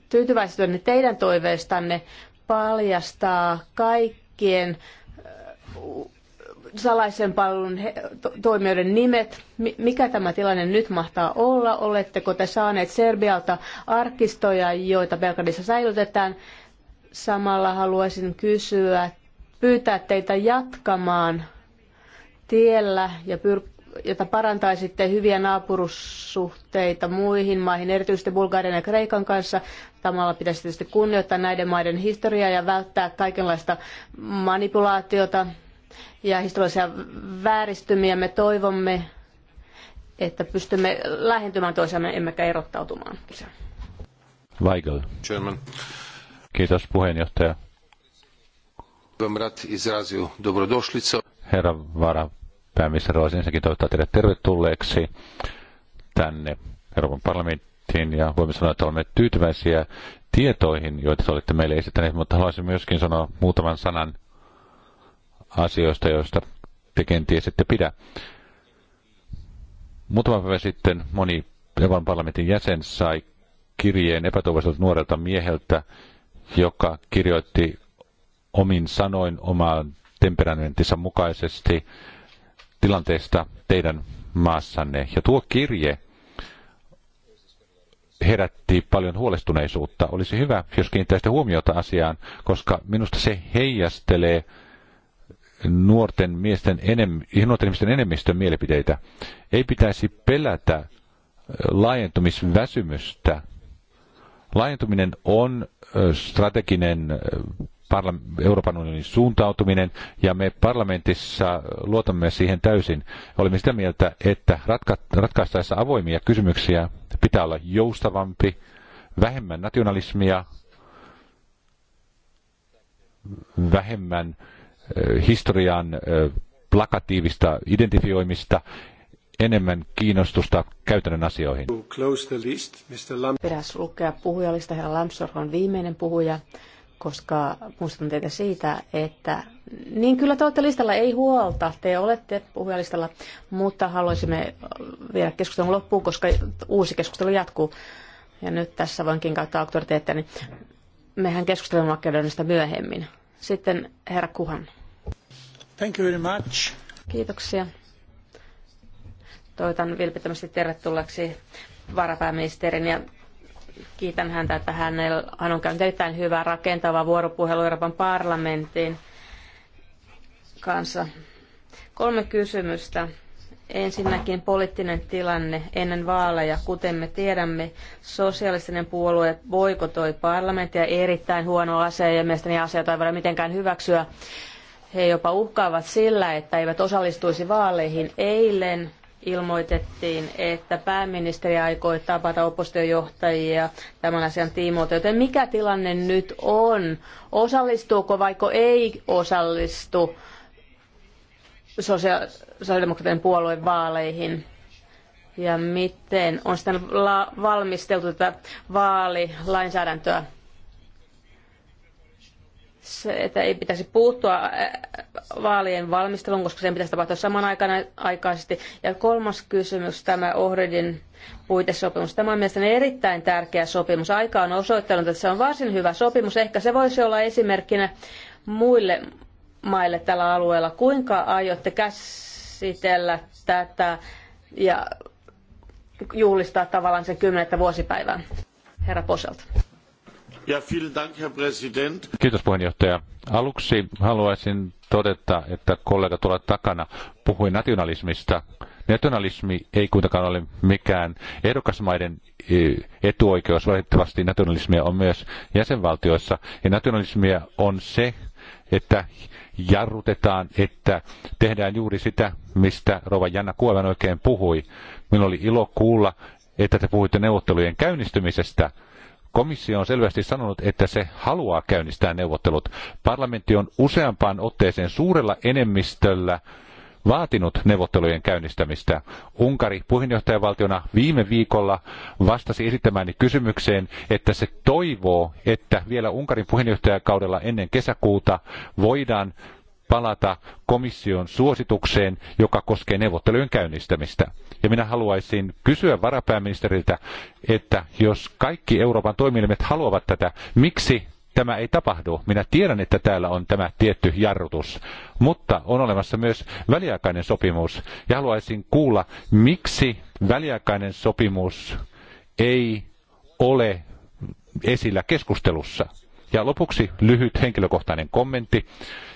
tyytyväisyyteni teidän toiveistanne paljastaa kaikkien salaisen palvelun toimijoiden nimet. Mikä tämä tilanne nyt mahtaa olla? Oletteko te saaneet Serbialta arkistoja, joita Belgradissa säilytetään? Samalla haluaisin kysyä, pyytää teitä jatkamaan tiellä, ja pyr- jota parantaisitte hyviä naapurussuhteita muihin maihin, erityisesti Bulgarian ja Kreikan kanssa. Samalla pitäisi tietysti kunnioittaa näiden maiden historiaa ja välttää kaikenlaista manipulaatiota ja historiallisia vääristymiä. Me toivomme, että pystymme lähentymään toisiamme emmekä erottautumaan. Weigel. German. Kiitos puheenjohtaja. Herra vara pääministeri, haluaisin ensinnäkin toivottaa teidät tervetulleeksi tänne Euroopan parlamenttiin ja voimme sanoa, että olemme tyytyväisiä tietoihin, joita te olette meille esittäneet, mutta haluaisin myöskin sanoa muutaman sanan asioista, joista te kenties ette pidä. Muutama päivä sitten moni Euroopan parlamentin jäsen sai kirjeen epätoivoiselta nuorelta mieheltä, joka kirjoitti omin sanoin omaan temperamenttinsa mukaisesti tilanteesta teidän maassanne. Ja tuo kirje herätti paljon huolestuneisuutta. Olisi hyvä, jos kiinnittäisitte huomiota asiaan, koska minusta se heijastelee nuorten, miesten enem, nuorten ihmisten enemmistön mielipiteitä. Ei pitäisi pelätä laajentumisväsymystä Laajentuminen on strateginen Euroopan unionin suuntautuminen, ja me parlamentissa luotamme siihen täysin. Olemme sitä mieltä, että ratka- ratkaistaessa avoimia kysymyksiä pitää olla joustavampi, vähemmän nationalismia, vähemmän historian plakatiivista identifioimista enemmän kiinnostusta käytännön asioihin. Pitäisi lukea puhujalista. Herra Lamsorg on viimeinen puhuja, koska muistutan teitä siitä, että niin kyllä te olette listalla, ei huolta, te olette puhujalistalla, mutta haluaisimme vielä keskustelun loppuun, koska uusi keskustelu jatkuu. Ja nyt tässä voinkin auktoriteettia, niin Mehän keskustelemme Makedonista myöhemmin. Sitten herra Kuhan. Thank you very much. Kiitoksia. Toivotan vilpittömästi tervetulleeksi varapääministerin ja kiitän häntä, että hän on käynyt erittäin hyvää rakentavaa vuoropuhelu Euroopan parlamentin kanssa. Kolme kysymystä. Ensinnäkin poliittinen tilanne ennen vaaleja. Kuten me tiedämme, sosiaalistinen puolue boikotoi parlamenttia erittäin huono asia ja mielestäni asioita ei voida mitenkään hyväksyä. He jopa uhkaavat sillä, että eivät osallistuisi vaaleihin eilen ilmoitettiin, että pääministeri aikoi tapata oppositiojohtajia tämän asian tiimoilta. Joten mikä tilanne nyt on? Osallistuuko vaiko ei osallistu sosiaalidemokraattien puolueen vaaleihin? Ja miten on sitten valmisteltu tätä vaalilainsäädäntöä? se, että ei pitäisi puuttua vaalien valmisteluun, koska sen pitäisi tapahtua samanaikaisesti. Ja kolmas kysymys, tämä Ohridin puitesopimus. Tämä on mielestäni erittäin tärkeä sopimus. Aika on osoittanut, että se on varsin hyvä sopimus. Ehkä se voisi olla esimerkkinä muille maille tällä alueella. Kuinka aiotte käsitellä tätä ja juhlistaa tavallaan sen kymmenettä vuosipäivää? Herra Poselta. Kiitos puheenjohtaja. Aluksi haluaisin todeta, että kollega tuolla takana puhui nationalismista. Nationalismi ei kuitenkaan ole mikään ehdokasmaiden e, etuoikeus. Valitettavasti nationalismia on myös jäsenvaltioissa. Ja nationalismia on se, että jarrutetaan, että tehdään juuri sitä, mistä Rova Janna Kuolan oikein puhui. Minulla oli ilo kuulla, että te puhuitte neuvottelujen käynnistymisestä – Komissio on selvästi sanonut, että se haluaa käynnistää neuvottelut. Parlamentti on useampaan otteeseen suurella enemmistöllä vaatinut neuvottelujen käynnistämistä. Unkari puheenjohtajavaltiona viime viikolla vastasi esittämääni kysymykseen, että se toivoo, että vielä Unkarin puheenjohtajakaudella ennen kesäkuuta voidaan palata komission suositukseen, joka koskee neuvottelujen käynnistämistä. Ja minä haluaisin kysyä varapääministeriltä, että jos kaikki Euroopan toimielimet haluavat tätä, miksi tämä ei tapahdu. Minä tiedän, että täällä on tämä tietty jarrutus, mutta on olemassa myös väliaikainen sopimus. Ja haluaisin kuulla, miksi väliaikainen sopimus ei ole esillä keskustelussa. Ja lopuksi lyhyt henkilökohtainen kommentti.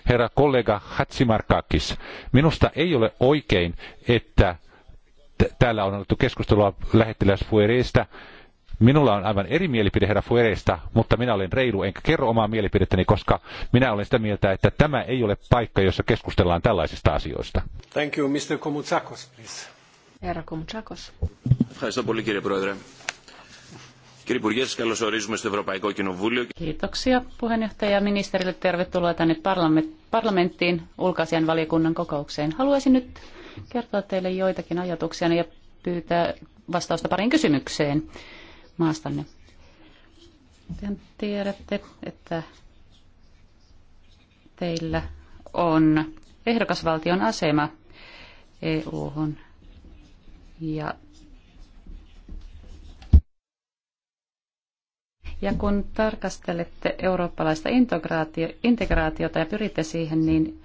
Herra kollega Hatsimarkakis, minusta ei ole oikein, että täällä on ollut keskustelua lähettiläs Fuereesta. Minulla on aivan eri mielipide herra Fuereesta, mutta minä olen reilu, enkä kerro omaa mielipidettäni, koska minä olen sitä mieltä, että tämä ei ole paikka, jossa keskustellaan tällaisista asioista. Thank you, Mr. Komutsakos, please. Herra Komutsakos. Κύριε Υπουργέ, στο Ευρωπαϊκό Κοινοβούλιο. Kiitoksia puheenjohtaja ja ministerille. Tervetuloa tänne parlamenttiin ulkoasian valiokunnan kokoukseen. Haluaisin nyt kertoa teille joitakin ajatuksia ja pyytää vastausta pariin kysymykseen maastanne. Tehän tiedätte, että teillä on ehdokasvaltion asema EU-hun ja Ja kun tarkastelette eurooppalaista integraatiota ja pyritte siihen, niin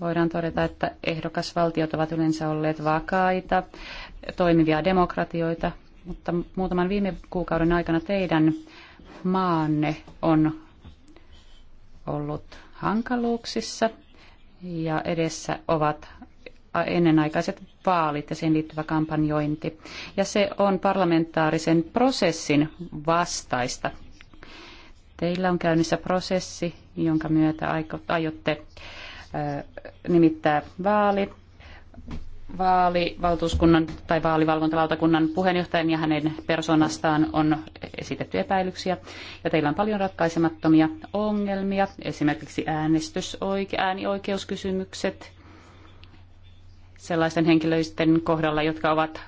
voidaan todeta, että ehdokasvaltiot ovat yleensä olleet vakaita, toimivia demokratioita, mutta muutaman viime kuukauden aikana teidän maanne on ollut hankaluuksissa ja edessä ovat ennenaikaiset vaalit ja siihen liittyvä kampanjointi. Ja se on parlamentaarisen prosessin vastaista. Teillä on käynnissä prosessi, jonka myötä aiotte nimittää vaali, vaalivaltuuskunnan tai vaalivalvontalautakunnan puheenjohtajan ja hänen persoonastaan on esitetty epäilyksiä. Ja teillä on paljon ratkaisemattomia ongelmia, esimerkiksi äänestysoike- äänioikeuskysymykset sellaisten henkilöisten kohdalla, jotka ovat,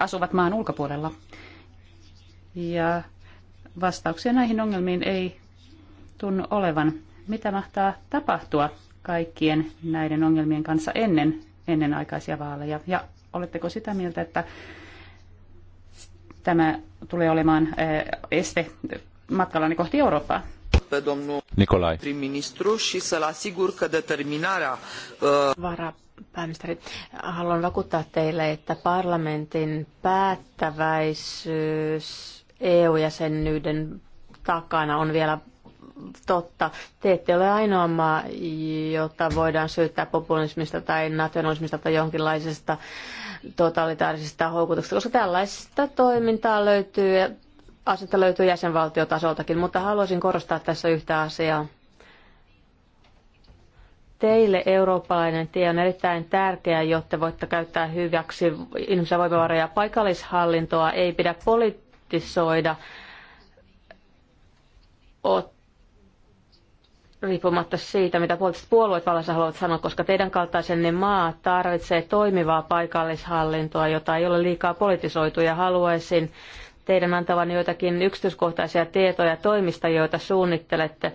asuvat maan ulkopuolella. Ja vastauksia näihin ongelmiin ei tunnu olevan. Mitä mahtaa tapahtua kaikkien näiden ongelmien kanssa ennen ennenaikaisia vaaleja? Ja oletteko sitä mieltä, että tämä tulee olemaan este matkallani kohti Eurooppaa? Nikolai. Vara Pääministeri, haluan vakuuttaa teille, että parlamentin päättäväisyys EU-jäsenyyden takana on vielä totta. Te ette ole ainoa maa, jota voidaan syyttää populismista tai nationalismista tai jonkinlaisesta totalitaarisesta houkutuksesta, koska tällaista toimintaa löytyy, asetta löytyy jäsenvaltiotasoltakin, mutta haluaisin korostaa tässä yhtä asiaa. Teille eurooppalainen tie on erittäin tärkeä, jotta voitte käyttää hyväksi ihmisen voimavaroja. Paikallishallintoa ei pidä politisoida ot- riippumatta siitä, mitä poliittiset puolueet vallassa haluavat sanoa, koska teidän kaltaisenne maa tarvitsee toimivaa paikallishallintoa, jota ei ole liikaa politisoitu ja haluaisin teidän antavan joitakin yksityiskohtaisia tietoja toimista, joita suunnittelette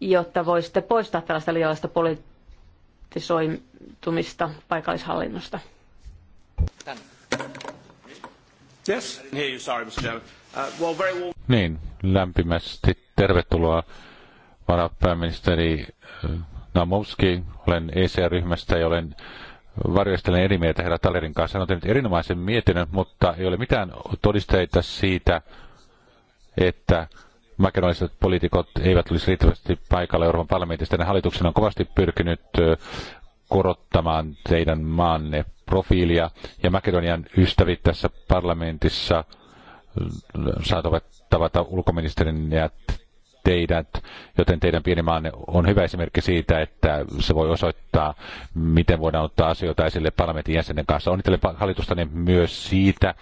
jotta voisitte poistaa tällaista liiallista politisoitumista paikallishallinnosta? Yes. Uh, niin, lämpimästi tervetuloa varapääministeri uh, Namowski. Olen ECR-ryhmästä ja olen varjoistelen eri mieltä herra Talerin kanssa. Hän on tehnyt erinomaisen mietinnön, mutta ei ole mitään todisteita siitä, että makedonialaiset poliitikot eivät olisi riittävästi paikalla Euroopan parlamentista. Hallituksen on kovasti pyrkinyt korottamaan teidän maanne profiilia. Ja Makedonian ystävit tässä parlamentissa saatavat tavata ulkoministerin ja teidät, joten teidän pieni maanne on hyvä esimerkki siitä, että se voi osoittaa, miten voidaan ottaa asioita esille parlamentin jäsenen kanssa. Onnittelen hallitustani myös siitä,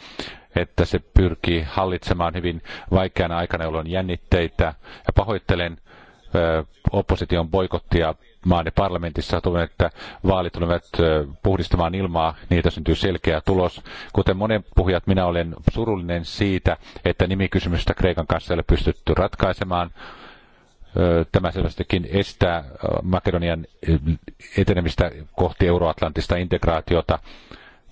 että se pyrkii hallitsemaan hyvin vaikeana aikana, jolloin jännitteitä. Ja pahoittelen, opposition boikottia maan parlamentissa. Toivon, että vaalit tulevat puhdistamaan ilmaa, niitä syntyy selkeä tulos. Kuten monen puhujat, minä olen surullinen siitä, että nimikysymystä Kreikan kanssa ei ole pystytty ratkaisemaan. Tämä selvästikin estää Makedonian etenemistä kohti euroatlantista integraatiota.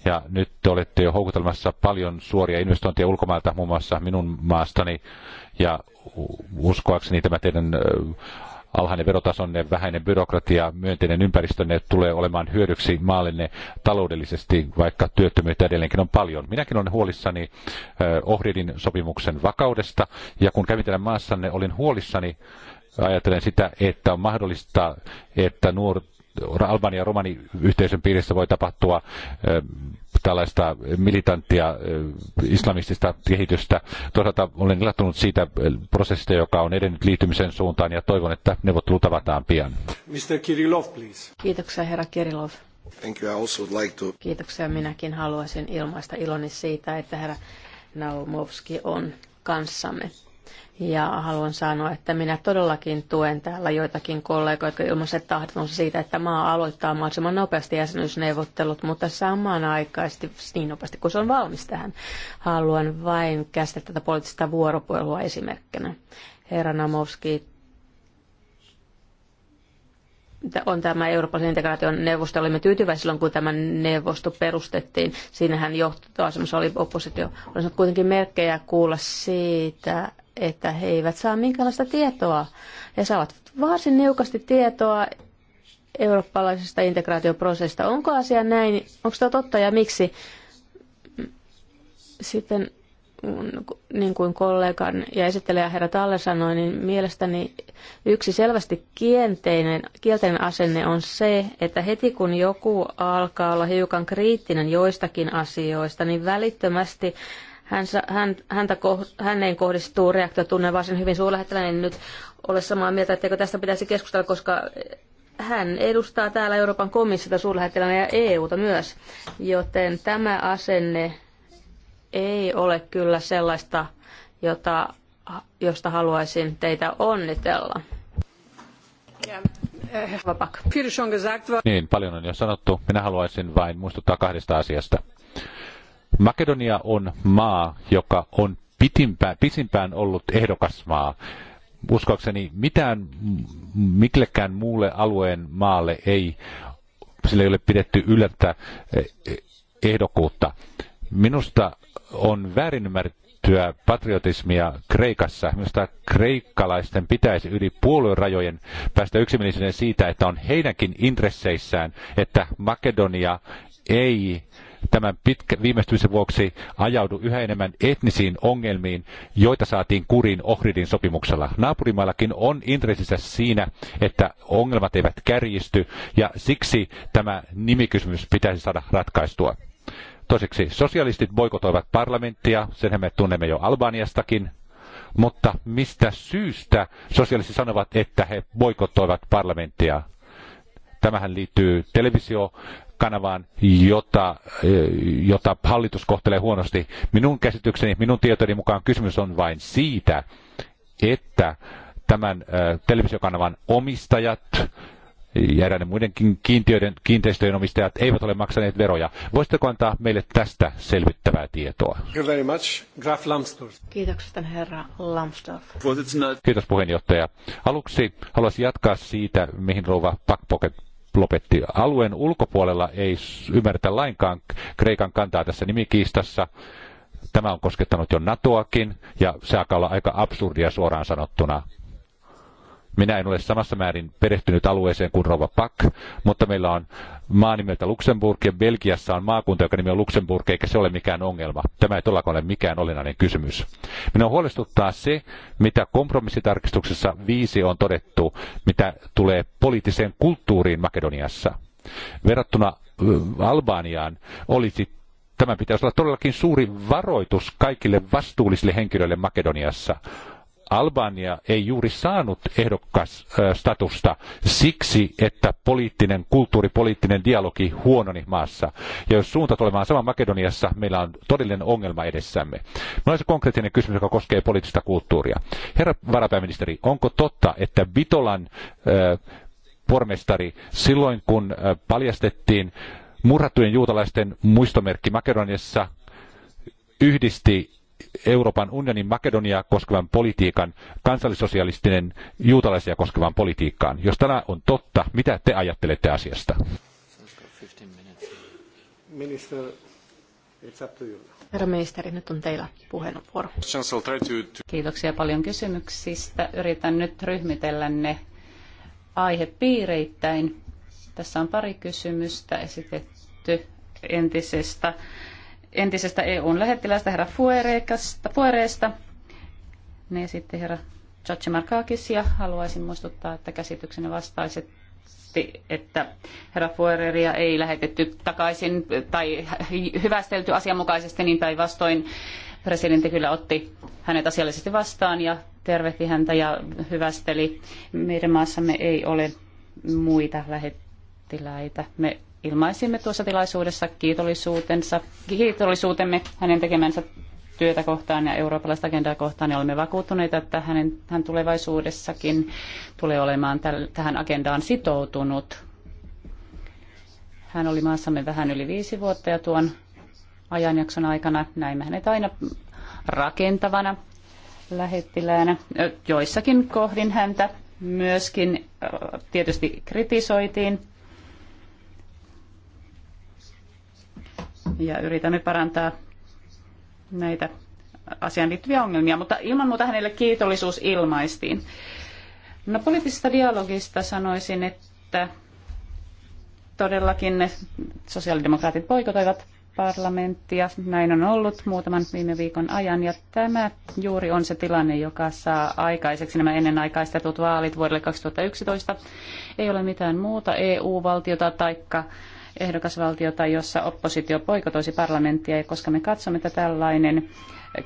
Ja nyt te olette jo houkutelmassa paljon suoria investointeja ulkomailta, muun muassa minun maastani. Ja uskoakseni tämä teidän alhainen verotasonne, vähäinen byrokratia, myönteinen ympäristönne tulee olemaan hyödyksi maallenne taloudellisesti, vaikka työttömyyttä edelleenkin on paljon. Minäkin olen huolissani Ohridin sopimuksen vakaudesta, ja kun kävin teidän maassanne, olin huolissani ajattelen sitä, että on mahdollista, että nuor, Albania ja yhteisön piirissä voi tapahtua tällaista militanttia islamistista kehitystä. Toisaalta olen ilahtunut siitä prosessista, joka on edennyt liittymisen suuntaan ja toivon, että neuvottelut avataan pian. Mr. Kirillov, please. Kiitoksia, herra Kirillov. Thank you. I also would like to... Kiitoksia. Minäkin haluaisin ilmaista iloni siitä, että herra Naumovski on kanssamme. Ja haluan sanoa, että minä todellakin tuen täällä joitakin kollegoita, jotka ilmaiset tahtonsa siitä, että maa aloittaa mahdollisimman nopeasti jäsenyysneuvottelut, mutta samanaikaisesti niin nopeasti kuin se on valmis tähän. Haluan vain käsitellä tätä poliittista vuoropuhelua esimerkkinä. Herra Namovski on tämä Euroopan integraation neuvosto. Olimme tyytyväisiä silloin, kun tämä neuvosto perustettiin. Siinähän johtoasemassa oli oppositio. Olisi kuitenkin merkkejä kuulla siitä, että he eivät saa minkäänlaista tietoa. He saavat varsin niukasti tietoa eurooppalaisesta integraatioprosessista. Onko asia näin? Onko tämä totta ja miksi? Sitten niin kuin kollegan ja esittelijä herra Talle sanoi, niin mielestäni yksi selvästi kielteinen, kielteinen asenne on se, että heti kun joku alkaa olla hiukan kriittinen joistakin asioista, niin välittömästi hän, hän, häntä, häneen kohdistuu reaktio, tunnen varsin hyvin suurlähettiläinen, niin nyt ole samaa mieltä, että tästä pitäisi keskustella, koska hän edustaa täällä Euroopan komissiota suurlähettilänä ja EUta myös, joten tämä asenne ei ole kyllä sellaista, jota, josta haluaisin teitä onnitella. Niin, paljon on jo sanottu. Minä haluaisin vain muistuttaa kahdesta asiasta. Makedonia on maa, joka on pitimpään, pisimpään ollut ehdokasmaa. Uskoakseni mitään miklekään muulle alueen maalle ei, sille ei ole pidetty yllättä eh, eh, ehdokkuutta. Minusta on väärin ymmärrettyä patriotismia Kreikassa. Minusta kreikkalaisten pitäisi yli puoluerajojen päästä yksimielisenä siitä, että on heidänkin intresseissään, että Makedonia ei tämän pitkä, viimeistymisen vuoksi ajaudu yhä enemmän etnisiin ongelmiin, joita saatiin kuriin Ohridin sopimuksella. Naapurimaillakin on intressissä siinä, että ongelmat eivät kärjisty ja siksi tämä nimikysymys pitäisi saada ratkaistua. Toiseksi sosialistit boikotoivat parlamenttia, senhän me tunnemme jo Albaniastakin, mutta mistä syystä sosialistit sanovat, että he boikotoivat parlamenttia? Tämähän liittyy televisiokanavaan, jota, eh, jota hallitus kohtelee huonosti. Minun käsitykseni, minun tietoni mukaan kysymys on vain siitä, että tämän eh, televisiokanavan omistajat ja eräiden muidenkin kiintiöiden, kiinteistöjen omistajat eivät ole maksaneet veroja. Voisitteko antaa meille tästä selvittävää tietoa? Graf Lambsdorff. herra Lambsdorff. Kiitos puheenjohtaja. Aluksi haluaisin jatkaa siitä, mihin rouva Backpocket lopetti. Alueen ulkopuolella ei ymmärretä lainkaan Kreikan kantaa tässä nimikiistassa. Tämä on koskettanut jo NATOakin ja se alkaa olla aika absurdia suoraan sanottuna. Minä en ole samassa määrin perehtynyt alueeseen kuin Rova Pak, mutta meillä on maa nimeltä Luxemburg ja Belgiassa on maakunta, joka nimi on Luxemburg, eikä se ole mikään ongelma. Tämä ei todellakaan ole mikään olennainen kysymys. Minua huolestuttaa se, mitä kompromissitarkistuksessa viisi on todettu, mitä tulee poliittiseen kulttuuriin Makedoniassa. Verrattuna Albaniaan olisi Tämä pitäisi olla todellakin suuri varoitus kaikille vastuullisille henkilöille Makedoniassa. Albania ei juuri saanut ehdokasstatusta siksi, että poliittinen, kulttuuripoliittinen dialogi huononi maassa. Ja jos suunta olemaan sama Makedoniassa, meillä on todellinen ongelma edessämme. Minulla on se konkreettinen kysymys, joka koskee poliittista kulttuuria. Herra varapääministeri, onko totta, että Bitolan äh, pormestari silloin, kun äh, paljastettiin murhattujen juutalaisten muistomerkki Makedoniassa, yhdisti Euroopan unionin Makedoniaa koskevan politiikan kansallisosialistinen juutalaisia koskevaan politiikkaan. Jos tämä on totta, mitä te ajattelette asiasta? Minister, Herra ministeri, nyt on teillä puheenvuoro. Kiitoksia paljon kysymyksistä. Yritän nyt ryhmitellä ne aihepiireittäin. Tässä on pari kysymystä esitetty entisestä entisestä EUn lähettilästä herra Fuereesta, ne sitten herra Chachimarkakis ja haluaisin muistuttaa, että käsitykseni vastaisesti, että herra Fuereria ei lähetetty takaisin tai hyvästelty asianmukaisesti, niin tai vastoin presidentti kyllä otti hänet asiallisesti vastaan ja tervehti häntä ja hyvästeli. Meidän maassamme ei ole muita lähettiläitä. Me ilmaisimme tuossa tilaisuudessa kiitollisuutensa, kiitollisuutemme hänen tekemänsä työtä kohtaan ja eurooppalaista agendaa kohtaan, ja olemme vakuuttuneita, että hänen, hän tulevaisuudessakin tulee olemaan täl, tähän agendaan sitoutunut. Hän oli maassamme vähän yli viisi vuotta ja tuon ajanjakson aikana näimme hänet aina rakentavana lähettiläänä. Joissakin kohdin häntä myöskin tietysti kritisoitiin ja yritämme parantaa näitä asiaan liittyviä ongelmia, mutta ilman muuta hänelle kiitollisuus ilmaistiin. No poliittisesta dialogista sanoisin, että todellakin ne sosiaalidemokraatit poikotoivat parlamenttia. Näin on ollut muutaman viime viikon ajan ja tämä juuri on se tilanne, joka saa aikaiseksi nämä ennenaikaistetut vaalit vuodelle 2011. Ei ole mitään muuta EU-valtiota taikka ehdokasvaltiota, jossa oppositio poikotoisi parlamenttia, ja koska me katsomme, että tällainen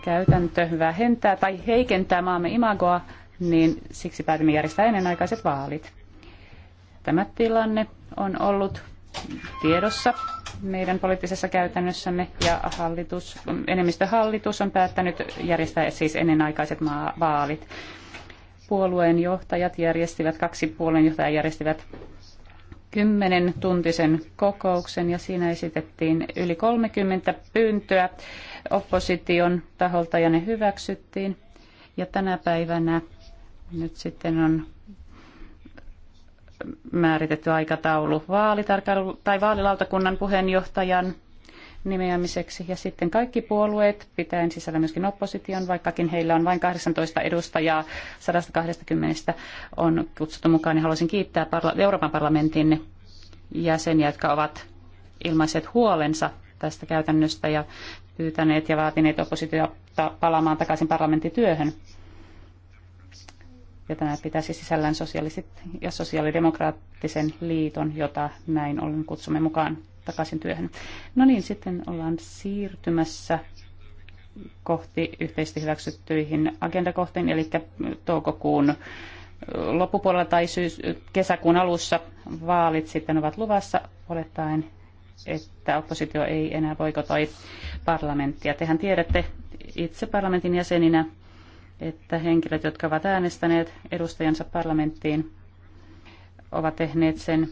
käytäntö vähentää tai heikentää maamme imagoa, niin siksi päätimme järjestää ennenaikaiset vaalit. Tämä tilanne on ollut tiedossa meidän poliittisessa käytännössämme ja hallitus, enemmistöhallitus on päättänyt järjestää siis ennenaikaiset vaalit. Puolueen johtajat järjestivät, kaksi puolueen johtajaa järjestivät kymmenen tuntisen kokouksen ja siinä esitettiin yli 30 pyyntöä opposition taholta ja ne hyväksyttiin. Ja tänä päivänä nyt sitten on määritetty aikataulu vaalitarkailu- tai vaalilautakunnan puheenjohtajan nimeämiseksi. Ja sitten kaikki puolueet, pitäen sisällä myöskin opposition, vaikkakin heillä on vain 18 edustajaa, 120 on kutsuttu mukaan, niin haluaisin kiittää Euroopan parlamentin jäseniä, jotka ovat ilmaiset huolensa tästä käytännöstä ja pyytäneet ja vaatineet oppositiota palaamaan takaisin parlamenttityöhön. Ja tämä pitäisi sisällään sosiaaliset ja sosiaalidemokraattisen liiton, jota näin ollen kutsumme mukaan takaisin työhön. No niin, sitten ollaan siirtymässä kohti yhteisesti hyväksyttyihin agendakohtiin, eli toukokuun loppupuolella tai syys, kesäkuun alussa vaalit sitten ovat luvassa, olettaen, että oppositio ei enää boikotoi parlamenttia. Tehän tiedätte itse parlamentin jäseninä, että henkilöt, jotka ovat äänestäneet edustajansa parlamenttiin, ovat tehneet sen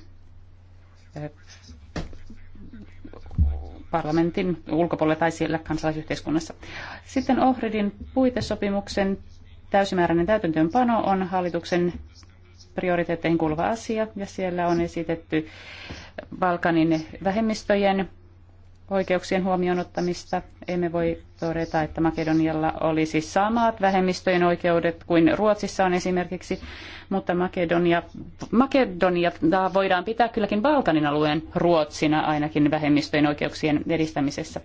parlamentin ulkopuolella tai siellä kansalaisyhteiskunnassa. Sitten Ohridin puitesopimuksen täysimääräinen täytäntöönpano on hallituksen prioriteetteihin kuuluva asia ja siellä on esitetty Balkanin vähemmistöjen oikeuksien huomioon ottamista. Emme voi todeta, että Makedonialla olisi samat vähemmistöjen oikeudet kuin Ruotsissa on esimerkiksi, mutta Makedonia, Makedonia voidaan pitää kylläkin Balkanin alueen Ruotsina ainakin vähemmistöjen oikeuksien edistämisessä.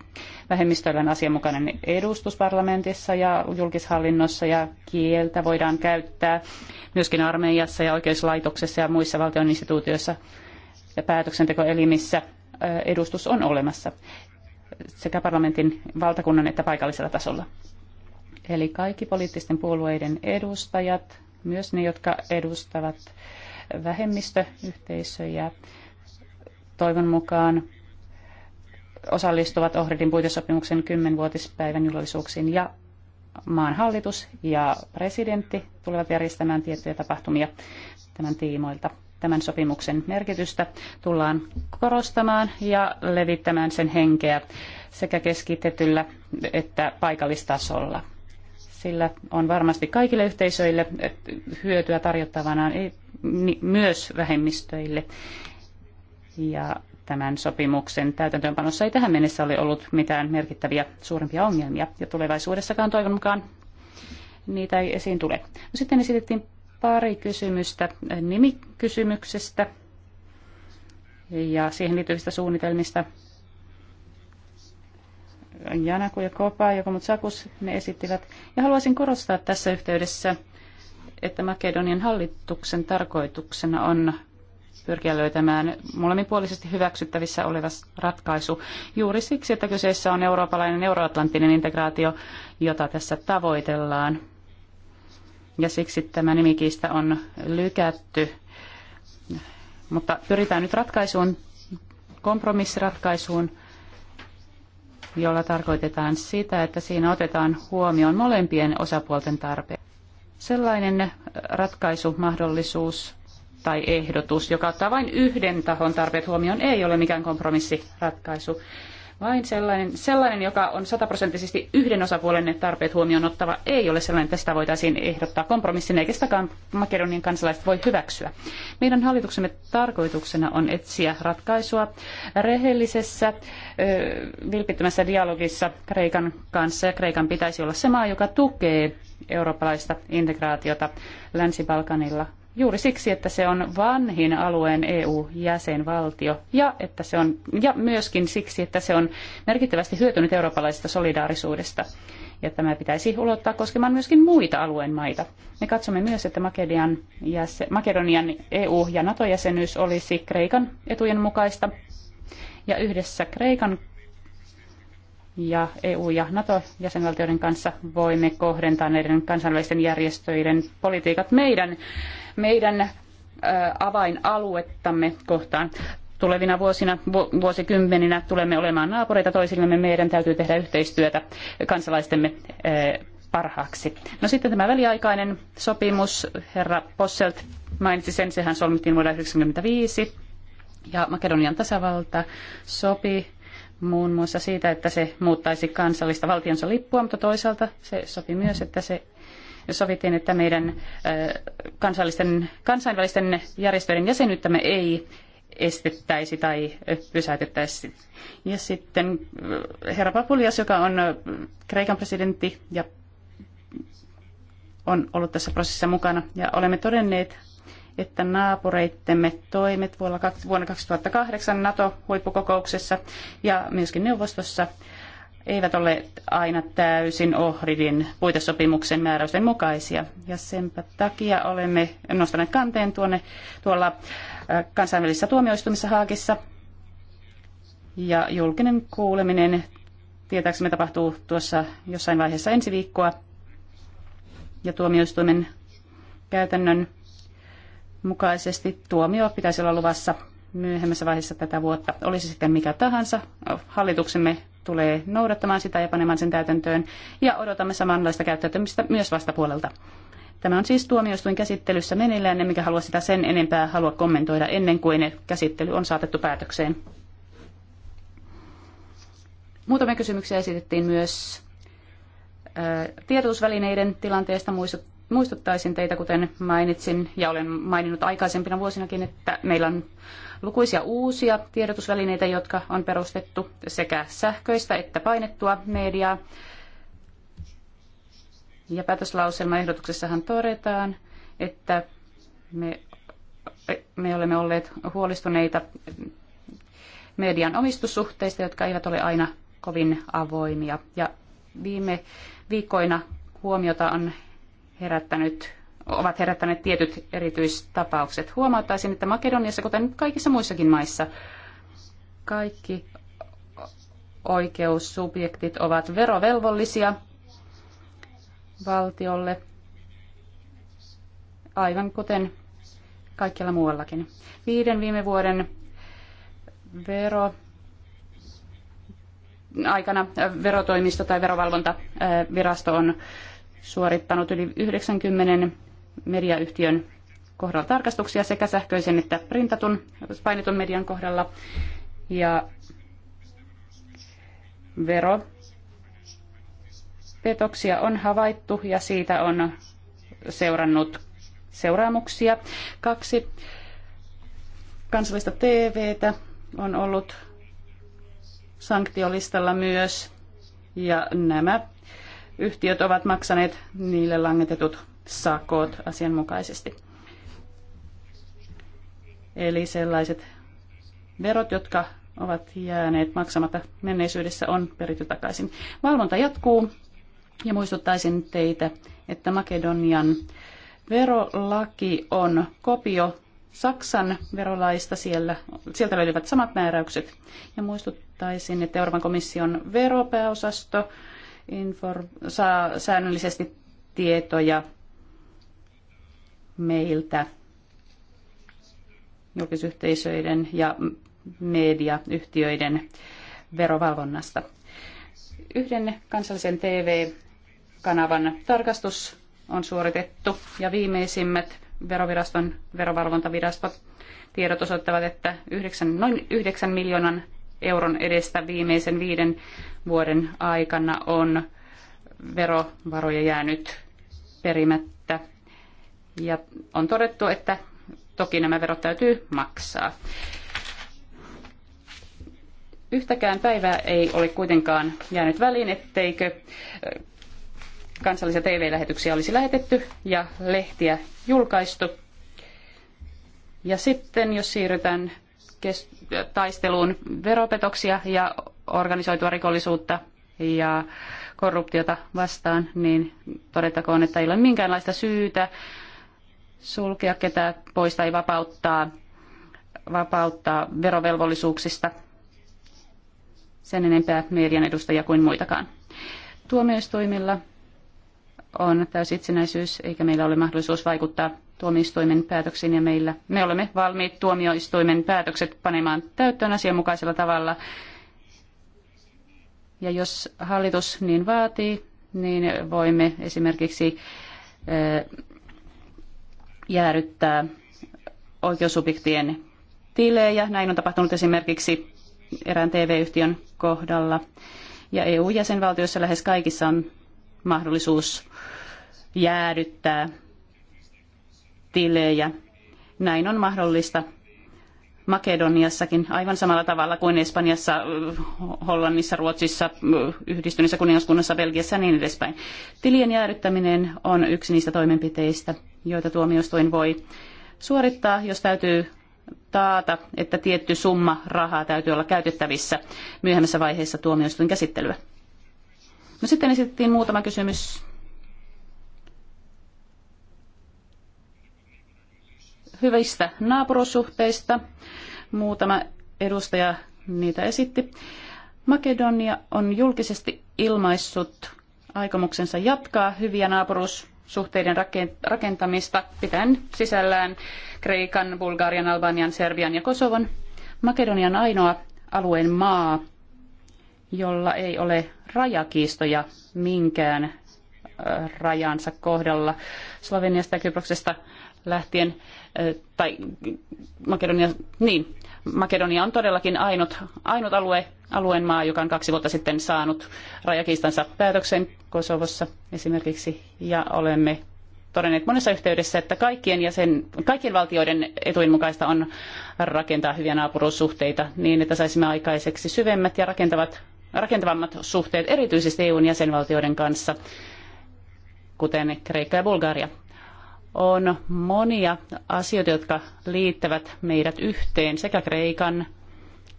Vähemmistöillä on asianmukainen edustus parlamentissa ja julkishallinnossa ja kieltä voidaan käyttää myöskin armeijassa ja oikeuslaitoksessa ja muissa valtion instituutioissa ja päätöksentekoelimissä edustus on olemassa sekä parlamentin valtakunnan että paikallisella tasolla. Eli kaikki poliittisten puolueiden edustajat, myös ne, jotka edustavat vähemmistöyhteisöjä, toivon mukaan osallistuvat Ohridin puitesopimuksen kymmenvuotispäivän juhlallisuuksiin ja maan hallitus ja presidentti tulevat järjestämään tiettyjä tapahtumia tämän tiimoilta tämän sopimuksen merkitystä tullaan korostamaan ja levittämään sen henkeä sekä keskitetyllä että paikallistasolla. Sillä on varmasti kaikille yhteisöille hyötyä tarjottavana myös vähemmistöille. Ja tämän sopimuksen täytäntöönpanossa ei tähän mennessä ole ollut mitään merkittäviä suurempia ongelmia ja tulevaisuudessakaan toivon mukaan niitä ei esiin tule. No sitten esitettiin pari kysymystä nimikysymyksestä ja siihen liittyvistä suunnitelmista. Janaku ja Kopa ja Sakus, ne esittivät. Ja haluaisin korostaa tässä yhteydessä, että Makedonian hallituksen tarkoituksena on pyrkiä löytämään molemminpuolisesti hyväksyttävissä oleva ratkaisu juuri siksi, että kyseessä on eurooppalainen euroatlanttinen integraatio, jota tässä tavoitellaan ja siksi tämä nimikiista on lykätty. Mutta pyritään nyt ratkaisuun, kompromissiratkaisuun, jolla tarkoitetaan sitä, että siinä otetaan huomioon molempien osapuolten tarpeet. Sellainen ratkaisumahdollisuus tai ehdotus, joka ottaa vain yhden tahon tarpeet huomioon, ei ole mikään kompromissiratkaisu. Vain sellainen, sellainen joka on sataprosenttisesti yhden osapuolen tarpeet huomioon ottava, ei ole sellainen, että sitä voitaisiin ehdottaa kompromissin, eikä sitä Makedonian kansalaiset voi hyväksyä. Meidän hallituksemme tarkoituksena on etsiä ratkaisua rehellisessä, vilpittömässä dialogissa Kreikan kanssa, ja Kreikan pitäisi olla se maa, joka tukee eurooppalaista integraatiota Länsi-Balkanilla juuri siksi, että se on vanhin alueen EU-jäsenvaltio ja, että se on, ja myöskin siksi, että se on merkittävästi hyötynyt eurooppalaisesta solidaarisuudesta. Ja tämä pitäisi ulottaa koskemaan myöskin muita alueen maita. Me katsomme myös, että Makedonian, jäsen, Makedonian EU- ja NATO-jäsenyys olisi Kreikan etujen mukaista. Ja yhdessä Kreikan ja EU- ja NATO-jäsenvaltioiden kanssa voimme kohdentaa näiden kansainvälisten järjestöiden politiikat meidän meidän avainaluettamme kohtaan. Tulevina vuosina, vuosikymmeninä tulemme olemaan naapureita toisillemme. Meidän täytyy tehdä yhteistyötä kansalaistemme parhaaksi. No sitten tämä väliaikainen sopimus, herra Posselt mainitsi sen, sehän solmittiin vuonna 1995. Ja Makedonian tasavalta sopi muun muassa siitä, että se muuttaisi kansallista valtionsa lippua, mutta toisaalta se sopi myös, että se sovittiin, että meidän kansallisten, kansainvälisten järjestöjen jäsenyyttämme ei estettäisi tai pysäytettäisi. Ja sitten herra Papulias, joka on Kreikan presidentti ja on ollut tässä prosessissa mukana. Ja olemme todenneet, että naapureittemme toimet vuonna 2008 NATO-huippukokouksessa ja myöskin neuvostossa – eivät ole aina täysin Ohridin puitesopimuksen määräysten mukaisia. Ja senpä takia olemme nostaneet kanteen tuonne tuolla äh, kansainvälisessä tuomioistuimessa Haagissa. Ja julkinen kuuleminen tietääksemme tapahtuu tuossa jossain vaiheessa ensi viikkoa. Ja tuomioistuimen käytännön mukaisesti tuomio pitäisi olla luvassa myöhemmässä vaiheessa tätä vuotta. Olisi sitten mikä tahansa. Hallituksemme tulee noudattamaan sitä ja panemaan sen täytäntöön, ja odotamme samanlaista käyttäytymistä myös vastapuolelta. Tämä on siis tuomioistuin käsittelyssä meneillään, mikä haluaa sitä sen enempää halua kommentoida ennen kuin käsittely on saatettu päätökseen. Muutamia kysymyksiä esitettiin myös tiedotusvälineiden tilanteesta muistuttaisin teitä, kuten mainitsin ja olen maininnut aikaisempina vuosinakin, että meillä on lukuisia uusia tiedotusvälineitä, jotka on perustettu sekä sähköistä että painettua mediaa. Ja päätöslauselmaehdotuksessahan todetaan, että me, me olemme olleet huolestuneita median omistussuhteista, jotka eivät ole aina kovin avoimia. Ja viime viikkoina huomiota on herättänyt ovat herättäneet tietyt erityistapaukset. Huomauttaisin, että Makedoniassa, kuten kaikissa muissakin maissa, kaikki oikeussubjektit ovat verovelvollisia valtiolle, aivan kuten kaikkialla muuallakin. Viiden viime vuoden vero aikana verotoimisto tai verovalvontavirasto on suorittanut yli 90 mediayhtiön kohdalla tarkastuksia sekä sähköisen että printatun painetun median kohdalla. Ja vero petoksia on havaittu ja siitä on seurannut seuraamuksia. Kaksi kansallista TVtä on ollut sanktiolistalla myös ja nämä yhtiöt ovat maksaneet niille langetetut sakot asianmukaisesti. Eli sellaiset verot, jotka ovat jääneet maksamatta menneisyydessä, on peritty takaisin. Valvonta jatkuu ja muistuttaisin teitä, että Makedonian verolaki on kopio Saksan verolaista. Siellä, sieltä löytyvät samat määräykset. Ja muistuttaisin, että Euroopan komission veropääosasto infor- saa säännöllisesti tietoja meiltä julkisyhteisöiden ja mediayhtiöiden verovalvonnasta. Yhden kansallisen TV-kanavan tarkastus on suoritettu ja viimeisimmät veroviraston verovalvontavirastot tiedot osoittavat, että 9, noin 9 miljoonan euron edestä viimeisen viiden vuoden aikana on verovaroja jäänyt perimättä. Ja on todettu, että toki nämä verot täytyy maksaa. Yhtäkään päivää ei ole kuitenkaan jäänyt väliin, etteikö kansallisia TV-lähetyksiä olisi lähetetty ja lehtiä julkaistu. Ja sitten jos siirrytään taisteluun veropetoksia ja organisoitua rikollisuutta ja korruptiota vastaan, niin todettakoon, että ei ole minkäänlaista syytä sulkea ketään pois tai vapauttaa, vapauttaa verovelvollisuuksista sen enempää median edustajia kuin muitakaan. Tuomioistuimilla on täysi itsenäisyys, eikä meillä ole mahdollisuus vaikuttaa tuomioistuimen päätöksiin ja meillä. Me olemme valmiit tuomioistuimen päätökset panemaan täyttöön asianmukaisella tavalla. Ja jos hallitus niin vaatii, niin voimme esimerkiksi eh, jäädyttää oikeusubjektien tilejä. Näin on tapahtunut esimerkiksi erään TV-yhtiön kohdalla. Ja EU-jäsenvaltioissa lähes kaikissa on mahdollisuus jäädyttää tilejä. Näin on mahdollista Makedoniassakin aivan samalla tavalla kuin Espanjassa, Hollannissa, Ruotsissa, Yhdistyneessä kuningaskunnassa, Belgiassa ja niin edespäin. Tilien jäädyttäminen on yksi niistä toimenpiteistä, joita tuomioistuin voi suorittaa, jos täytyy taata, että tietty summa rahaa täytyy olla käytettävissä myöhemmässä vaiheessa tuomioistuin käsittelyä. No sitten esitettiin muutama kysymys hyvistä naapurussuhteista, Muutama edustaja niitä esitti. Makedonia on julkisesti ilmaissut aikomuksensa jatkaa hyviä naapuruussuhteiden rakentamista pitäen sisällään Kreikan, Bulgarian, Albanian, Serbian ja Kosovon. Makedonian ainoa alueen maa, jolla ei ole rajakiistoja minkään äh, rajansa kohdalla. Sloveniasta ja Kyproksesta lähtien, tai Makedonia, niin, Makedonia on todellakin ainut, ainut alue, alueen maa, joka on kaksi vuotta sitten saanut rajakiistansa päätöksen Kosovossa esimerkiksi, ja olemme todenneet monessa yhteydessä, että kaikkien, jäsen, kaikkien valtioiden etuin mukaista on rakentaa hyviä naapuruussuhteita niin, että saisimme aikaiseksi syvemmät ja rakentavat, rakentavammat suhteet erityisesti EUn jäsenvaltioiden kanssa, kuten Kreikka ja Bulgaria on monia asioita, jotka liittävät meidät yhteen sekä Kreikan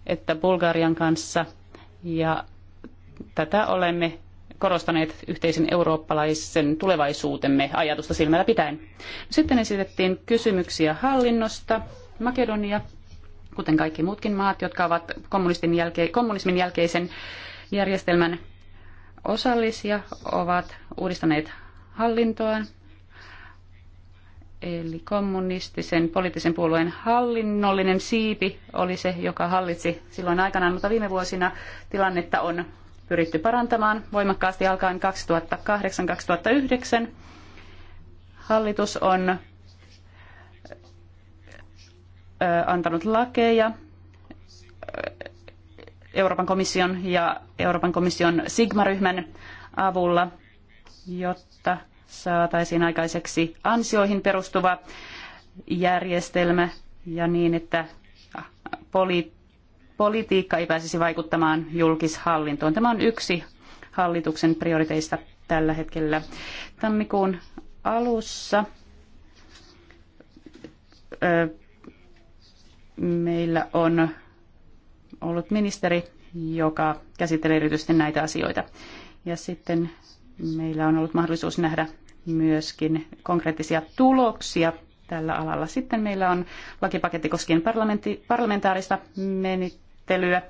että Bulgarian kanssa. Ja tätä olemme korostaneet yhteisen eurooppalaisen tulevaisuutemme ajatusta silmällä pitäen. Sitten esitettiin kysymyksiä hallinnosta. Makedonia, kuten kaikki muutkin maat, jotka ovat kommunismin jälkeisen järjestelmän osallisia, ovat uudistaneet hallintoaan Eli kommunistisen poliittisen puolueen hallinnollinen siipi oli se, joka hallitsi silloin aikanaan, mutta viime vuosina tilannetta on pyritty parantamaan voimakkaasti alkaen 2008-2009. Hallitus on antanut lakeja Euroopan komission ja Euroopan komission Sigma-ryhmän avulla, jotta saataisiin aikaiseksi ansioihin perustuva järjestelmä ja niin, että poli- politiikka ei pääsisi vaikuttamaan julkishallintoon. Tämä on yksi hallituksen prioriteista tällä hetkellä. Tammikuun alussa meillä on ollut ministeri, joka käsittelee erityisesti näitä asioita. Ja sitten meillä on ollut mahdollisuus nähdä myöskin konkreettisia tuloksia tällä alalla. Sitten meillä on lakipaketti koskien parlamentaarista menettelyä,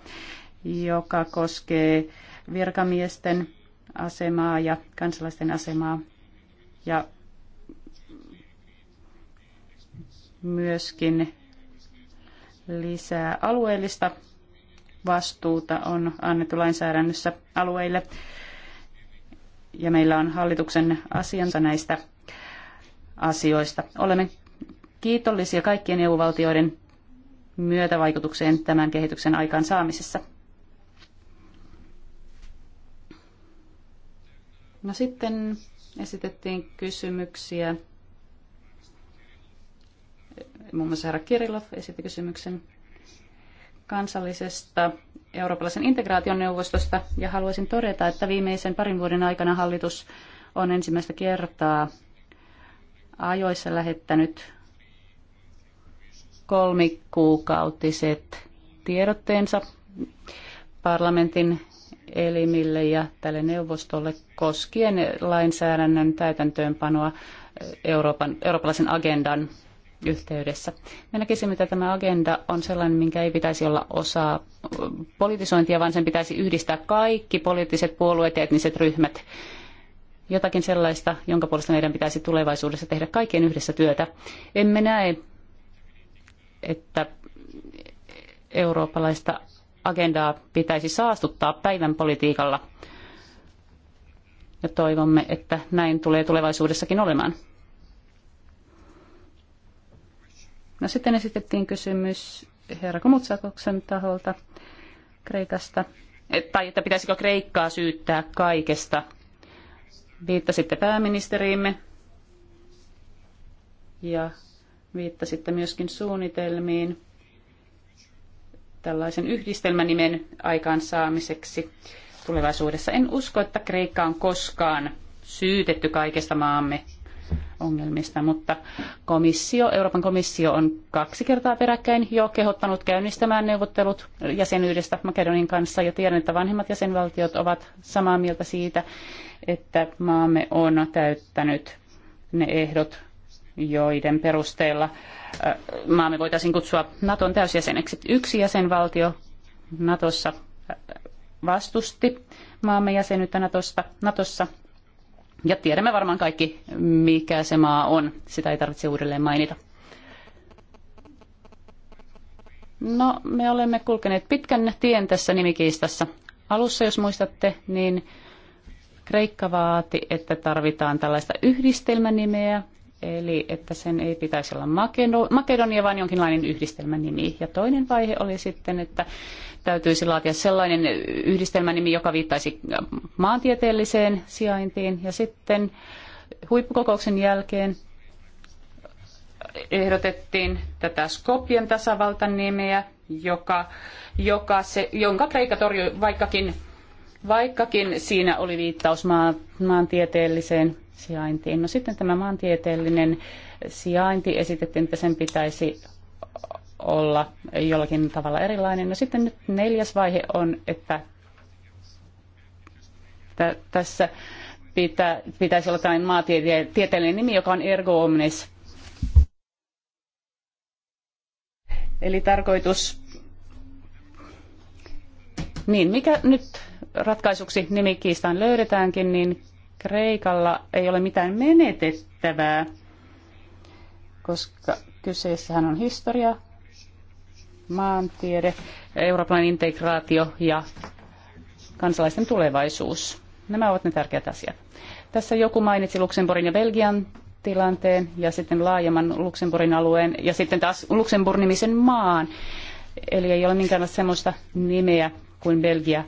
joka koskee virkamiesten asemaa ja kansalaisten asemaa ja myöskin lisää alueellista vastuuta on annettu lainsäädännössä alueille ja meillä on hallituksen asiansa näistä asioista. Olemme kiitollisia kaikkien EU-valtioiden myötävaikutukseen tämän kehityksen saamisessa. No sitten esitettiin kysymyksiä. Muun muassa herra Kirilov esitti kysymyksen kansallisesta eurooppalaisen integraation neuvostosta ja haluaisin todeta, että viimeisen parin vuoden aikana hallitus on ensimmäistä kertaa ajoissa lähettänyt kolmikuukautiset tiedotteensa parlamentin elimille ja tälle neuvostolle koskien lainsäädännön täytäntöönpanoa Euroopan, eurooppalaisen agendan yhteydessä. Me näkisimme, että tämä agenda on sellainen, minkä ei pitäisi olla osa politisointia, vaan sen pitäisi yhdistää kaikki poliittiset puolueet ja etniset ryhmät. Jotakin sellaista, jonka puolesta meidän pitäisi tulevaisuudessa tehdä kaikkien yhdessä työtä. Emme näe, että eurooppalaista agendaa pitäisi saastuttaa päivän politiikalla. Ja toivomme, että näin tulee tulevaisuudessakin olemaan. No sitten esitettiin kysymys herra Komutsakoksen taholta Kreikasta, tai että pitäisikö Kreikkaa syyttää kaikesta. Viittasitte pääministeriimme ja viittasitte myöskin suunnitelmiin tällaisen yhdistelmänimen aikaansaamiseksi tulevaisuudessa. En usko, että Kreikka on koskaan syytetty kaikesta maamme ongelmista, mutta komissio, Euroopan komissio on kaksi kertaa peräkkäin jo kehottanut käynnistämään neuvottelut jäsenyydestä Makedonin kanssa ja tiedän, että vanhemmat jäsenvaltiot ovat samaa mieltä siitä, että maamme on täyttänyt ne ehdot, joiden perusteella äh, maamme voitaisiin kutsua Naton täysjäseneksi. Yksi jäsenvaltio Natossa äh, vastusti maamme jäsenyyttä Natosta, Natossa ja tiedämme varmaan kaikki, mikä se maa on. Sitä ei tarvitse uudelleen mainita. No, me olemme kulkeneet pitkän tien tässä nimikiistassa. Alussa, jos muistatte, niin Kreikka vaati, että tarvitaan tällaista yhdistelmänimeä, eli että sen ei pitäisi olla Makedonia, vaan jonkinlainen yhdistelmänimi. Ja toinen vaihe oli sitten, että täytyisi laatia sellainen yhdistelmänimi, joka viittaisi maantieteelliseen sijaintiin. Ja sitten huippukokouksen jälkeen ehdotettiin tätä Skopien tasavaltan nimeä, joka, joka se, jonka Kreikka torjui, vaikkakin, vaikkakin siinä oli viittaus maa, maantieteelliseen sijaintiin. No sitten tämä maantieteellinen sijainti esitettiin, että sen pitäisi olla jollakin tavalla erilainen. No sitten nyt neljäs vaihe on, että tässä pitä, pitäisi olla tällainen maatieteellinen nimi, joka on ergo omnes. Eli tarkoitus, niin mikä nyt ratkaisuksi nimikiistaan löydetäänkin, niin Kreikalla ei ole mitään menetettävää, koska kyseessähän on historia, maantiede, Euroopan integraatio ja kansalaisten tulevaisuus. Nämä ovat ne tärkeät asiat. Tässä joku mainitsi Luxemburgin ja Belgian tilanteen ja sitten laajemman Luxemburgin alueen ja sitten taas Luxemburg-nimisen maan. Eli ei ole minkäänlaista semmoista nimeä kuin Belgia,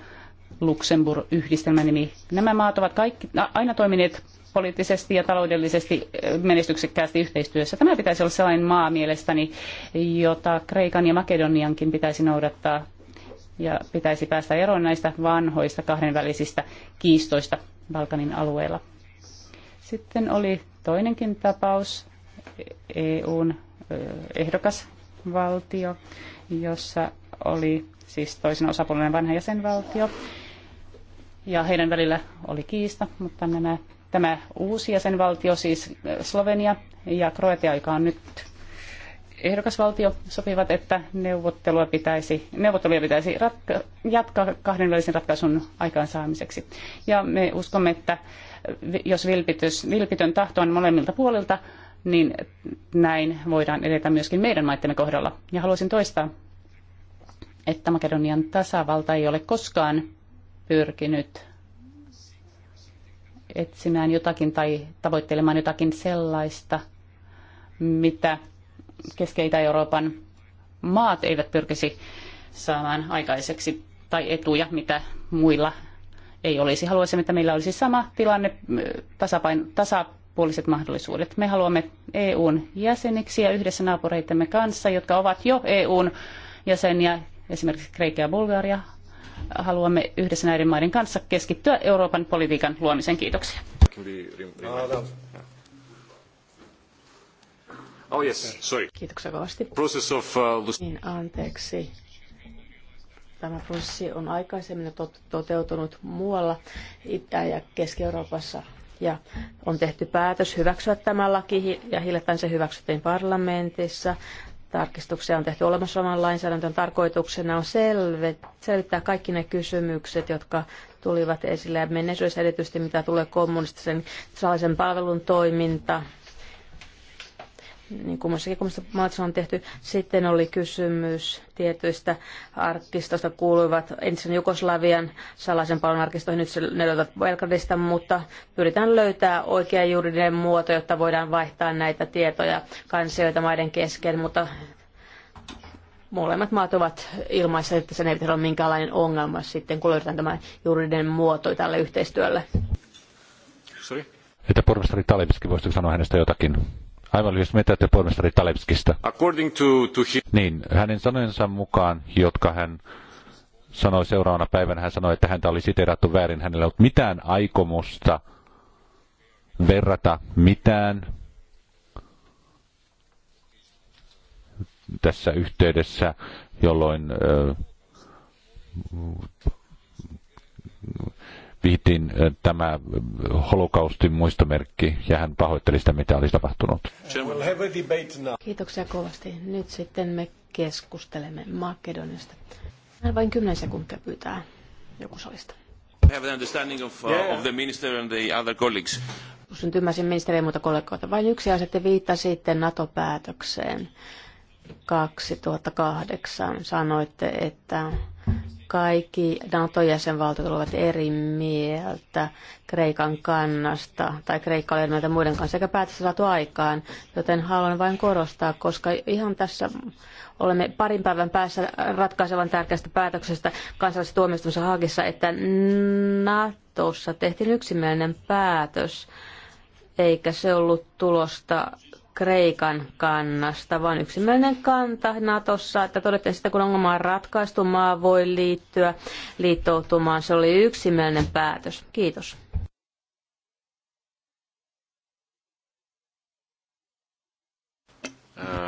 Luxemburg, yhdistelmänimi. Nämä maat ovat kaikki aina toimineet poliittisesti ja taloudellisesti menestyksekkäästi yhteistyössä. Tämä pitäisi olla sellainen maa mielestäni, jota Kreikan ja Makedoniankin pitäisi noudattaa ja pitäisi päästä eroon näistä vanhoista kahdenvälisistä kiistoista Balkanin alueella. Sitten oli toinenkin tapaus, EUn ehdokasvaltio, jossa oli siis toisen osapuolen vanha jäsenvaltio. Ja heidän välillä oli kiista, mutta nämä Tämä uusi jäsenvaltio, siis äh, Slovenia ja Kroatia, joka on nyt ehdokasvaltio, sopivat, että neuvottelua pitäisi, neuvotteluja pitäisi ratka- jatkaa kahdenvälisen ratkaisun aikaansaamiseksi. Ja me uskomme, että jos vilpitys, vilpitön tahto on molemmilta puolilta, niin näin voidaan edetä myöskin meidän maittemme kohdalla. Ja haluaisin toistaa, että Makedonian tasavalta ei ole koskaan pyrkinyt etsimään jotakin tai tavoittelemaan jotakin sellaista, mitä Keski-Itä-Euroopan maat eivät pyrkisi saamaan aikaiseksi tai etuja, mitä muilla ei olisi. Haluaisimme, että meillä olisi sama tilanne, tasapain, tasapuoliset mahdollisuudet. Me haluamme EUn jäseniksi ja yhdessä naapureitemme kanssa, jotka ovat jo EUn jäseniä, esimerkiksi Kreikka ja Bulgaria, haluamme yhdessä näiden maiden kanssa keskittyä Euroopan politiikan luomiseen. Kiitoksia. Oh yes, sorry. Kiitoksia kovasti. Process of, uh, niin, anteeksi. Tämä prosessi on aikaisemmin toteutunut muualla Itä- ja Keski-Euroopassa ja on tehty päätös hyväksyä tämä laki ja hiljattain se hyväksyttiin parlamentissa. Tarkistuksia on tehty olemassa olevan lainsäädäntön tarkoituksena on selvittää kaikki ne kysymykset, jotka tulivat esille ja menneisyydessä erityisesti mitä tulee kommunistisen salaisen palvelun toiminta, niin kuin muissakin maatissa on tehty. Sitten oli kysymys tietyistä arkistoista, kuuluivat ensin Jugoslavian salaisen palvelun arkistoihin, nyt ne löytävät Belgradista, mutta pyritään löytää oikea juridinen muoto, jotta voidaan vaihtaa näitä tietoja kansioita maiden kesken, mutta molemmat maat ovat ilmaissa, että sen ei pitäisi olla minkäänlainen ongelma sitten, kun löydetään tämä juridinen muoto tälle yhteistyölle. Sorry. Että pormestari Talibiski, voisitko sanoa hänestä jotakin? Aivan lyhyesti, mitä te pormestari Talebskista? According to, to his... Niin, hänen sanojensa mukaan, jotka hän sanoi seuraavana päivänä, hän sanoi, että häntä oli siteerattu väärin, hänellä ei ollut mitään aikomusta verrata mitään tässä yhteydessä, jolloin Äh, vihdin tämä holokaustin muistomerkki ja hän pahoitteli sitä, mitä oli tapahtunut. Kiitoksia kovasti. Nyt sitten me keskustelemme Makedonista. Hän vain 10 sekuntia pyytää joku salista. Uh, Syntymäisin ministeriä ja muuta kollegoita, vain yksi asia, että viittasitte NATO-päätökseen. 2008 sanoitte, että kaikki NATO-jäsenvaltiot olivat eri mieltä Kreikan kannasta tai Kreikka oli mieltä muiden kanssa eikä päätös saatu aikaan, joten haluan vain korostaa, koska ihan tässä olemme parin päivän päässä ratkaisevan tärkeästä päätöksestä kansallisessa tuomioistuimessa Haagissa, että NATOssa tehtiin yksimielinen päätös, eikä se ollut tulosta Kreikan kannasta, vaan yksimielinen kanta Natossa, että todettiin sitä, kun ongelma on ratkaistu, maa voi liittyä liittoutumaan. Se oli yksimielinen päätös. Kiitos.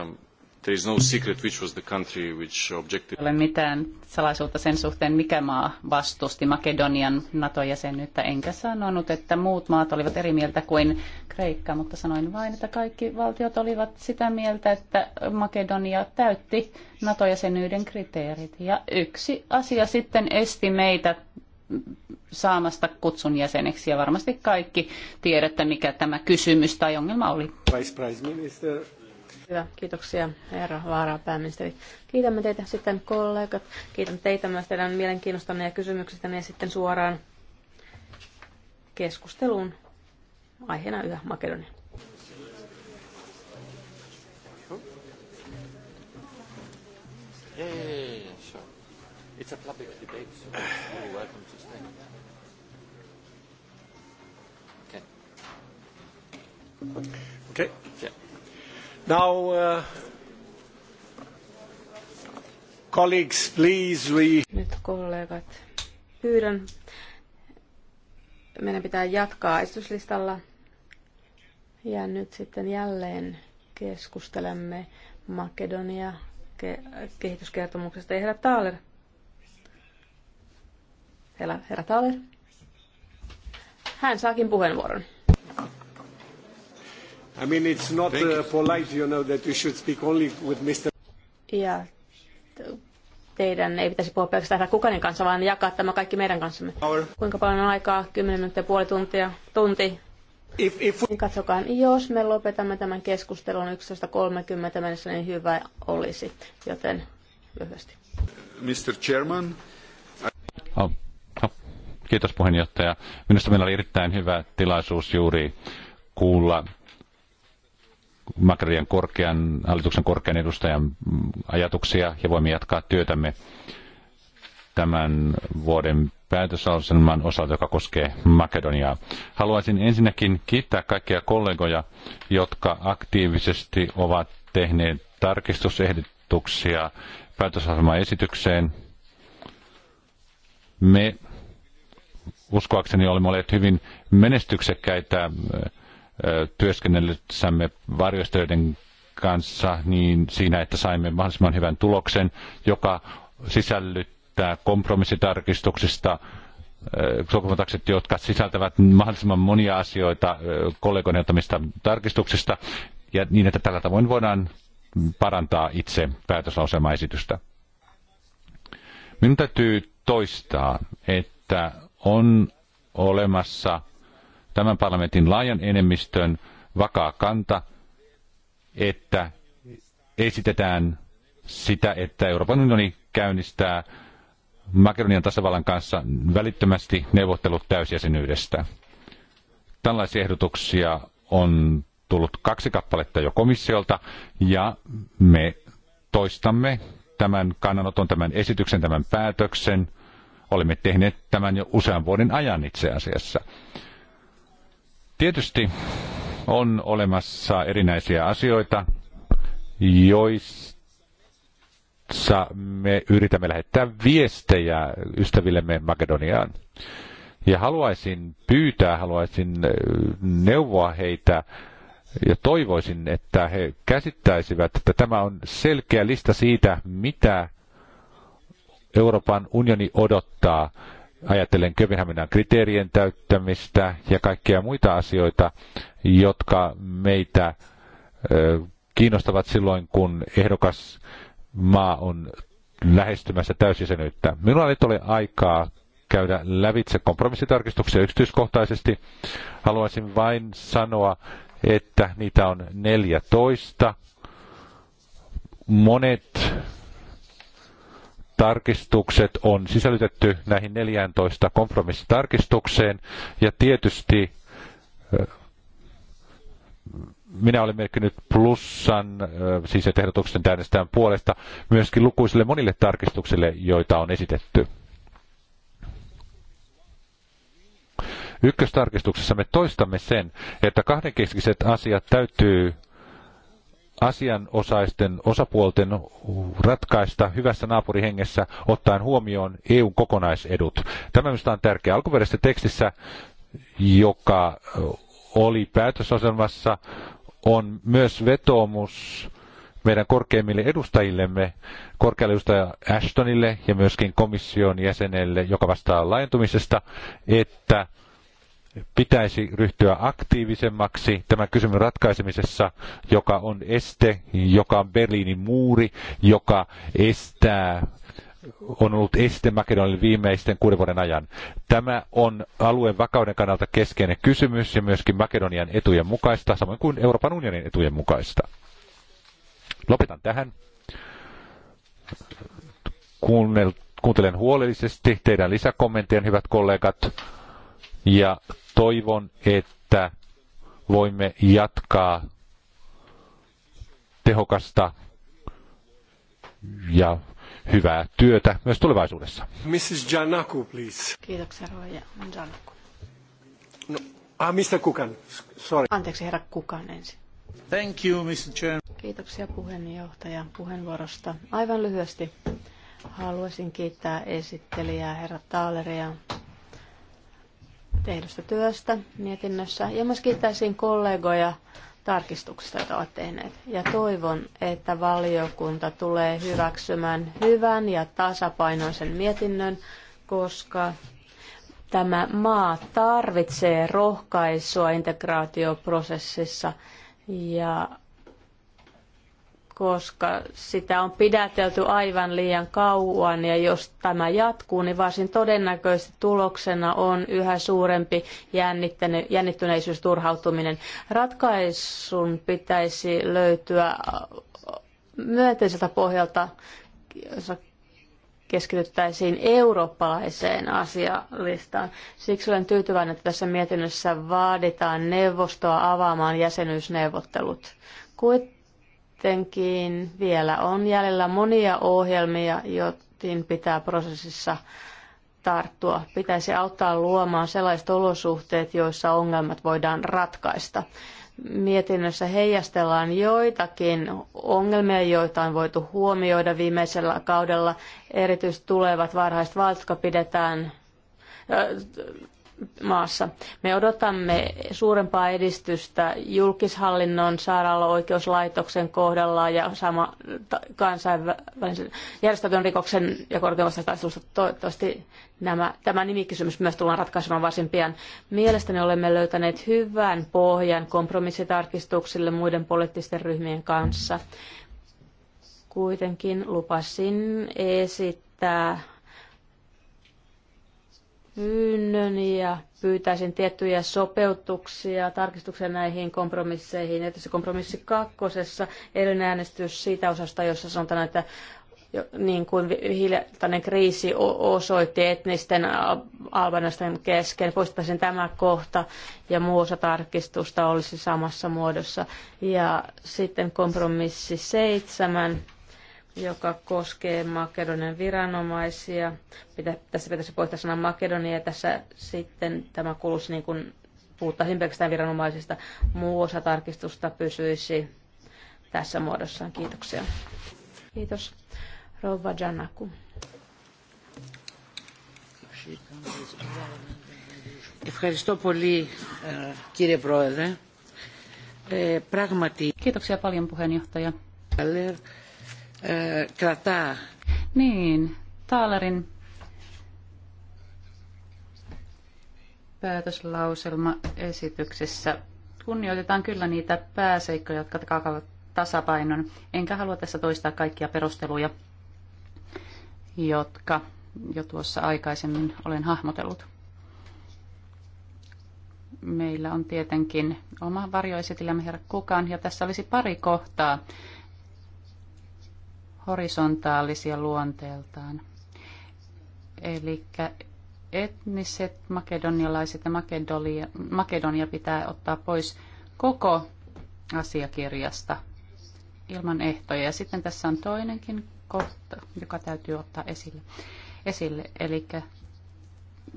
Um, There is no secret which was the country which objected. Ei ole mitään salaisuutta sen suhteen, mikä maa vastusti Makedonian NATO-jäsenyyttä. Enkä sanonut, että muut maat olivat eri mieltä kuin Kreikka, mutta sanoin vain, että kaikki valtiot olivat sitä mieltä, että Makedonia täytti NATO-jäsenyyden kriteerit. Ja yksi asia sitten esti meitä saamasta kutsun jäseneksi ja varmasti kaikki tiedätte, mikä tämä kysymys tai ongelma oli. Vice Prime Minister Hyvä, kiitoksia herra Vaara pääministeri. Kiitämme teitä sitten kollegat, kiitän teitä myös teidän mielenkiinnostanne ja kysymyksistänne ja sitten suoraan keskusteluun aiheena yhä Makedonia. Okay. Now, uh, colleagues, please, we... Nyt kollegat, pyydän. Meidän pitää jatkaa esityslistalla. Ja nyt sitten jälleen keskustelemme Makedonia ke- kehityskertomuksesta. herra Taaler. Herra, herra Hän saakin puheenvuoron. I mean, it's not uh, polite, you know, that you should speak only with Mr. Yeah. Teidän ei pitäisi puhua pelkästään kukanin kanssa, vaan jakaa tämä kaikki meidän kanssamme. Kuinka paljon on aikaa? 10 minuuttia, puoli tuntia, tunti. If, if we... Niin katsokaa, jos me lopetamme tämän keskustelun 11.30 mennessä, niin hyvä olisi. Joten lyhyesti. Mr. Chairman. I... Oh, oh. Kiitos puheenjohtaja. Minusta meillä oli erittäin hyvä tilaisuus juuri kuulla Makedonian korkean, hallituksen korkean edustajan ajatuksia ja voimme jatkaa työtämme tämän vuoden päätösalaisemman osalta, joka koskee Makedoniaa. Haluaisin ensinnäkin kiittää kaikkia kollegoja, jotka aktiivisesti ovat tehneet tarkistusehdotuksia päätöslauselman esitykseen. Me uskoakseni olemme olleet hyvin menestyksekkäitä työskennellessämme varjostöiden kanssa niin siinä, että saimme mahdollisimman hyvän tuloksen, joka sisällyttää kompromissitarkistuksista sopimukset, jotka sisältävät mahdollisimman monia asioita kollegoiden ottamista tarkistuksista, ja niin, että tällä tavoin voidaan parantaa itse päätöslausemaesitystä. Minun täytyy toistaa, että on olemassa – tämän parlamentin laajan enemmistön vakaa kanta, että esitetään sitä, että Euroopan unioni käynnistää Makedonian tasavallan kanssa välittömästi neuvottelut täysjäsenyydestä. Tällaisia ehdotuksia on tullut kaksi kappaletta jo komissiolta ja me toistamme tämän kannanoton, tämän esityksen, tämän päätöksen. Olemme tehneet tämän jo usean vuoden ajan itse asiassa. Tietysti on olemassa erinäisiä asioita, joissa me yritämme lähettää viestejä ystävillemme Makedoniaan. Ja haluaisin pyytää, haluaisin äh, neuvoa heitä ja toivoisin, että he käsittäisivät, että tämä on selkeä lista siitä, mitä Euroopan unioni odottaa ajattelen Kööpenhaminan kriteerien täyttämistä ja kaikkia muita asioita, jotka meitä kiinnostavat silloin, kun ehdokas maa on lähestymässä täysjäsenyyttä. Minulla nyt ole aikaa käydä lävitse kompromissitarkistuksia yksityiskohtaisesti. Haluaisin vain sanoa, että niitä on 14. Monet tarkistukset on sisällytetty näihin 14 kompromissitarkistukseen ja tietysti minä olen merkinnyt plussan, siis että ehdotuksen äänestetään puolesta, myöskin lukuisille monille tarkistuksille, joita on esitetty. Ykköstarkistuksessa me toistamme sen, että kahdenkeskiset asiat täytyy asianosaisten osapuolten ratkaista hyvässä naapurihengessä ottaen huomioon EUn kokonaisedut. Tämä minusta on tärkeää. Alkuperäisessä tekstissä, joka oli päätösosalmassa, on myös vetoomus meidän korkeimmille edustajillemme, korkealle edustaja Ashtonille ja myöskin komission jäsenelle, joka vastaa laajentumisesta, että pitäisi ryhtyä aktiivisemmaksi tämän kysymyksen ratkaisemisessa, joka on este, joka on Berliinin muuri, joka estää on ollut este Makedonialle viimeisten kuuden vuoden ajan. Tämä on alueen vakauden kannalta keskeinen kysymys ja myöskin Makedonian etujen mukaista, samoin kuin Euroopan unionin etujen mukaista. Lopetan tähän. Kuunnel, kuuntelen huolellisesti teidän lisäkommenttien, hyvät kollegat ja toivon, että voimme jatkaa tehokasta ja hyvää työtä myös tulevaisuudessa. Mrs. Janaku, please. Kiitoksia, Roja. Janaku. No, ah, Mr. Kukan. Sorry. Anteeksi, herra Kukan ensin. Thank you, Mr. Chairman. Kiitoksia puheenjohtajan puheenvuorosta. Aivan lyhyesti haluaisin kiittää esittelijää herra Taaleria tehdystä työstä mietinnössä ja myös kiittäisin kollegoja tarkistuksista, joita ovat tehneet. Ja toivon, että valiokunta tulee hyväksymään hyvän ja tasapainoisen mietinnön, koska tämä maa tarvitsee rohkaisua integraatioprosessissa ja koska sitä on pidätelty aivan liian kauan ja jos tämä jatkuu, niin varsin todennäköisesti tuloksena on yhä suurempi jännittyneisyys, turhautuminen. Ratkaisun pitäisi löytyä myönteiseltä pohjalta, jossa keskityttäisiin eurooppalaiseen asialistaan. Siksi olen tyytyväinen, että tässä mietinnössä vaaditaan neuvostoa avaamaan jäsenyysneuvottelut. Kuit Kuitenkin vielä on jäljellä monia ohjelmia, joihin pitää prosessissa tarttua. Pitäisi auttaa luomaan sellaiset olosuhteet, joissa ongelmat voidaan ratkaista. Mietinnössä heijastellaan joitakin ongelmia, joita on voitu huomioida viimeisellä kaudella. Erityisesti tulevat varhaiset vaalit, pidetään maassa. Me odotamme suurempaa edistystä julkishallinnon, sairaala-oikeuslaitoksen kohdalla ja sama kansainvälisen järjestetyn rikoksen ja korkeimmasta taistelusta. Toivottavasti nämä, tämä nimikysymys myös tullaan ratkaisemaan varsin pian. Mielestäni olemme löytäneet hyvän pohjan kompromissitarkistuksille muiden poliittisten ryhmien kanssa. Kuitenkin lupasin esittää pyynnön ja pyytäisin tiettyjä sopeutuksia, tarkistuksia näihin kompromisseihin. Ja tässä kompromissi kakkosessa eilen äänestys siitä osasta, jossa sanotaan, että niin kuin hiljattainen kriisi osoitti etnisten albanaisten kesken, poistaisin tämä kohta ja muu osa tarkistusta olisi samassa muodossa. Ja sitten kompromissi seitsemän joka koskee Makedonian viranomaisia. Mitä, tässä pitäisi poistaa sana Makedonia ja tässä sitten tämä kulus niin kuin puhuttaisiin pelkästään viranomaisista. Muu osa tarkistusta pysyisi tässä muodossaan. Kiitoksia. Kiitos. Rouva Janaku. Ευχαριστώ πολύ Kiitoksia paljon puheenjohtaja. Kratää. Eh, niin, Taalarin päätöslauselmaesityksessä kunnioitetaan kyllä niitä pääseikkoja, jotka takaavat tasapainon. Enkä halua tässä toistaa kaikkia perusteluja, jotka jo tuossa aikaisemmin olen hahmotellut. Meillä on tietenkin oma varjoesitilämme herra Kukan, ja tässä olisi pari kohtaa, horisontaalisia luonteeltaan. Eli etniset makedonialaiset ja Makedonia, Makedonia pitää ottaa pois koko asiakirjasta ilman ehtoja. Ja sitten tässä on toinenkin kohta, joka täytyy ottaa esille. esille eli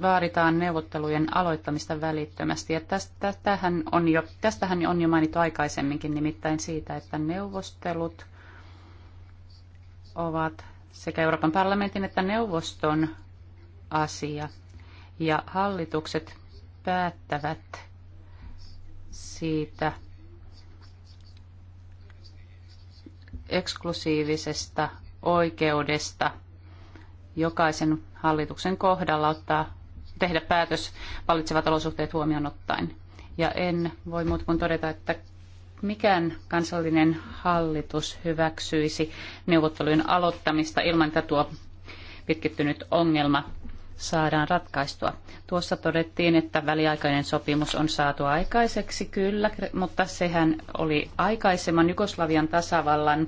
vaaditaan neuvottelujen aloittamista välittömästi. Ja tästähän on jo, tästähän on jo mainittu aikaisemminkin, nimittäin siitä, että neuvostelut – ovat sekä Euroopan parlamentin että neuvoston asia. Ja hallitukset päättävät siitä eksklusiivisesta oikeudesta jokaisen hallituksen kohdalla ottaa, tehdä päätös valitsevat olosuhteet huomioon ottaen. Ja en voi muuta kuin todeta, että mikään kansallinen hallitus hyväksyisi neuvottelujen aloittamista ilman, että tuo pitkittynyt ongelma saadaan ratkaistua. Tuossa todettiin, että väliaikainen sopimus on saatu aikaiseksi, kyllä, mutta sehän oli aikaisemman Jugoslavian tasavallan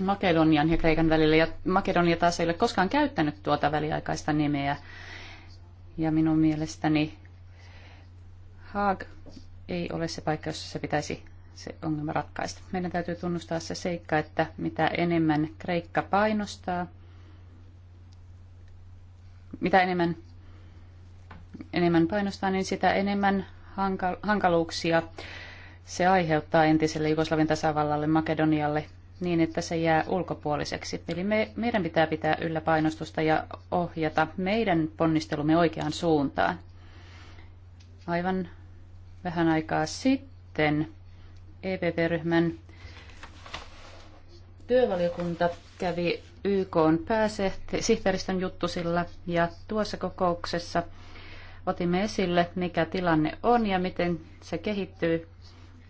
Makedonian ja Kreikan välillä, ja Makedonia taas ei ole koskaan käyttänyt tuota väliaikaista nimeä. Ja minun mielestäni Haag ei ole se paikka, jossa se pitäisi se ongelma ratkaista. Meidän täytyy tunnustaa se seikka, että mitä enemmän Kreikka painostaa, mitä enemmän, enemmän painostaa, niin sitä enemmän hankaluuksia se aiheuttaa entiselle Jugoslavin tasavallalle Makedonialle niin, että se jää ulkopuoliseksi. Eli me, meidän pitää pitää yllä painostusta ja ohjata meidän ponnistelumme oikeaan suuntaan. Aivan vähän aikaa sitten EPP-ryhmän työvaliokunta kävi YK pääsihteeristön juttusilla ja tuossa kokouksessa otimme esille, mikä tilanne on ja miten se kehittyy.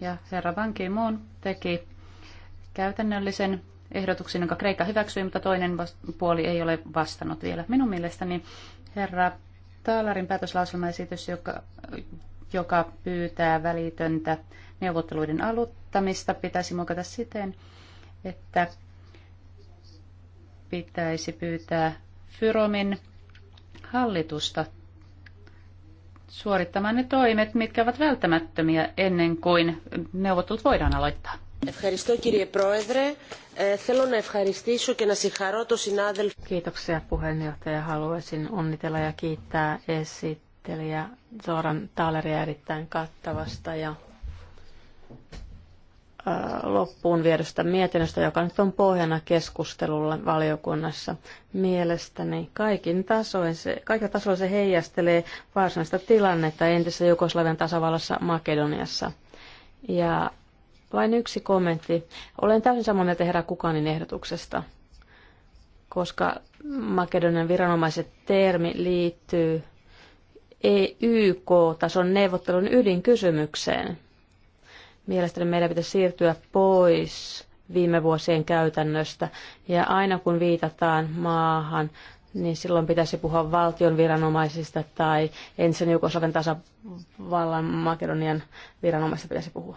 Ja herra Ban Ki-moon teki käytännöllisen ehdotuksen, jonka Kreikka hyväksyi, mutta toinen puoli ei ole vastannut vielä. Minun mielestäni herra Taalarin päätöslauselmaesitys, joka, joka pyytää välitöntä Neuvotteluiden aloittamista pitäisi muokata siten, että pitäisi pyytää Fyromin hallitusta suorittamaan ne toimet, mitkä ovat välttämättömiä ennen kuin neuvottelut voidaan aloittaa. Kiitoksia puheenjohtaja. Haluaisin onnitella ja kiittää esittelijä Zoran Taleria erittäin kattavasta ja Äh, loppuun viedystä mietinnöstä, joka nyt on pohjana keskustelulla valiokunnassa. Mielestäni kaikin tasoin se, kaikilla tasoilla se heijastelee varsinaista tilannetta entisessä Jugoslavian tasavallassa Makedoniassa. Ja vain yksi kommentti. Olen täysin samaa mieltä herra Kukanin ehdotuksesta, koska Makedonian viranomaiset termi liittyy EYK-tason neuvottelun ydinkysymykseen – Mielestäni meidän pitäisi siirtyä pois viime vuosien käytännöstä. Ja aina kun viitataan maahan, niin silloin pitäisi puhua valtion viranomaisista tai ensin Jugoslaven tasavallan Makedonian viranomaisista pitäisi puhua.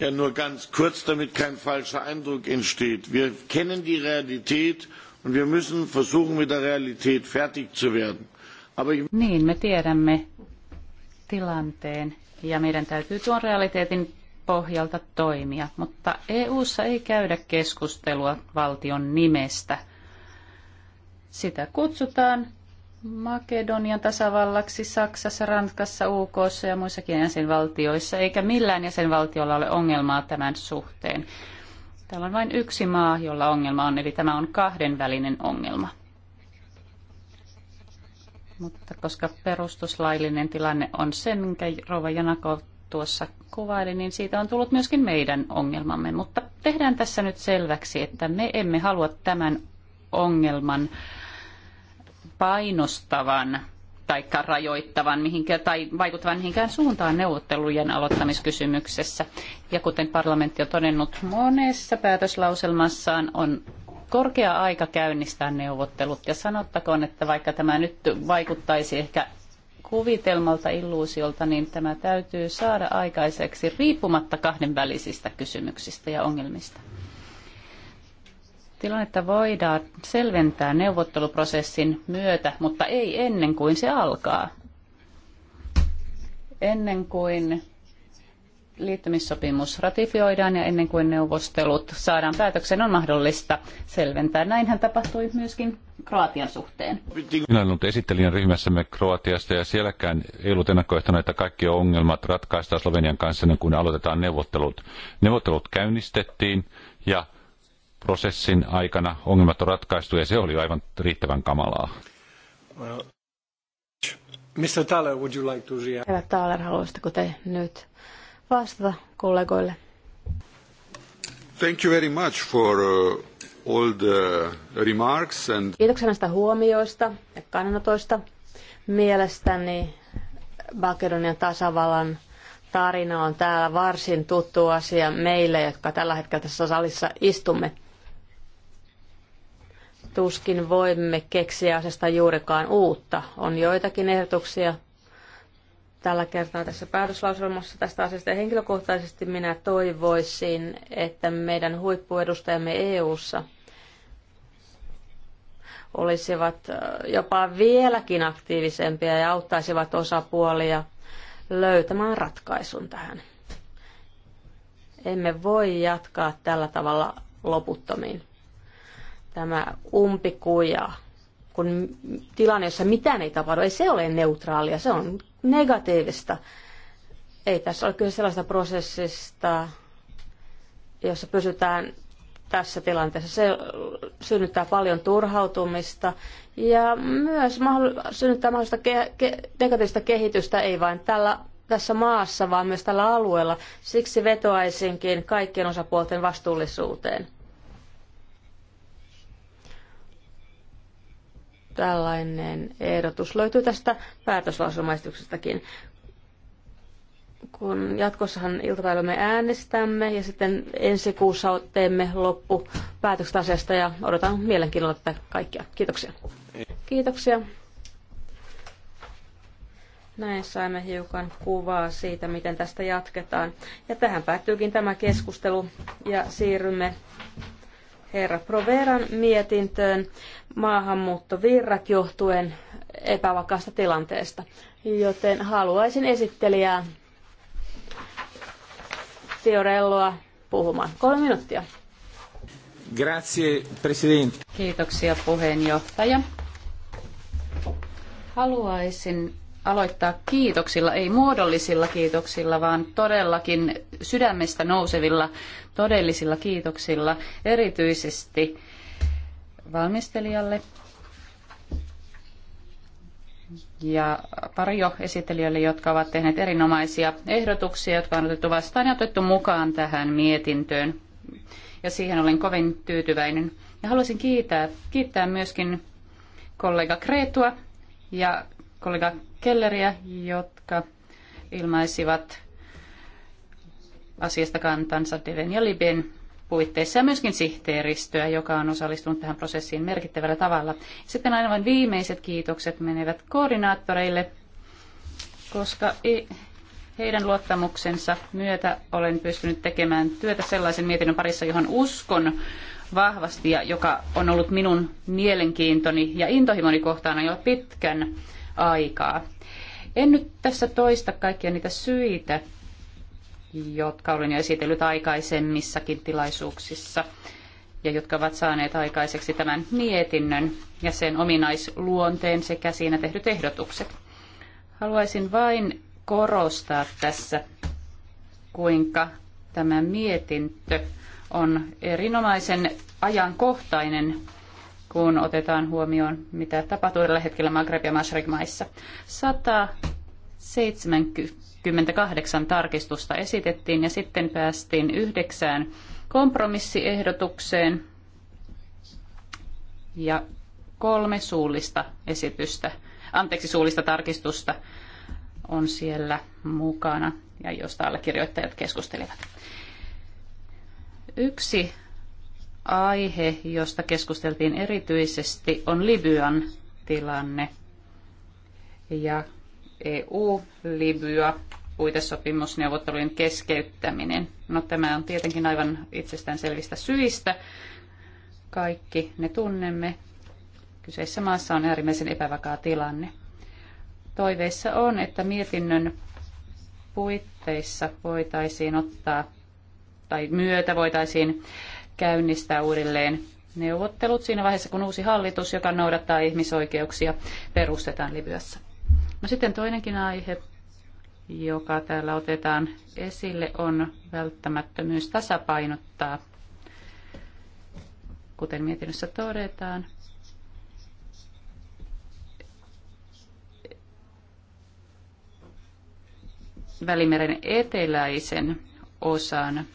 Ja nur ganz kurz, damit kein falscher Eindruck entsteht. Wir kennen die Realität und wir müssen versuchen, mit der Realität fertig zu werden. Aber... Niin, me tiedämme tilanteen ja meidän täytyy tuon realiteetin pohjalta toimia, mutta EU:ssa ei käydä keskustelua valtion nimestä. Sitä kutsutaan Makedonian tasavallaksi Saksassa, Ranskassa, UKssa ja muissakin jäsenvaltioissa, eikä millään jäsenvaltiolla ole ongelmaa tämän suhteen. Täällä on vain yksi maa, jolla ongelma on, eli tämä on kahdenvälinen ongelma mutta koska perustuslaillinen tilanne on se, minkä Rova Janakov tuossa kuvaili, niin siitä on tullut myöskin meidän ongelmamme. Mutta tehdään tässä nyt selväksi, että me emme halua tämän ongelman painostavan tai rajoittavan mihinkään, tai vaikuttavan mihinkään suuntaan neuvottelujen aloittamiskysymyksessä. Ja kuten parlamentti on todennut monessa päätöslauselmassaan, on korkea aika käynnistää neuvottelut. Ja sanottakoon, että vaikka tämä nyt vaikuttaisi ehkä kuvitelmalta, illuusiolta, niin tämä täytyy saada aikaiseksi riippumatta kahdenvälisistä kysymyksistä ja ongelmista. Tilannetta voidaan selventää neuvotteluprosessin myötä, mutta ei ennen kuin se alkaa. Ennen kuin liittymissopimus ratifioidaan ja ennen kuin neuvostelut saadaan päätöksen on mahdollista selventää. Näinhän tapahtui myöskin Kroatian suhteen. Minä olen ollut esittelijän ryhmässämme Kroatiasta ja sielläkään ei ollut ennakkoehtona, että kaikki ongelmat ratkaistaan Slovenian kanssa ennen kuin aloitetaan neuvottelut. Neuvottelut käynnistettiin ja prosessin aikana ongelmat on ratkaistu ja se oli aivan riittävän kamalaa. Well, Mr. Thaler, would you like to react? Herra Thaler, haluaisitteko te nyt vastata kollegoille. Thank you very much for uh, all the remarks and... Kiitoksia näistä huomioista ja kannanotoista. Mielestäni Makedonian tasavallan tarina on täällä varsin tuttu asia meille, jotka tällä hetkellä tässä salissa istumme. Tuskin voimme keksiä asiasta juurikaan uutta. On joitakin ehdotuksia tällä kertaa tässä päätöslauselmassa tästä asiasta. Ja henkilökohtaisesti minä toivoisin, että meidän huippuedustajamme EU-ssa olisivat jopa vieläkin aktiivisempia ja auttaisivat osapuolia löytämään ratkaisun tähän. Emme voi jatkaa tällä tavalla loputtomiin. Tämä umpikuja, kun tilanne, jossa mitään ei tapahdu, ei se ole neutraalia, se on negatiivista. Ei tässä ole kyse sellaista prosessista, jossa pysytään tässä tilanteessa. Se synnyttää paljon turhautumista ja myös synnyttää mahdollista ke- ke- negatiivista kehitystä, ei vain tällä, tässä maassa, vaan myös tällä alueella. Siksi vetoaisinkin kaikkien osapuolten vastuullisuuteen. Tällainen ehdotus löytyy tästä päätöslausumaistuksestakin. Kun jatkossahan iltapäivällä me äänestämme ja sitten ensi kuussa teemme loppu päätökset asiasta ja odotan mielenkiinnolla tätä kaikkia. Kiitoksia. Kiitoksia. Näin saimme hiukan kuvaa siitä, miten tästä jatketaan. Ja tähän päättyykin tämä keskustelu ja siirrymme herra Proveran mietintöön maahanmuuttovirrat johtuen epävakaasta tilanteesta. Joten haluaisin esittelijää Fiorelloa puhumaan. Kolme minuuttia. Grazie, president. Kiitoksia puheenjohtaja. Haluaisin aloittaa kiitoksilla, ei muodollisilla kiitoksilla, vaan todellakin sydämestä nousevilla todellisilla kiitoksilla, erityisesti valmistelijalle ja pari jo esittelijöille, jotka ovat tehneet erinomaisia ehdotuksia, jotka on otettu vastaan ja otettu mukaan tähän mietintöön. Ja siihen olen kovin tyytyväinen. Ja haluaisin kiittää, kiittää myöskin kollega Kreetua ja kollega Kelleriä, jotka ilmaisivat asiasta kantansa Deven ja Liben puitteissa ja myöskin sihteeristöä, joka on osallistunut tähän prosessiin merkittävällä tavalla. Sitten aina vain viimeiset kiitokset menevät koordinaattoreille, koska heidän luottamuksensa myötä olen pystynyt tekemään työtä sellaisen mietinnön parissa, johon uskon vahvasti ja joka on ollut minun mielenkiintoni ja intohimoni kohtaan jo pitkän aikaa. En nyt tässä toista kaikkia niitä syitä, jotka olen jo esitellyt aikaisemmissakin tilaisuuksissa ja jotka ovat saaneet aikaiseksi tämän mietinnön ja sen ominaisluonteen sekä siinä tehdyt ehdotukset. Haluaisin vain korostaa tässä, kuinka tämä mietintö on erinomaisen ajankohtainen kun otetaan huomioon, mitä tapahtuu tällä hetkellä Maghreb- ja Mashrek-maissa. 178 tarkistusta esitettiin ja sitten päästiin yhdeksään kompromissiehdotukseen ja kolme suullista esitystä, anteeksi suullista tarkistusta on siellä mukana ja josta allekirjoittajat keskustelivat. Yksi aihe, josta keskusteltiin erityisesti, on Libyan tilanne. Ja EU-Libya puitesopimusneuvottelujen keskeyttäminen. No tämä on tietenkin aivan itsestään selvistä syistä. Kaikki ne tunnemme. Kyseessä maassa on äärimmäisen epävakaa tilanne. Toiveissa on, että mietinnön puitteissa voitaisiin ottaa tai myötä voitaisiin käynnistää uudelleen neuvottelut siinä vaiheessa, kun uusi hallitus, joka noudattaa ihmisoikeuksia, perustetaan Libyassa. No sitten toinenkin aihe, joka täällä otetaan esille, on välttämättömyys tasapainottaa, kuten mietinnössä todetaan, Välimeren eteläisen osan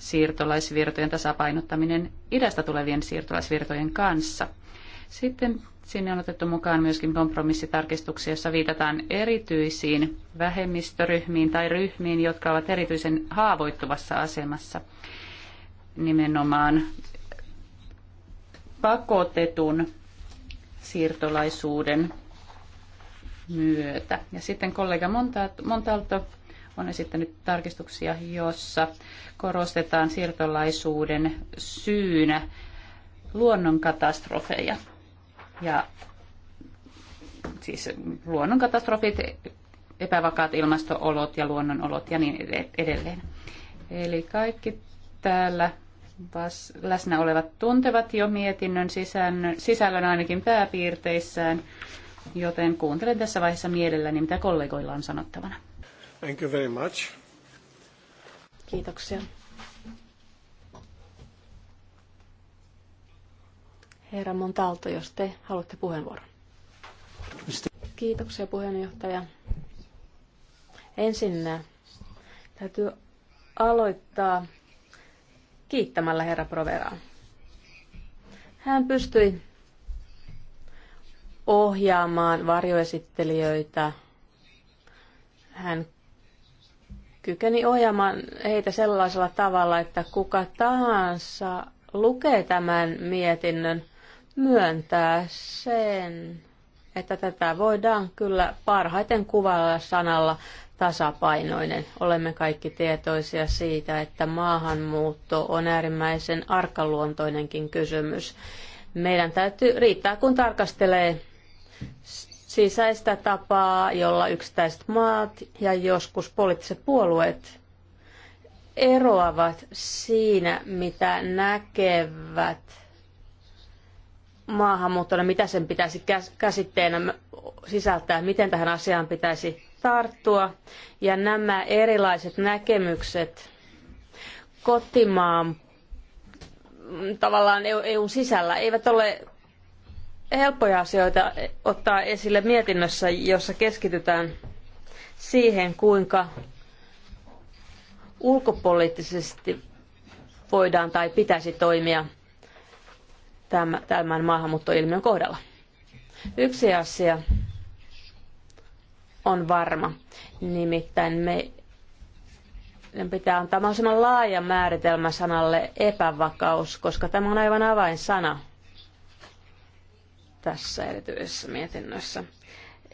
siirtolaisvirtojen tasapainottaminen idästä tulevien siirtolaisvirtojen kanssa. Sitten sinne on otettu mukaan myöskin kompromissitarkistuksia, jossa viitataan erityisiin vähemmistöryhmiin tai ryhmiin, jotka ovat erityisen haavoittuvassa asemassa nimenomaan pakotetun siirtolaisuuden myötä. Ja sitten kollega Montalto on esittänyt tarkistuksia, jossa korostetaan siirtolaisuuden syynä luonnonkatastrofeja. Ja siis luonnonkatastrofit, epävakaat ilmastoolot ja luonnonolot ja niin edelleen. Eli kaikki täällä läsnä olevat tuntevat jo mietinnön sisällön, sisällön ainakin pääpiirteissään, joten kuuntelen tässä vaiheessa mielelläni, mitä kollegoilla on sanottavana. Thank you very much. Kiitoksia. Herra Montalto, jos te haluatte puheenvuoron. Kiitoksia puheenjohtaja. Ensin äh, täytyy aloittaa kiittämällä herra Proveraa. Hän pystyi ohjaamaan varjoesittelijöitä. Hän kykeni ohjaamaan heitä sellaisella tavalla, että kuka tahansa lukee tämän mietinnön, myöntää sen, että tätä voidaan kyllä parhaiten kuvailla sanalla tasapainoinen. Olemme kaikki tietoisia siitä, että maahanmuutto on äärimmäisen arkaluontoinenkin kysymys. Meidän täytyy riittää, kun tarkastelee sisäistä tapaa, jolla yksittäiset maat ja joskus poliittiset puolueet eroavat siinä, mitä näkevät maahanmuuttona, mitä sen pitäisi käsitteenä sisältää, miten tähän asiaan pitäisi tarttua. Ja nämä erilaiset näkemykset kotimaan tavallaan EUn e sisällä eivät ole helppoja asioita ottaa esille mietinnössä, jossa keskitytään siihen, kuinka ulkopoliittisesti voidaan tai pitäisi toimia tämän maahanmuuttoilmiön kohdalla. Yksi asia on varma, nimittäin me pitää antaa mahdollisimman laaja määritelmä sanalle epävakaus, koska tämä on aivan avainsana tässä erityisessä mietinnössä.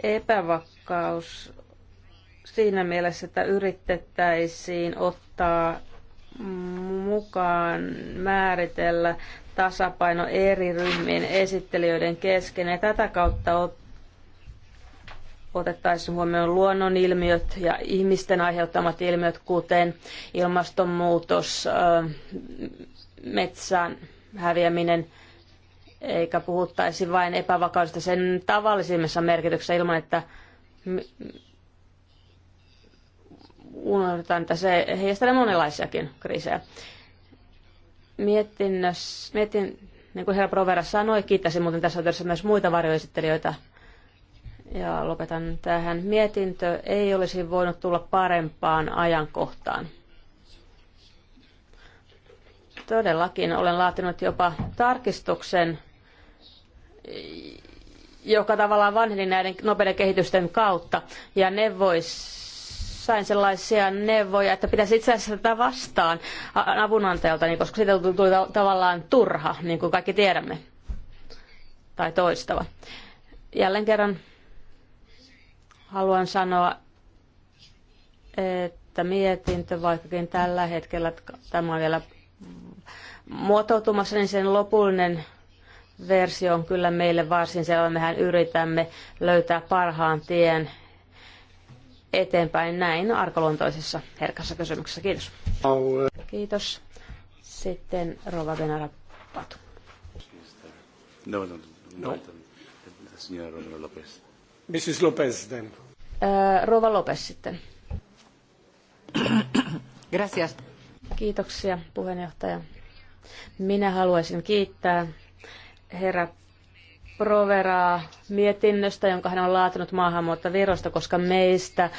Epävakaus siinä mielessä, että yritettäisiin ottaa mukaan määritellä tasapaino eri ryhmien esittelijöiden kesken ja tätä kautta otettaisiin huomioon luonnonilmiöt ja ihmisten aiheuttamat ilmiöt, kuten ilmastonmuutos, metsän häviäminen – eikä puhuttaisi vain epävakaudesta sen tavallisimmassa merkityksessä ilman, että unohdetaan, että se heijastelee monenlaisiakin kriisejä. Mietin, mietin, niin kuin herra Provera sanoi, kiittäisin muuten tässä yhteydessä myös muita varjoesittelijöitä. Ja lopetan tähän. Mietintö ei olisi voinut tulla parempaan ajankohtaan. Todellakin olen laatinut jopa tarkistuksen joka tavallaan vanheni näiden nopeiden kehitysten kautta. Ja ne vois, sain sellaisia neuvoja, että pitäisi itse asiassa tätä vastaan avunantajalta, niin koska siitä tuli tavallaan turha, niin kuin kaikki tiedämme, tai toistava. Jälleen kerran haluan sanoa, että mietintö, vaikkakin tällä hetkellä tämä on vielä muotoutumassa, niin sen lopullinen versio on kyllä meille varsin selvä. Mehän yritämme löytää parhaan tien eteenpäin näin arkaluontoisessa herkässä kysymyksessä. Kiitos. Kiitos. Sitten Rova Venära Patu. No, no, no. no. Lopez. Mrs. Lopez, then. Rova Lopez sitten. Gracias. Kiitoksia puheenjohtaja. Minä haluaisin kiittää herra Proveraa mietinnöstä, jonka hän on laatinut maahanmuuttovirosta, koska meistä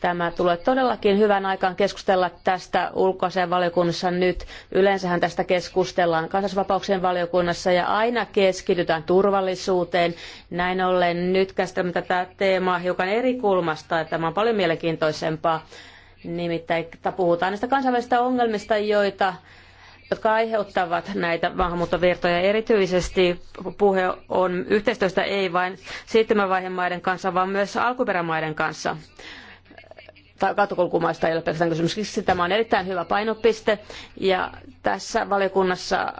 tämä tulee todellakin hyvän aikaan keskustella tästä ulkoiseen valiokunnassa nyt. Yleensähän tästä keskustellaan kansallisvapauksien valiokunnassa ja aina keskitytään turvallisuuteen. Näin ollen nyt käsitellään tätä teemaa hiukan eri kulmasta, että tämä on paljon mielenkiintoisempaa. Nimittäin puhutaan näistä kansainvälisistä ongelmista, joita jotka aiheuttavat näitä maahanmuuttovirtoja. Erityisesti puhe on yhteistyöstä ei vain siirtymävaiheen maiden kanssa, vaan myös alkuperämaiden kanssa. Katukulkumaista ei ole pelkästään kysymys. Siksi tämä on erittäin hyvä painopiste ja tässä valiokunnassa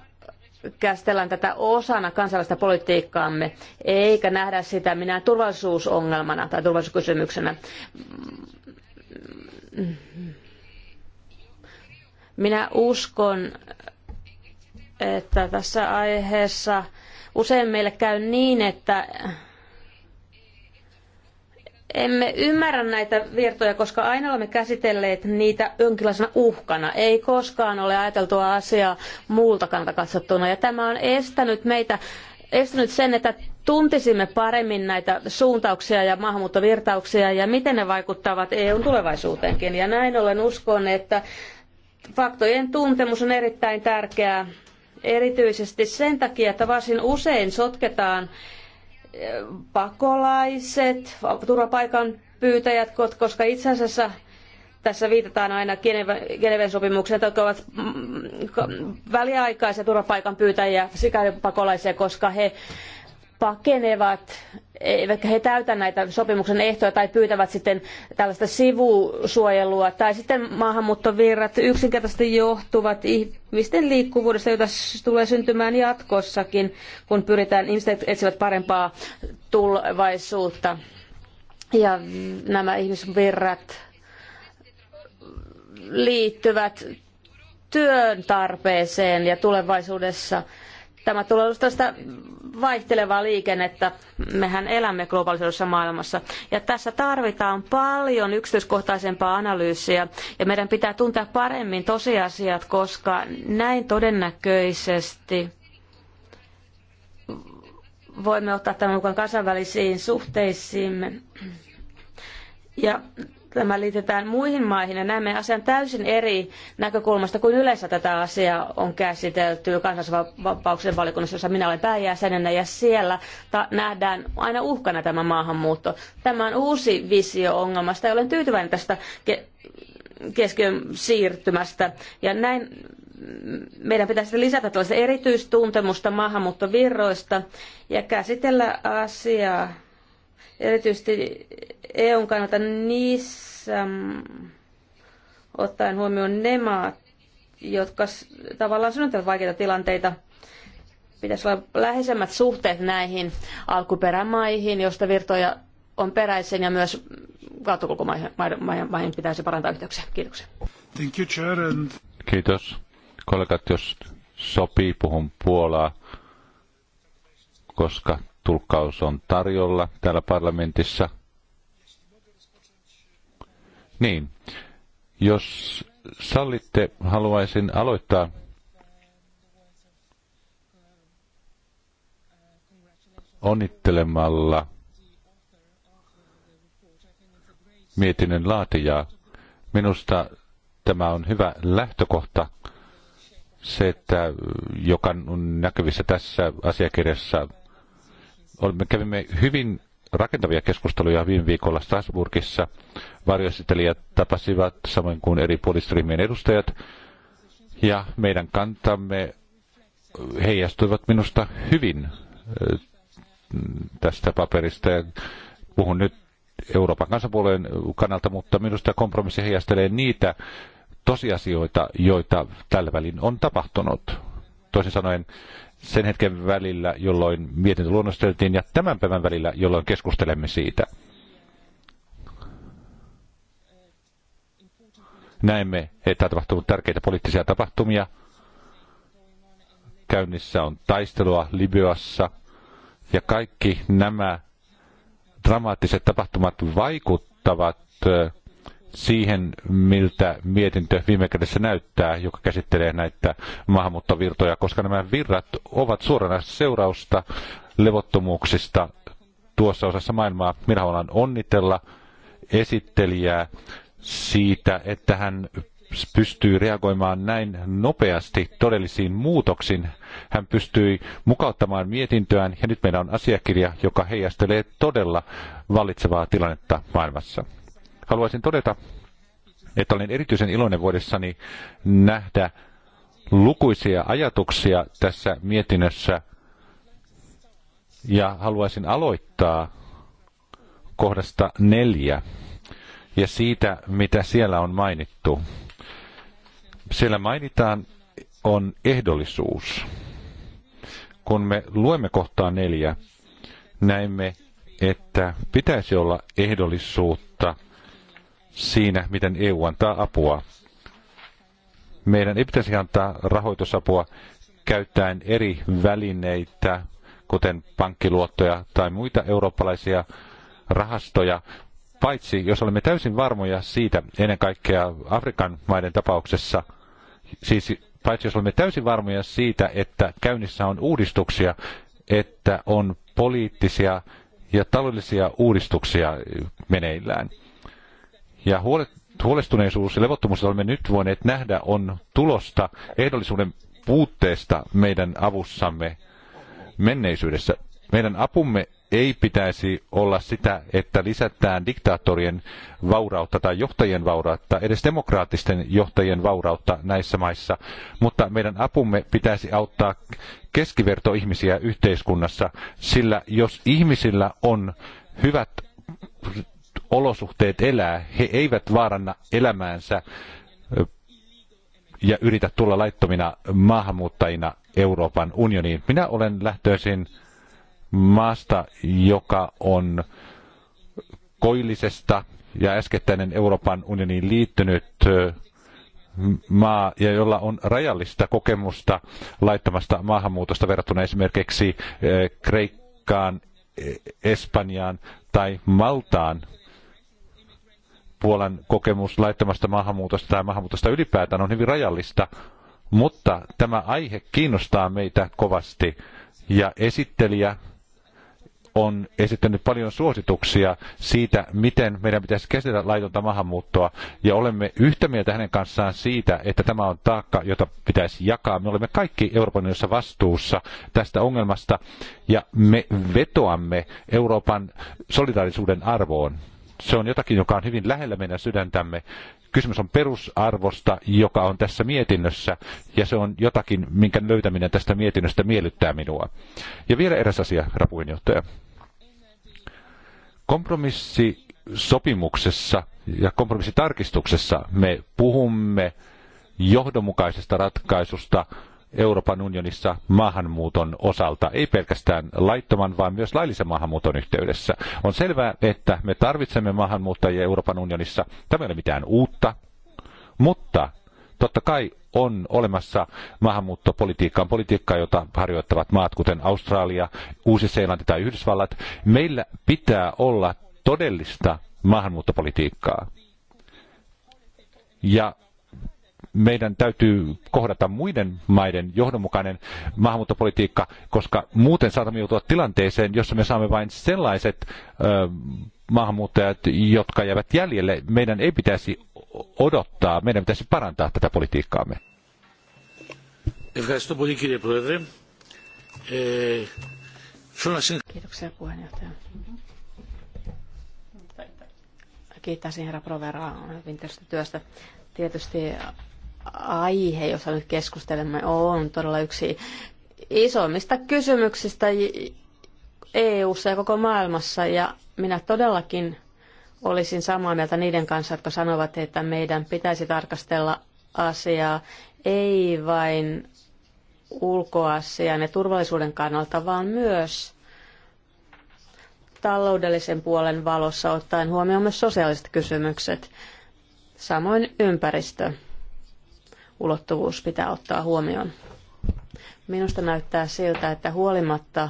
käsitellään tätä osana kansallista politiikkaamme, eikä nähdä sitä minä turvallisuusongelmana tai turvallisuuskysymyksenä. Minä uskon, että tässä aiheessa usein meille käy niin, että emme ymmärrä näitä virtoja, koska aina olemme käsitelleet niitä jonkinlaisena uhkana. Ei koskaan ole ajateltua asiaa muulta kannalta katsottuna. Ja tämä on estänyt meitä, estänyt sen, että tuntisimme paremmin näitä suuntauksia ja maahanmuuttovirtauksia ja miten ne vaikuttavat EUn tulevaisuuteenkin. Ja näin ollen uskon, että faktojen tuntemus on erittäin tärkeää erityisesti sen takia, että varsin usein sotketaan eh, pakolaiset, turvapaikan pyytäjät, koska itse asiassa tässä viitataan aina Geneven sopimukseen, jotka ovat mm, väliaikaisia turvapaikan pyytäjiä, sikäli pakolaisia, koska he pakenevat, eivätkä he täytä näitä sopimuksen ehtoja tai pyytävät sitten tällaista sivusuojelua. Tai sitten maahanmuuttovirrat yksinkertaisesti johtuvat ihmisten liikkuvuudesta, jota tulee syntymään jatkossakin, kun pyritään, ihmiset etsivät parempaa tulevaisuutta. Ja nämä ihmisvirrat liittyvät työn tarpeeseen ja tulevaisuudessa – Tämä tulee just tästä vaihtelevaa liikennettä. Mehän elämme globalisoidussa maailmassa. Ja tässä tarvitaan paljon yksityiskohtaisempaa analyysiä. Ja meidän pitää tuntea paremmin tosiasiat, koska näin todennäköisesti voimme ottaa tämän mukaan kansainvälisiin suhteisiimme. Ja tämä liitetään muihin maihin ja näemme asian täysin eri näkökulmasta kuin yleensä tätä asiaa on käsitelty kansallisvapauksen valikunnassa, jossa minä olen pääjäsenenä ja siellä nähdään aina uhkana tämä maahanmuutto. Tämä on uusi visio ongelmasta ja olen tyytyväinen tästä ke- keskiön siirtymästä ja näin meidän pitäisi lisätä tällaista erityistuntemusta maahanmuuttovirroista ja käsitellä asiaa erityisesti EUn kannalta niissä mm, ottaen huomioon ne maat, jotka tavallaan synnyttävät vaikeita tilanteita. Pitäisi olla läheisemmät suhteet näihin alkuperämaihin, joista virtoja on peräisin ja myös kauttakulkumaihin pitäisi parantaa yhteyksiä. Kiitoksia. Thank you, Chair, and... Kiitos. Kollegat, jos sopii, puhun Puolaa, koska tulkkaus on tarjolla täällä parlamentissa. Niin, jos sallitte, haluaisin aloittaa onnittelemalla mietinnön laatijaa. Minusta tämä on hyvä lähtökohta, se, että joka on näkyvissä tässä asiakirjassa Olemme, kävimme hyvin rakentavia keskusteluja viime viikolla Strasbourgissa. Varjoesittelijät tapasivat, samoin kuin eri puolistoryhmien edustajat. Ja meidän kantamme heijastuivat minusta hyvin tästä paperista. Ja puhun nyt Euroopan kansapuolen kannalta, mutta minusta kompromissi heijastelee niitä tosiasioita, joita tällä välin on tapahtunut. Toisin sanoen, sen hetken välillä, jolloin mietintö luonnosteltiin, ja tämän päivän välillä, jolloin keskustelemme siitä. Näemme, että on tapahtunut tärkeitä poliittisia tapahtumia. Käynnissä on taistelua Libyassa, ja kaikki nämä dramaattiset tapahtumat vaikuttavat siihen, miltä mietintö viime kädessä näyttää, joka käsittelee näitä maahanmuuttovirtoja, koska nämä virrat ovat suorana seurausta levottomuuksista tuossa osassa maailmaa. Minä haluan onnitella esittelijää siitä, että hän pystyy reagoimaan näin nopeasti todellisiin muutoksiin. Hän pystyi mukauttamaan mietintöään ja nyt meillä on asiakirja, joka heijastelee todella vallitsevaa tilannetta maailmassa. Haluaisin todeta, että olen erityisen iloinen vuodessani nähdä lukuisia ajatuksia tässä mietinnössä ja haluaisin aloittaa kohdasta neljä ja siitä, mitä siellä on mainittu. Siellä mainitaan on ehdollisuus. Kun me luemme kohtaa neljä, näemme, että pitäisi olla ehdollisuutta – siinä, miten EU antaa apua. Meidän ei pitäisi antaa rahoitusapua käyttäen eri välineitä, kuten pankkiluottoja tai muita eurooppalaisia rahastoja, paitsi jos olemme täysin varmoja siitä, ennen kaikkea Afrikan maiden tapauksessa, siis paitsi jos olemme täysin varmoja siitä, että käynnissä on uudistuksia, että on poliittisia ja taloudellisia uudistuksia meneillään. Ja huolet, huolestuneisuus ja levottomuus, jota olemme nyt voineet nähdä, on tulosta ehdollisuuden puutteesta meidän avussamme menneisyydessä. Meidän apumme ei pitäisi olla sitä, että lisätään diktaattorien vaurautta tai johtajien vaurautta, edes demokraattisten johtajien vaurautta näissä maissa, mutta meidän apumme pitäisi auttaa keskivertoihmisiä yhteiskunnassa, sillä jos ihmisillä on hyvät olosuhteet elää. He eivät vaaranna elämäänsä ja yritä tulla laittomina maahanmuuttajina Euroopan unioniin. Minä olen lähtöisin maasta, joka on koillisesta ja äskettäinen Euroopan unioniin liittynyt maa, ja jolla on rajallista kokemusta laittomasta maahanmuutosta verrattuna esimerkiksi Kreikkaan, Espanjaan tai Maltaan – Puolan kokemus laittomasta maahanmuutosta tai maahanmuutosta ylipäätään on hyvin rajallista, mutta tämä aihe kiinnostaa meitä kovasti ja esittelijä on esittänyt paljon suosituksia siitä, miten meidän pitäisi käsitellä laitonta maahanmuuttoa, ja olemme yhtä mieltä hänen kanssaan siitä, että tämä on taakka, jota pitäisi jakaa. Me olemme kaikki Euroopan unionissa vastuussa tästä ongelmasta, ja me vetoamme Euroopan solidaarisuuden arvoon se on jotakin, joka on hyvin lähellä meidän sydäntämme. Kysymys on perusarvosta, joka on tässä mietinnössä, ja se on jotakin, minkä löytäminen tästä mietinnöstä miellyttää minua. Ja vielä eräs asia, herra puheenjohtaja. Kompromissi sopimuksessa ja kompromissitarkistuksessa me puhumme johdonmukaisesta ratkaisusta, Euroopan unionissa maahanmuuton osalta, ei pelkästään laittoman, vaan myös laillisen maahanmuuton yhteydessä. On selvää, että me tarvitsemme maahanmuuttajia Euroopan unionissa. Tämä ei ole mitään uutta, mutta totta kai on olemassa maahanmuuttopolitiikkaan politiikkaa, jota harjoittavat maat, kuten Australia, Uusi-Seelanti tai Yhdysvallat. Meillä pitää olla todellista maahanmuuttopolitiikkaa. Ja meidän täytyy kohdata muiden maiden johdonmukainen maahanmuuttopolitiikka, koska muuten saatamme joutua tilanteeseen, jossa me saamme vain sellaiset ö, maahanmuuttajat, jotka jäävät jäljelle. Meidän ei pitäisi odottaa, meidän pitäisi parantaa tätä politiikkaamme. Kiitoksia puheenjohtaja. Kiitos herra Provera, hyvin työstä. Tietysti aihe, jossa nyt keskustelemme, on todella yksi isoimmista kysymyksistä EU-ssa ja koko maailmassa. Ja minä todellakin olisin samaa mieltä niiden kanssa, jotka sanovat, että meidän pitäisi tarkastella asiaa ei vain ulkoasian ja turvallisuuden kannalta, vaan myös taloudellisen puolen valossa ottaen huomioon myös sosiaaliset kysymykset, samoin ympäristö ulottuvuus pitää ottaa huomioon. Minusta näyttää siltä, että huolimatta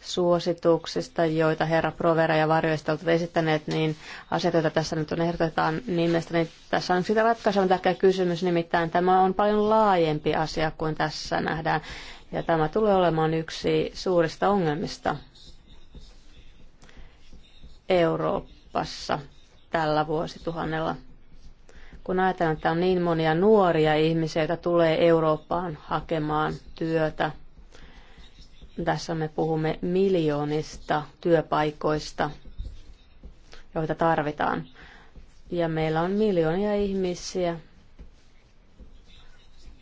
suosituksista, joita herra Provera ja varjoista ovat esittäneet, niin asiat, joita tässä nyt on ehdotetaan, niin mielestäni tässä on sitä ratkaisevan tärkeä kysymys, nimittäin tämä on paljon laajempi asia kuin tässä nähdään, ja tämä tulee olemaan yksi suurista ongelmista Euroopassa tällä vuosituhannella. Kun ajatellaan, että on niin monia nuoria ihmisiä, joita tulee Eurooppaan hakemaan työtä, tässä me puhumme miljoonista työpaikoista, joita tarvitaan. Ja meillä on miljoonia ihmisiä,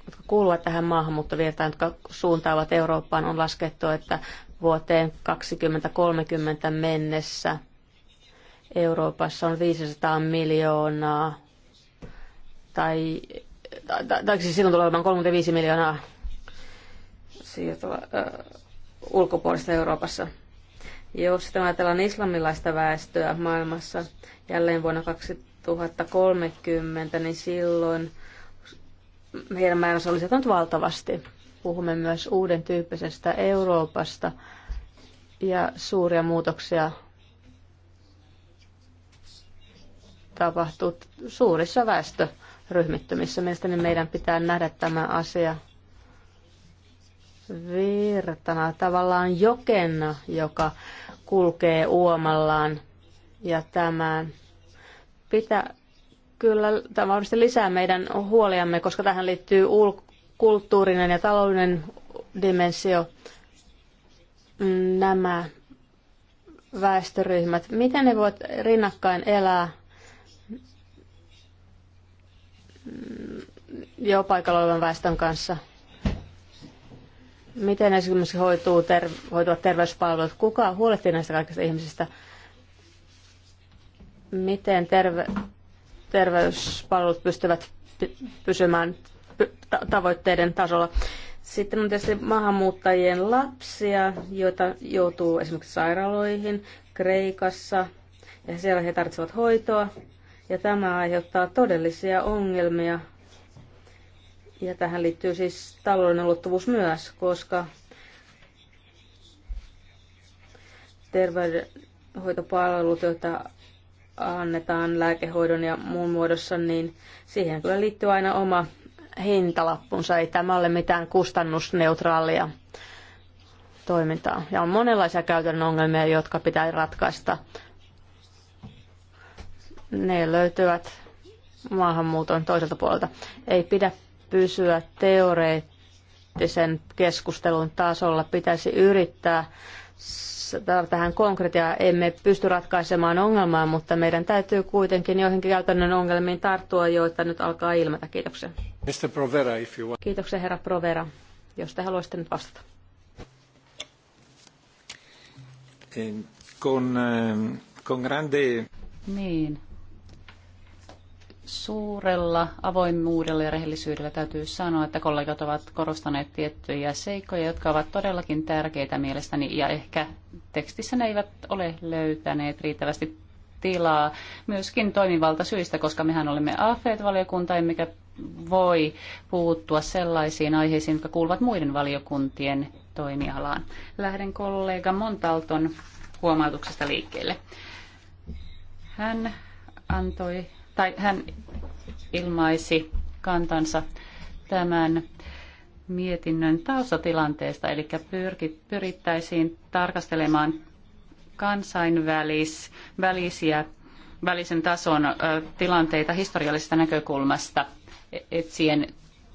jotka kuuluvat tähän maahanmuuttovirtaan, jotka suuntaavat Eurooppaan, on laskettu, että vuoteen 2030 mennessä Euroopassa on 500 miljoonaa tai, tai, tai siis silloin tulee olemaan 35 miljoonaa siirtoa ulkopuolista Euroopassa. Jos sitten ajatellaan islamilaista väestöä maailmassa jälleen vuonna 2030, niin silloin heidän määränsä olisi nyt valtavasti. Puhumme myös uuden tyyppisestä Euroopasta ja suuria muutoksia tapahtuu suurissa väestö ryhmittymissä. Mielestäni meidän pitää nähdä tämä asia virtana, tavallaan jokena, joka kulkee uomallaan. Ja tämä pitää, kyllä tämä varmasti lisää meidän huoliamme, koska tähän liittyy ul- kulttuurinen ja taloudellinen dimensio. Nämä väestöryhmät, miten ne voivat rinnakkain elää Mm, jo paikalla olevan väestön kanssa. Miten esimerkiksi hoituu ter- hoituvat terveyspalvelut? Kuka huolehtii näistä kaikista ihmisistä? Miten terve- terveyspalvelut pystyvät pysymään tavoitteiden tasolla? Sitten on tietysti maahanmuuttajien lapsia, joita joutuu esimerkiksi sairaaloihin Kreikassa, ja siellä he tarvitsevat hoitoa. Ja tämä aiheuttaa todellisia ongelmia. Ja tähän liittyy siis talouden ulottuvuus myös, koska terveydenhoitopalvelut, joita annetaan lääkehoidon ja muun muodossa, niin siihen kyllä liittyy aina oma hintalappunsa. Ei tämä ole mitään kustannusneutraalia toimintaa. Ja on monenlaisia käytännön ongelmia, jotka pitää ratkaista ne löytyvät maahanmuuton toiselta puolelta. Ei pidä pysyä teoreettisen keskustelun tasolla, pitäisi yrittää tähän konkretiaan. Emme pysty ratkaisemaan ongelmaa, mutta meidän täytyy kuitenkin joihinkin käytännön ongelmiin tarttua, joita nyt alkaa ilmetä. Kiitoksia. Mr. Provera, if you want. Kiitoksia herra Provera, jos te haluaisitte nyt vastata. Eh, con, eh, con grande... Niin, suurella avoimuudella ja rehellisyydellä täytyy sanoa, että kollegat ovat korostaneet tiettyjä seikkoja, jotka ovat todellakin tärkeitä mielestäni ja ehkä tekstissä ne eivät ole löytäneet riittävästi tilaa myöskin toimivalta syistä, koska mehän olemme afe valiokunta emmekä voi puuttua sellaisiin aiheisiin, jotka kuuluvat muiden valiokuntien toimialaan. Lähden kollega Montalton huomautuksesta liikkeelle. Hän antoi tai hän ilmaisi kantansa tämän mietinnön taustatilanteesta, eli pyrittäisiin tarkastelemaan kansainvälisiä välisen tason tilanteita historiallisesta näkökulmasta e-, etsien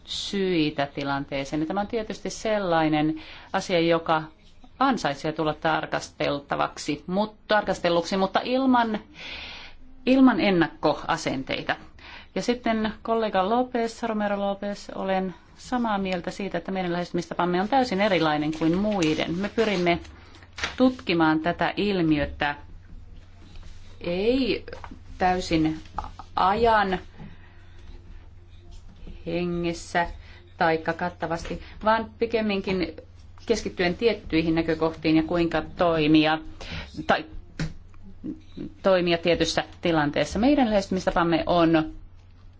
syitä tilanteeseen. tämä on tietysti sellainen asia, joka ansaitsee tulla tarkasteltavaksi, mutta tarkastelluksi, mutta ilman ilman ennakkoasenteita. Ja sitten kollega Lopez, Romero Lopez, olen samaa mieltä siitä, että meidän lähestymistapamme on täysin erilainen kuin muiden. Me pyrimme tutkimaan tätä ilmiötä ei täysin ajan hengessä tai kattavasti, vaan pikemminkin keskittyen tiettyihin näkökohtiin ja kuinka toimia tai toimia tietyssä tilanteessa. Meidän lähestymistapamme on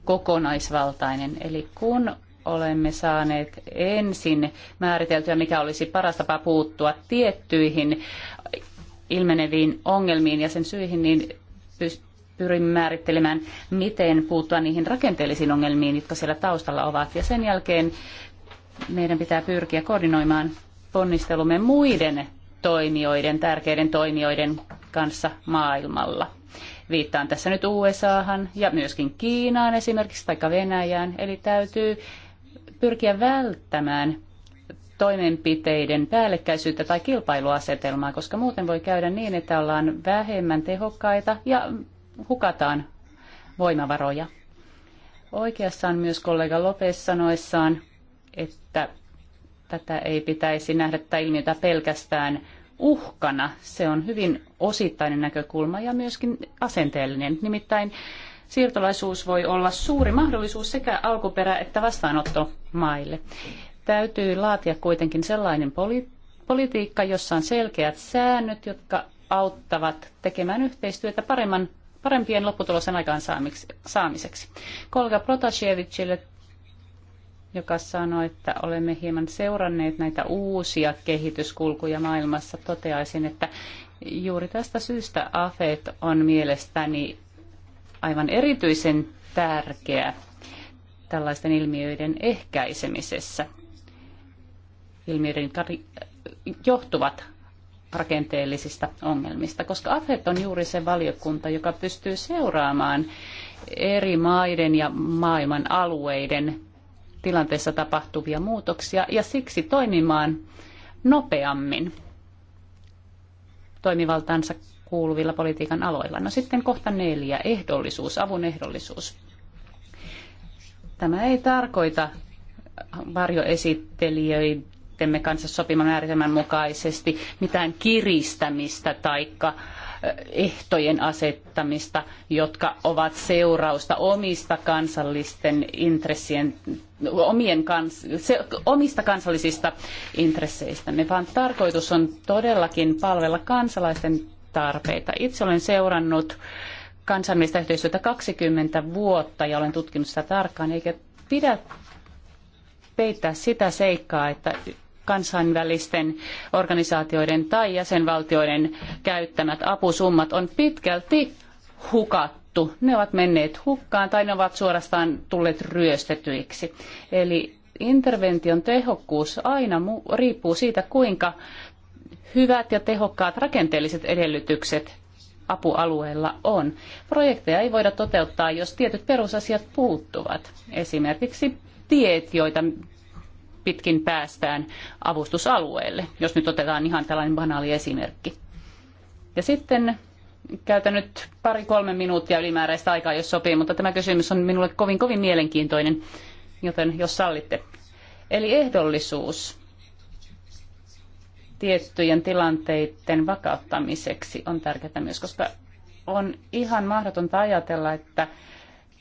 kokonaisvaltainen, eli kun olemme saaneet ensin määriteltyä, mikä olisi paras tapa puuttua tiettyihin ilmeneviin ongelmiin ja sen syihin, niin pyrimme määrittelemään, miten puuttua niihin rakenteellisiin ongelmiin, jotka siellä taustalla ovat. Ja sen jälkeen meidän pitää pyrkiä koordinoimaan ponnistelumme muiden toimijoiden, tärkeiden toimijoiden kanssa maailmalla. Viittaan tässä nyt USAhan ja myöskin Kiinaan esimerkiksi tai Venäjään, eli täytyy pyrkiä välttämään toimenpiteiden päällekkäisyyttä tai kilpailuasetelmaa, koska muuten voi käydä niin, että ollaan vähemmän tehokkaita ja hukataan voimavaroja. Oikeassaan myös kollega Lopes sanoessaan, että Tätä ei pitäisi nähdä tätä ilmiötä pelkästään uhkana. Se on hyvin osittainen näkökulma ja myöskin asenteellinen. Nimittäin siirtolaisuus voi olla suuri mahdollisuus sekä alkuperä- että vastaanottomaille. Täytyy laatia kuitenkin sellainen poli- politiikka, jossa on selkeät säännöt, jotka auttavat tekemään yhteistyötä paremman, parempien lopputulosten aikaansaamiseksi. Kolga Protasevicille joka sanoi, että olemme hieman seuranneet näitä uusia kehityskulkuja maailmassa, toteaisin, että juuri tästä syystä AFET on mielestäni aivan erityisen tärkeä tällaisten ilmiöiden ehkäisemisessä. Ilmiöiden johtuvat rakenteellisista ongelmista, koska AFET on juuri se valiokunta, joka pystyy seuraamaan eri maiden ja maailman alueiden tilanteessa tapahtuvia muutoksia ja siksi toimimaan nopeammin toimivaltaansa kuuluvilla politiikan aloilla. No sitten kohta neljä, ehdollisuus, avun ehdollisuus. Tämä ei tarkoita varjoesittelijöidemme kanssa sopiman määritelmän mukaisesti mitään kiristämistä taikka ehtojen asettamista, jotka ovat seurausta omista kansallisten intressien omien kans, se, omista kansallisista intresseistämme, vaan tarkoitus on todellakin palvella kansalaisten tarpeita. Itse olen seurannut kansainvälistä yhteistyötä 20 vuotta ja olen tutkinut sitä tarkkaan, eikä pidä peittää sitä seikkaa, että kansainvälisten organisaatioiden tai jäsenvaltioiden käyttämät apusummat on pitkälti hukattu tuhottu, ne ovat menneet hukkaan tai ne ovat suorastaan tulleet ryöstetyiksi. Eli intervention tehokkuus aina riippuu siitä, kuinka hyvät ja tehokkaat rakenteelliset edellytykset apualueella on. Projekteja ei voida toteuttaa, jos tietyt perusasiat puuttuvat. Esimerkiksi tiet, joita pitkin päästään avustusalueelle, jos nyt otetaan ihan tällainen banaali esimerkki. Ja sitten käytän nyt pari-kolme minuuttia ylimääräistä aikaa, jos sopii, mutta tämä kysymys on minulle kovin, kovin mielenkiintoinen, joten jos sallitte. Eli ehdollisuus tiettyjen tilanteiden vakauttamiseksi on tärkeää myös, koska on ihan mahdotonta ajatella, että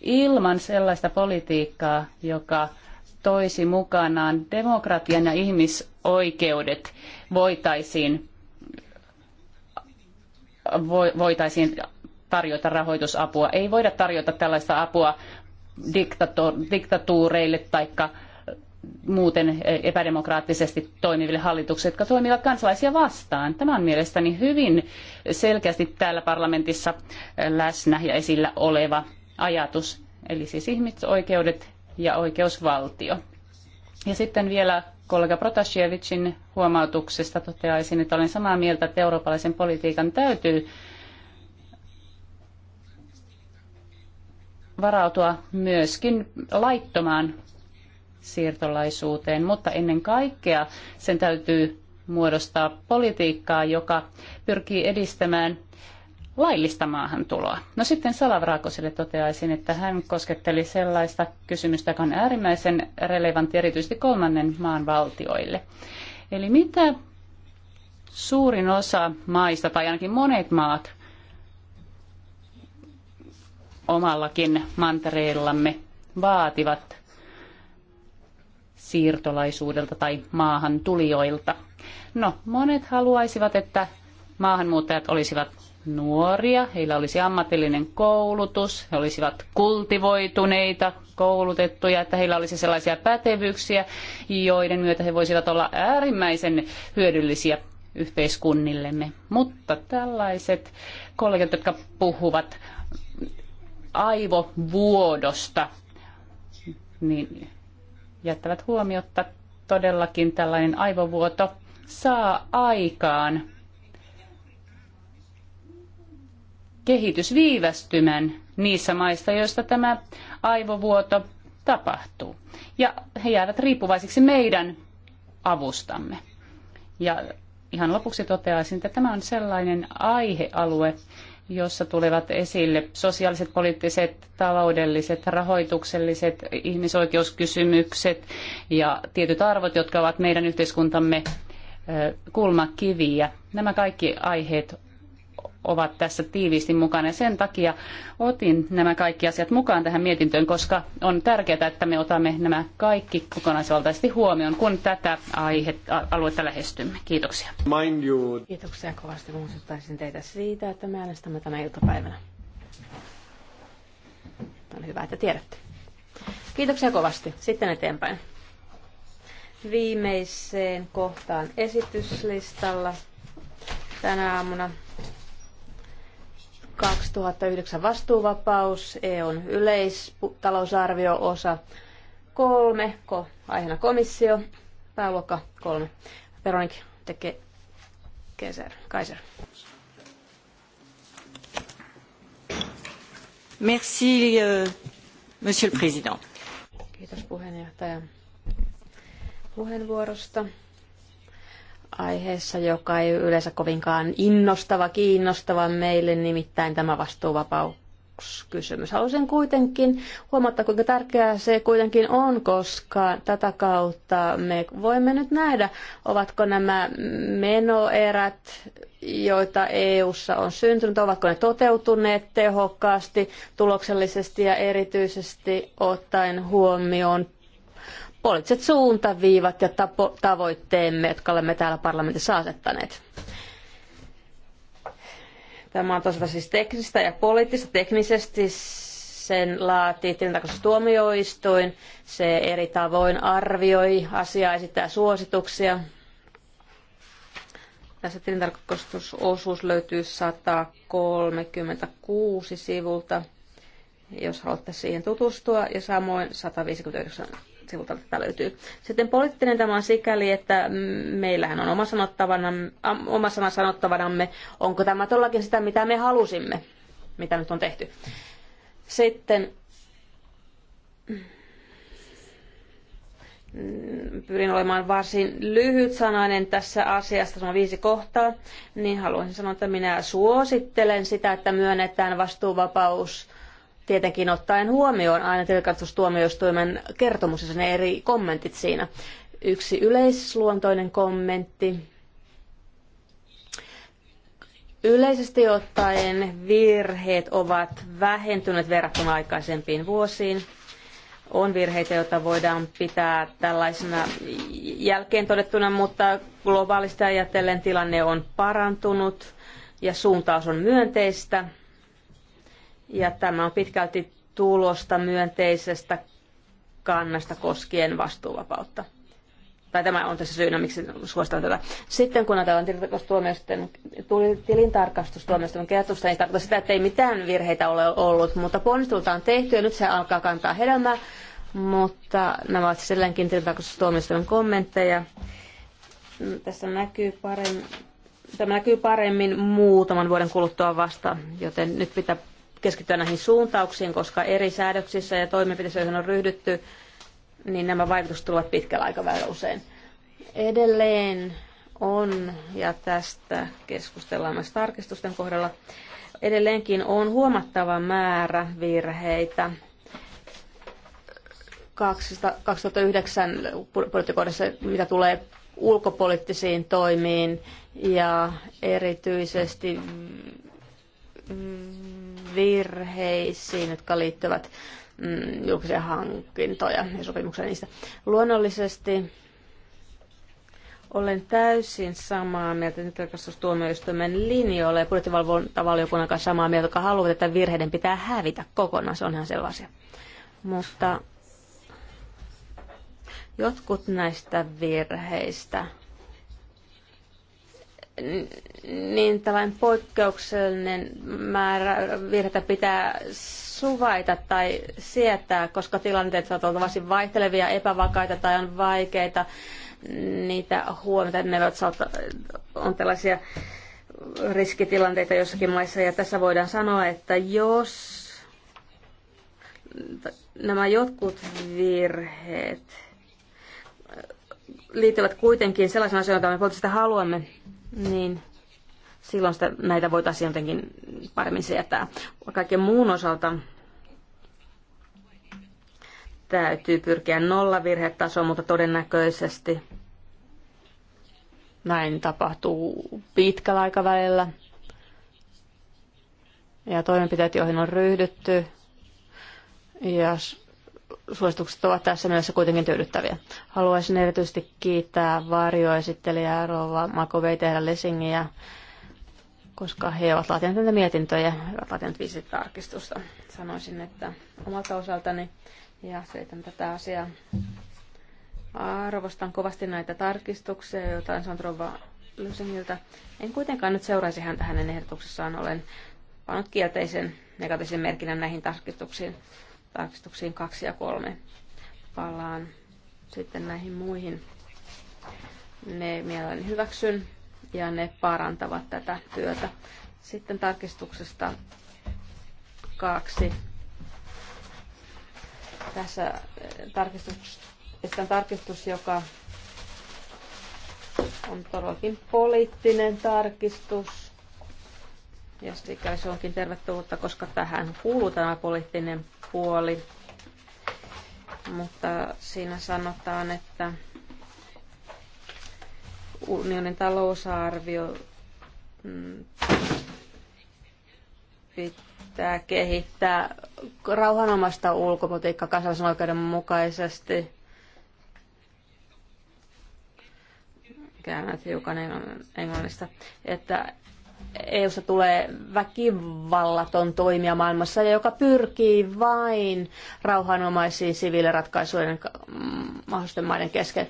ilman sellaista politiikkaa, joka toisi mukanaan demokratian ja ihmisoikeudet, voitaisiin voitaisiin tarjota rahoitusapua. Ei voida tarjota tällaista apua diktatuureille tai muuten epädemokraattisesti toimiville hallituksille, jotka toimivat kansalaisia vastaan. Tämä on mielestäni hyvin selkeästi täällä parlamentissa läsnä ja esillä oleva ajatus, eli siis ihmisoikeudet ja oikeusvaltio. Ja sitten vielä kollega Protasiewiczin huomautuksesta toteaisin, että olen samaa mieltä, että eurooppalaisen politiikan täytyy varautua myöskin laittomaan siirtolaisuuteen, mutta ennen kaikkea sen täytyy muodostaa politiikkaa, joka pyrkii edistämään laillista maahantuloa. No sitten Salavraakoselle toteaisin, että hän kosketteli sellaista kysymystä, joka on äärimmäisen relevantti erityisesti kolmannen maan valtioille. Eli mitä suurin osa maista, tai ainakin monet maat omallakin mantereillamme vaativat siirtolaisuudelta tai maahan No, monet haluaisivat, että maahanmuuttajat olisivat nuoria, heillä olisi ammatillinen koulutus, he olisivat kultivoituneita, koulutettuja, että heillä olisi sellaisia pätevyyksiä, joiden myötä he voisivat olla äärimmäisen hyödyllisiä yhteiskunnillemme. Mutta tällaiset kollegat, jotka puhuvat aivovuodosta, niin jättävät huomiotta todellakin tällainen aivovuoto saa aikaan kehitysviivästymän niissä maissa, joista tämä aivovuoto tapahtuu. Ja he jäävät riippuvaisiksi meidän avustamme. Ja ihan lopuksi toteaisin, että tämä on sellainen aihealue, jossa tulevat esille sosiaaliset, poliittiset, taloudelliset, rahoitukselliset, ihmisoikeuskysymykset ja tietyt arvot, jotka ovat meidän yhteiskuntamme kulmakiviä. Nämä kaikki aiheet ovat tässä tiiviisti mukana. Ja sen takia otin nämä kaikki asiat mukaan tähän mietintöön, koska on tärkeää, että me otamme nämä kaikki kokonaisvaltaisesti huomioon, kun tätä aihetta, aluetta lähestymme. Kiitoksia. Mind you. Kiitoksia kovasti. Muistuttaisin teitä siitä, että me äänestämme tänä iltapäivänä. On hyvä, että tiedätte. Kiitoksia kovasti. Sitten eteenpäin. Viimeiseen kohtaan esityslistalla tänä aamuna 2009 vastuuvapaus, EUn yleistalousarvio-osa kolme, ko, aiheena komissio, pääluokka kolme. Veronik tekee Kaiser. Kaiser. Merci, euh, monsieur le président. Kiitos puheenjohtaja puheenvuorosta aiheessa, joka ei yleensä kovinkaan innostava, kiinnostava meille, nimittäin tämä vastuuvapauskysymys. Haluaisin kuitenkin huomata, kuinka tärkeää se kuitenkin on, koska tätä kautta me voimme nyt nähdä, ovatko nämä menoerät, joita EU:ssa on syntynyt, ovatko ne toteutuneet tehokkaasti, tuloksellisesti ja erityisesti ottaen huomioon poliittiset suuntaviivat ja tapo- tavoitteemme, jotka olemme täällä parlamentissa asettaneet. Tämä on tosiaan siis teknistä ja poliittista. Teknisesti sen laatii tilintarkastustuomioistuin. Se eri tavoin arvioi asiaa, esittää suosituksia. Tässä tilintarkastusosuus löytyy 136 sivulta, jos haluatte siihen tutustua, ja samoin 159 sivulta tätä löytyy. Sitten poliittinen tämä on sikäli, että meillähän on oma, sanottavana, oma sana sanottavanamme, onko tämä tollakin sitä, mitä me halusimme, mitä nyt on tehty. Sitten mm, pyrin olemaan varsin lyhytsanainen tässä asiassa, se on viisi kohtaa, niin haluaisin sanoa, että minä suosittelen sitä, että myönnetään vastuuvapaus tietenkin ottaen huomioon aina tilkastustuomioistuimen kertomus ja ne eri kommentit siinä. Yksi yleisluontoinen kommentti. Yleisesti ottaen virheet ovat vähentyneet verrattuna aikaisempiin vuosiin. On virheitä, joita voidaan pitää tällaisena jälkeen todettuna, mutta globaalisti ajatellen tilanne on parantunut ja suuntaus on myönteistä ja tämä on pitkälti tulosta myönteisestä kannasta koskien vastuuvapautta. Tai tämä on tässä syynä, miksi suositaan tätä. Sitten kun ajatellaan tilintarkastustuomioistuimen kertomusta, niin tarkoittaa sitä, että ei mitään virheitä ole ollut, mutta ponnistelulta on tehty ja nyt se alkaa kantaa hedelmää. Mutta nämä ovat siis edelleenkin tilintarkastustuomioistuimen kommentteja. Tässä näkyy paremmin, tämä näkyy paremmin muutaman vuoden kuluttua vasta, joten nyt pitää keskittyä näihin suuntauksiin, koska eri säädöksissä ja toimenpiteissä, joihin on ryhdytty, niin nämä vaikutukset tulevat pitkällä aikavälillä usein. Edelleen on, ja tästä keskustellaan myös tarkistusten kohdalla, edelleenkin on huomattava määrä virheitä. 2009 budjettikohdassa, mitä tulee ulkopoliittisiin toimiin ja erityisesti virheisiin, jotka liittyvät mm, julkisia hankintoja ja sopimuksia niistä. Luonnollisesti olen täysin samaa mieltä nyt tarkastustuomioistuimen linjoilla ja budjettivalvontavaliokunnan kanssa samaa mieltä, joka haluavat, että virheiden pitää hävitä kokonaan. Se on ihan selvä asia. Mutta jotkut näistä virheistä niin tällainen poikkeuksellinen määrä virheitä pitää suvaita tai sietää, koska tilanteet ovat olleet varsin vaihtelevia, epävakaita tai on vaikeita niitä huomioita. Ne ovat on tällaisia riskitilanteita jossakin maissa ja tässä voidaan sanoa, että jos nämä jotkut virheet liittyvät kuitenkin sellaisen asioita, joita me haluamme niin silloin sitä, näitä voitaisiin jotenkin paremmin sietää. Kaiken muun osalta täytyy pyrkiä nollavirhetasoon, mutta todennäköisesti näin tapahtuu pitkällä aikavälillä. Ja toimenpiteet, joihin on ryhdytty, ja suositukset ovat tässä mielessä kuitenkin tyydyttäviä. Haluaisin erityisesti kiittää varjoesittelijää Rova Makoveita ja Lessingiä, koska he ovat laatineet näitä mietintöjä, he ovat laatineet viisi tarkistusta. Sanoisin, että omalta osaltani ja seitän tätä asiaa. Arvostan kovasti näitä tarkistuksia, joita en saanut Rova Lysingiltä. En kuitenkaan nyt seuraisi häntä hänen ehdotuksessaan. Olen pannut kielteisen negatiivisen merkinnän näihin tarkistuksiin tarkistuksiin 2 ja 3. Palaan sitten näihin muihin. Ne mielelläni hyväksyn ja ne parantavat tätä työtä. Sitten tarkistuksesta kaksi. Tässä eh, tarkistus, on tarkistus, joka on todellakin poliittinen tarkistus ja sikäli se onkin tervetullutta, koska tähän kuuluu tämä poliittinen puoli. Mutta siinä sanotaan, että unionin talousarvio mm, pitää kehittää rauhanomasta ulkopolitiikkaa kansallisen oikeuden mukaisesti. Käännät hiukan englannista, että EUssa tulee väkivallaton toimija maailmassa, ja joka pyrkii vain rauhanomaisiin siviiliratkaisujen mm, mahdollisten maiden kesken.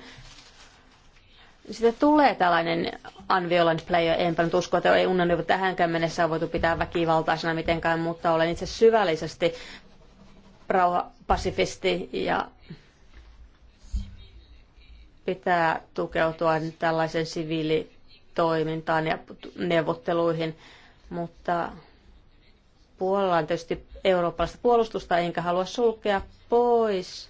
Sitten tulee tällainen unviolent player, enpä nyt usko, että ei että tähänkään mennessä on voitu pitää väkivaltaisena mitenkään, mutta olen itse syvällisesti rauhapasifisti ja pitää tukeutua tällaisen siviili toimintaan ja neuvotteluihin, mutta puolella on tietysti eurooppalaista puolustusta, enkä halua sulkea pois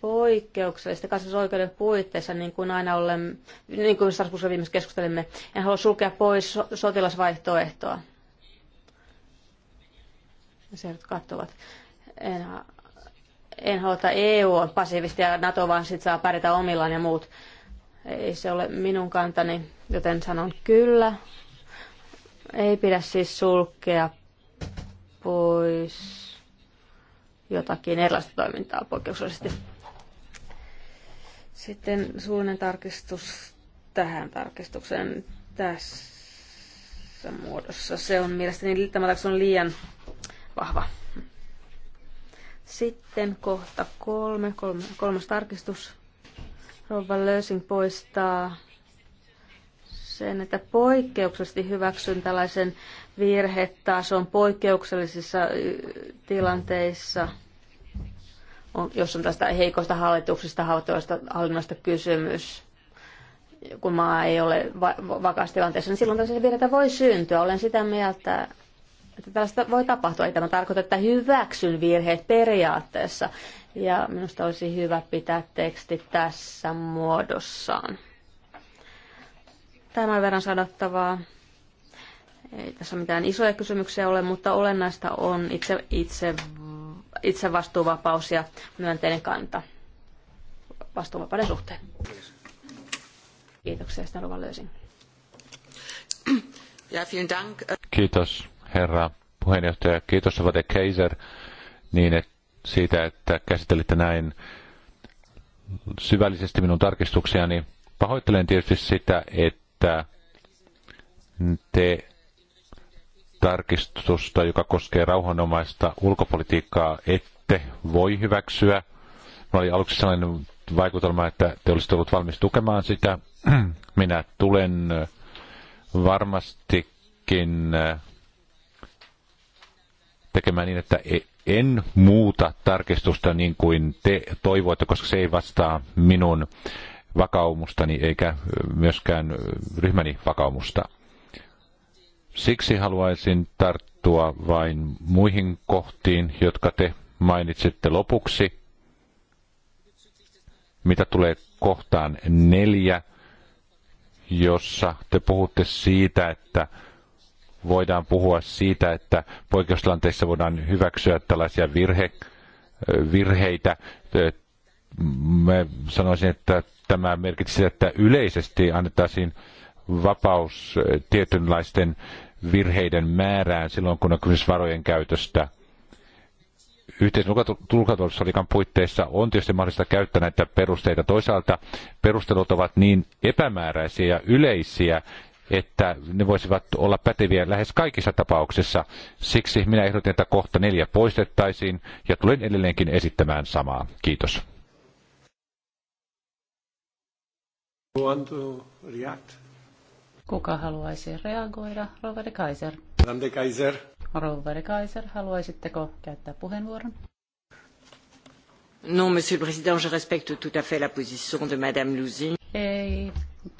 poikkeuksellista kansallisoikeuden puitteissa, niin kuin aina olemme, niin kuin Strasbourgissa viimeksi keskustelimme, en halua sulkea pois so- sotilasvaihtoehtoa. Seuraavat katsovat. En, en halua, että EU on passiivista ja NATO vaan sit saa pärjätä omillaan ja muut ei se ole minun kantani, joten sanon kyllä. Ei pidä siis sulkea pois jotakin erilaista toimintaa poikkeuksellisesti. Sitten suunnan tarkistus tähän tarkistukseen tässä muodossa. Se on mielestäni tämä on liian vahva. Sitten kohta kolme, kolme kolmas tarkistus. Rova Lösing poistaa sen, että poikkeuksellisesti hyväksyn tällaisen virhetason poikkeuksellisissa tilanteissa, on, jos on tästä heikosta hallituksesta, hallinnosta kysymys kun maa ei ole va- vakaassa tilanteessa, niin silloin tällaisia virheitä voi syntyä. Olen sitä mieltä, että tällaista voi tapahtua. Ei tämä tarkoita, että hyväksyn virheet periaatteessa ja minusta olisi hyvä pitää teksti tässä muodossaan. Tämän verran sanottavaa. Ei tässä mitään isoja kysymyksiä ole, mutta olennaista on itse, itse, itse vastuuvapaus ja myönteinen kanta vastuuvapauden suhteen. Kiitoksia, sitä luvan löysin. Kiitos, herra puheenjohtaja. Kiitos, Vade Keiser, niin että siitä, että käsittelitte näin syvällisesti minun tarkistuksiani. Pahoittelen tietysti sitä, että te tarkistusta, joka koskee rauhanomaista ulkopolitiikkaa, ette voi hyväksyä. Mä oli aluksi sellainen vaikutelma, että te olisitte ollut valmis tukemaan sitä. Minä tulen varmastikin tekemään niin, että e- en muuta tarkistusta niin kuin te toivoitte, koska se ei vastaa minun vakaumustani eikä myöskään ryhmäni vakaumusta. Siksi haluaisin tarttua vain muihin kohtiin, jotka te mainitsitte lopuksi. Mitä tulee kohtaan neljä, jossa te puhutte siitä, että voidaan puhua siitä, että poikkeustilanteissa voidaan hyväksyä tällaisia virhe, virheitä. Mä sanoisin, että tämä merkitsee, että yleisesti annettaisiin vapaus tietynlaisten virheiden määrään silloin, kun on kysymys varojen käytöstä. Yhteisen ulkotulkatulospolitiikan puitteissa on tietysti mahdollista käyttää näitä perusteita. Toisaalta perustelut ovat niin epämääräisiä ja yleisiä, että ne voisivat olla päteviä lähes kaikissa tapauksissa. Siksi minä ehdotin, että kohta neljä poistettaisiin ja tulen edelleenkin esittämään samaa. Kiitos. Kuka haluaisi reagoida? Roveri Kaiser. Lande Kaiser. Roveri Kaiser, haluaisitteko käyttää puheenvuoron? Non, Monsieur le Président, je respecte tout à fait la position de Madame Lusing. Ei,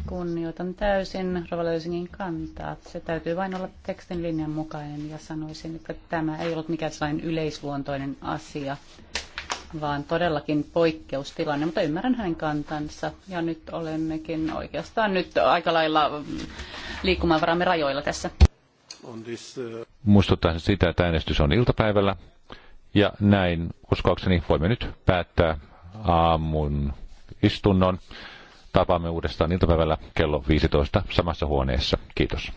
kunnioitan täysin Rovalöysingin kantaa. Se täytyy vain olla tekstin linjan mukainen ja sanoisin, että tämä ei ollut mikään sellainen yleisluontoinen asia, vaan todellakin poikkeustilanne, mutta ymmärrän hänen kantansa ja nyt olemmekin oikeastaan nyt aika lailla mm, liikkumavaramme rajoilla tässä. Uh, Muistutan sitä, että äänestys on iltapäivällä ja näin uskoakseni voimme nyt päättää aamun istunnon. Tapaamme uudestaan iltapäivällä kello 15 samassa huoneessa. Kiitos.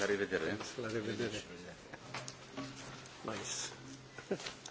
Arrivederci. Arrivederci. Nice.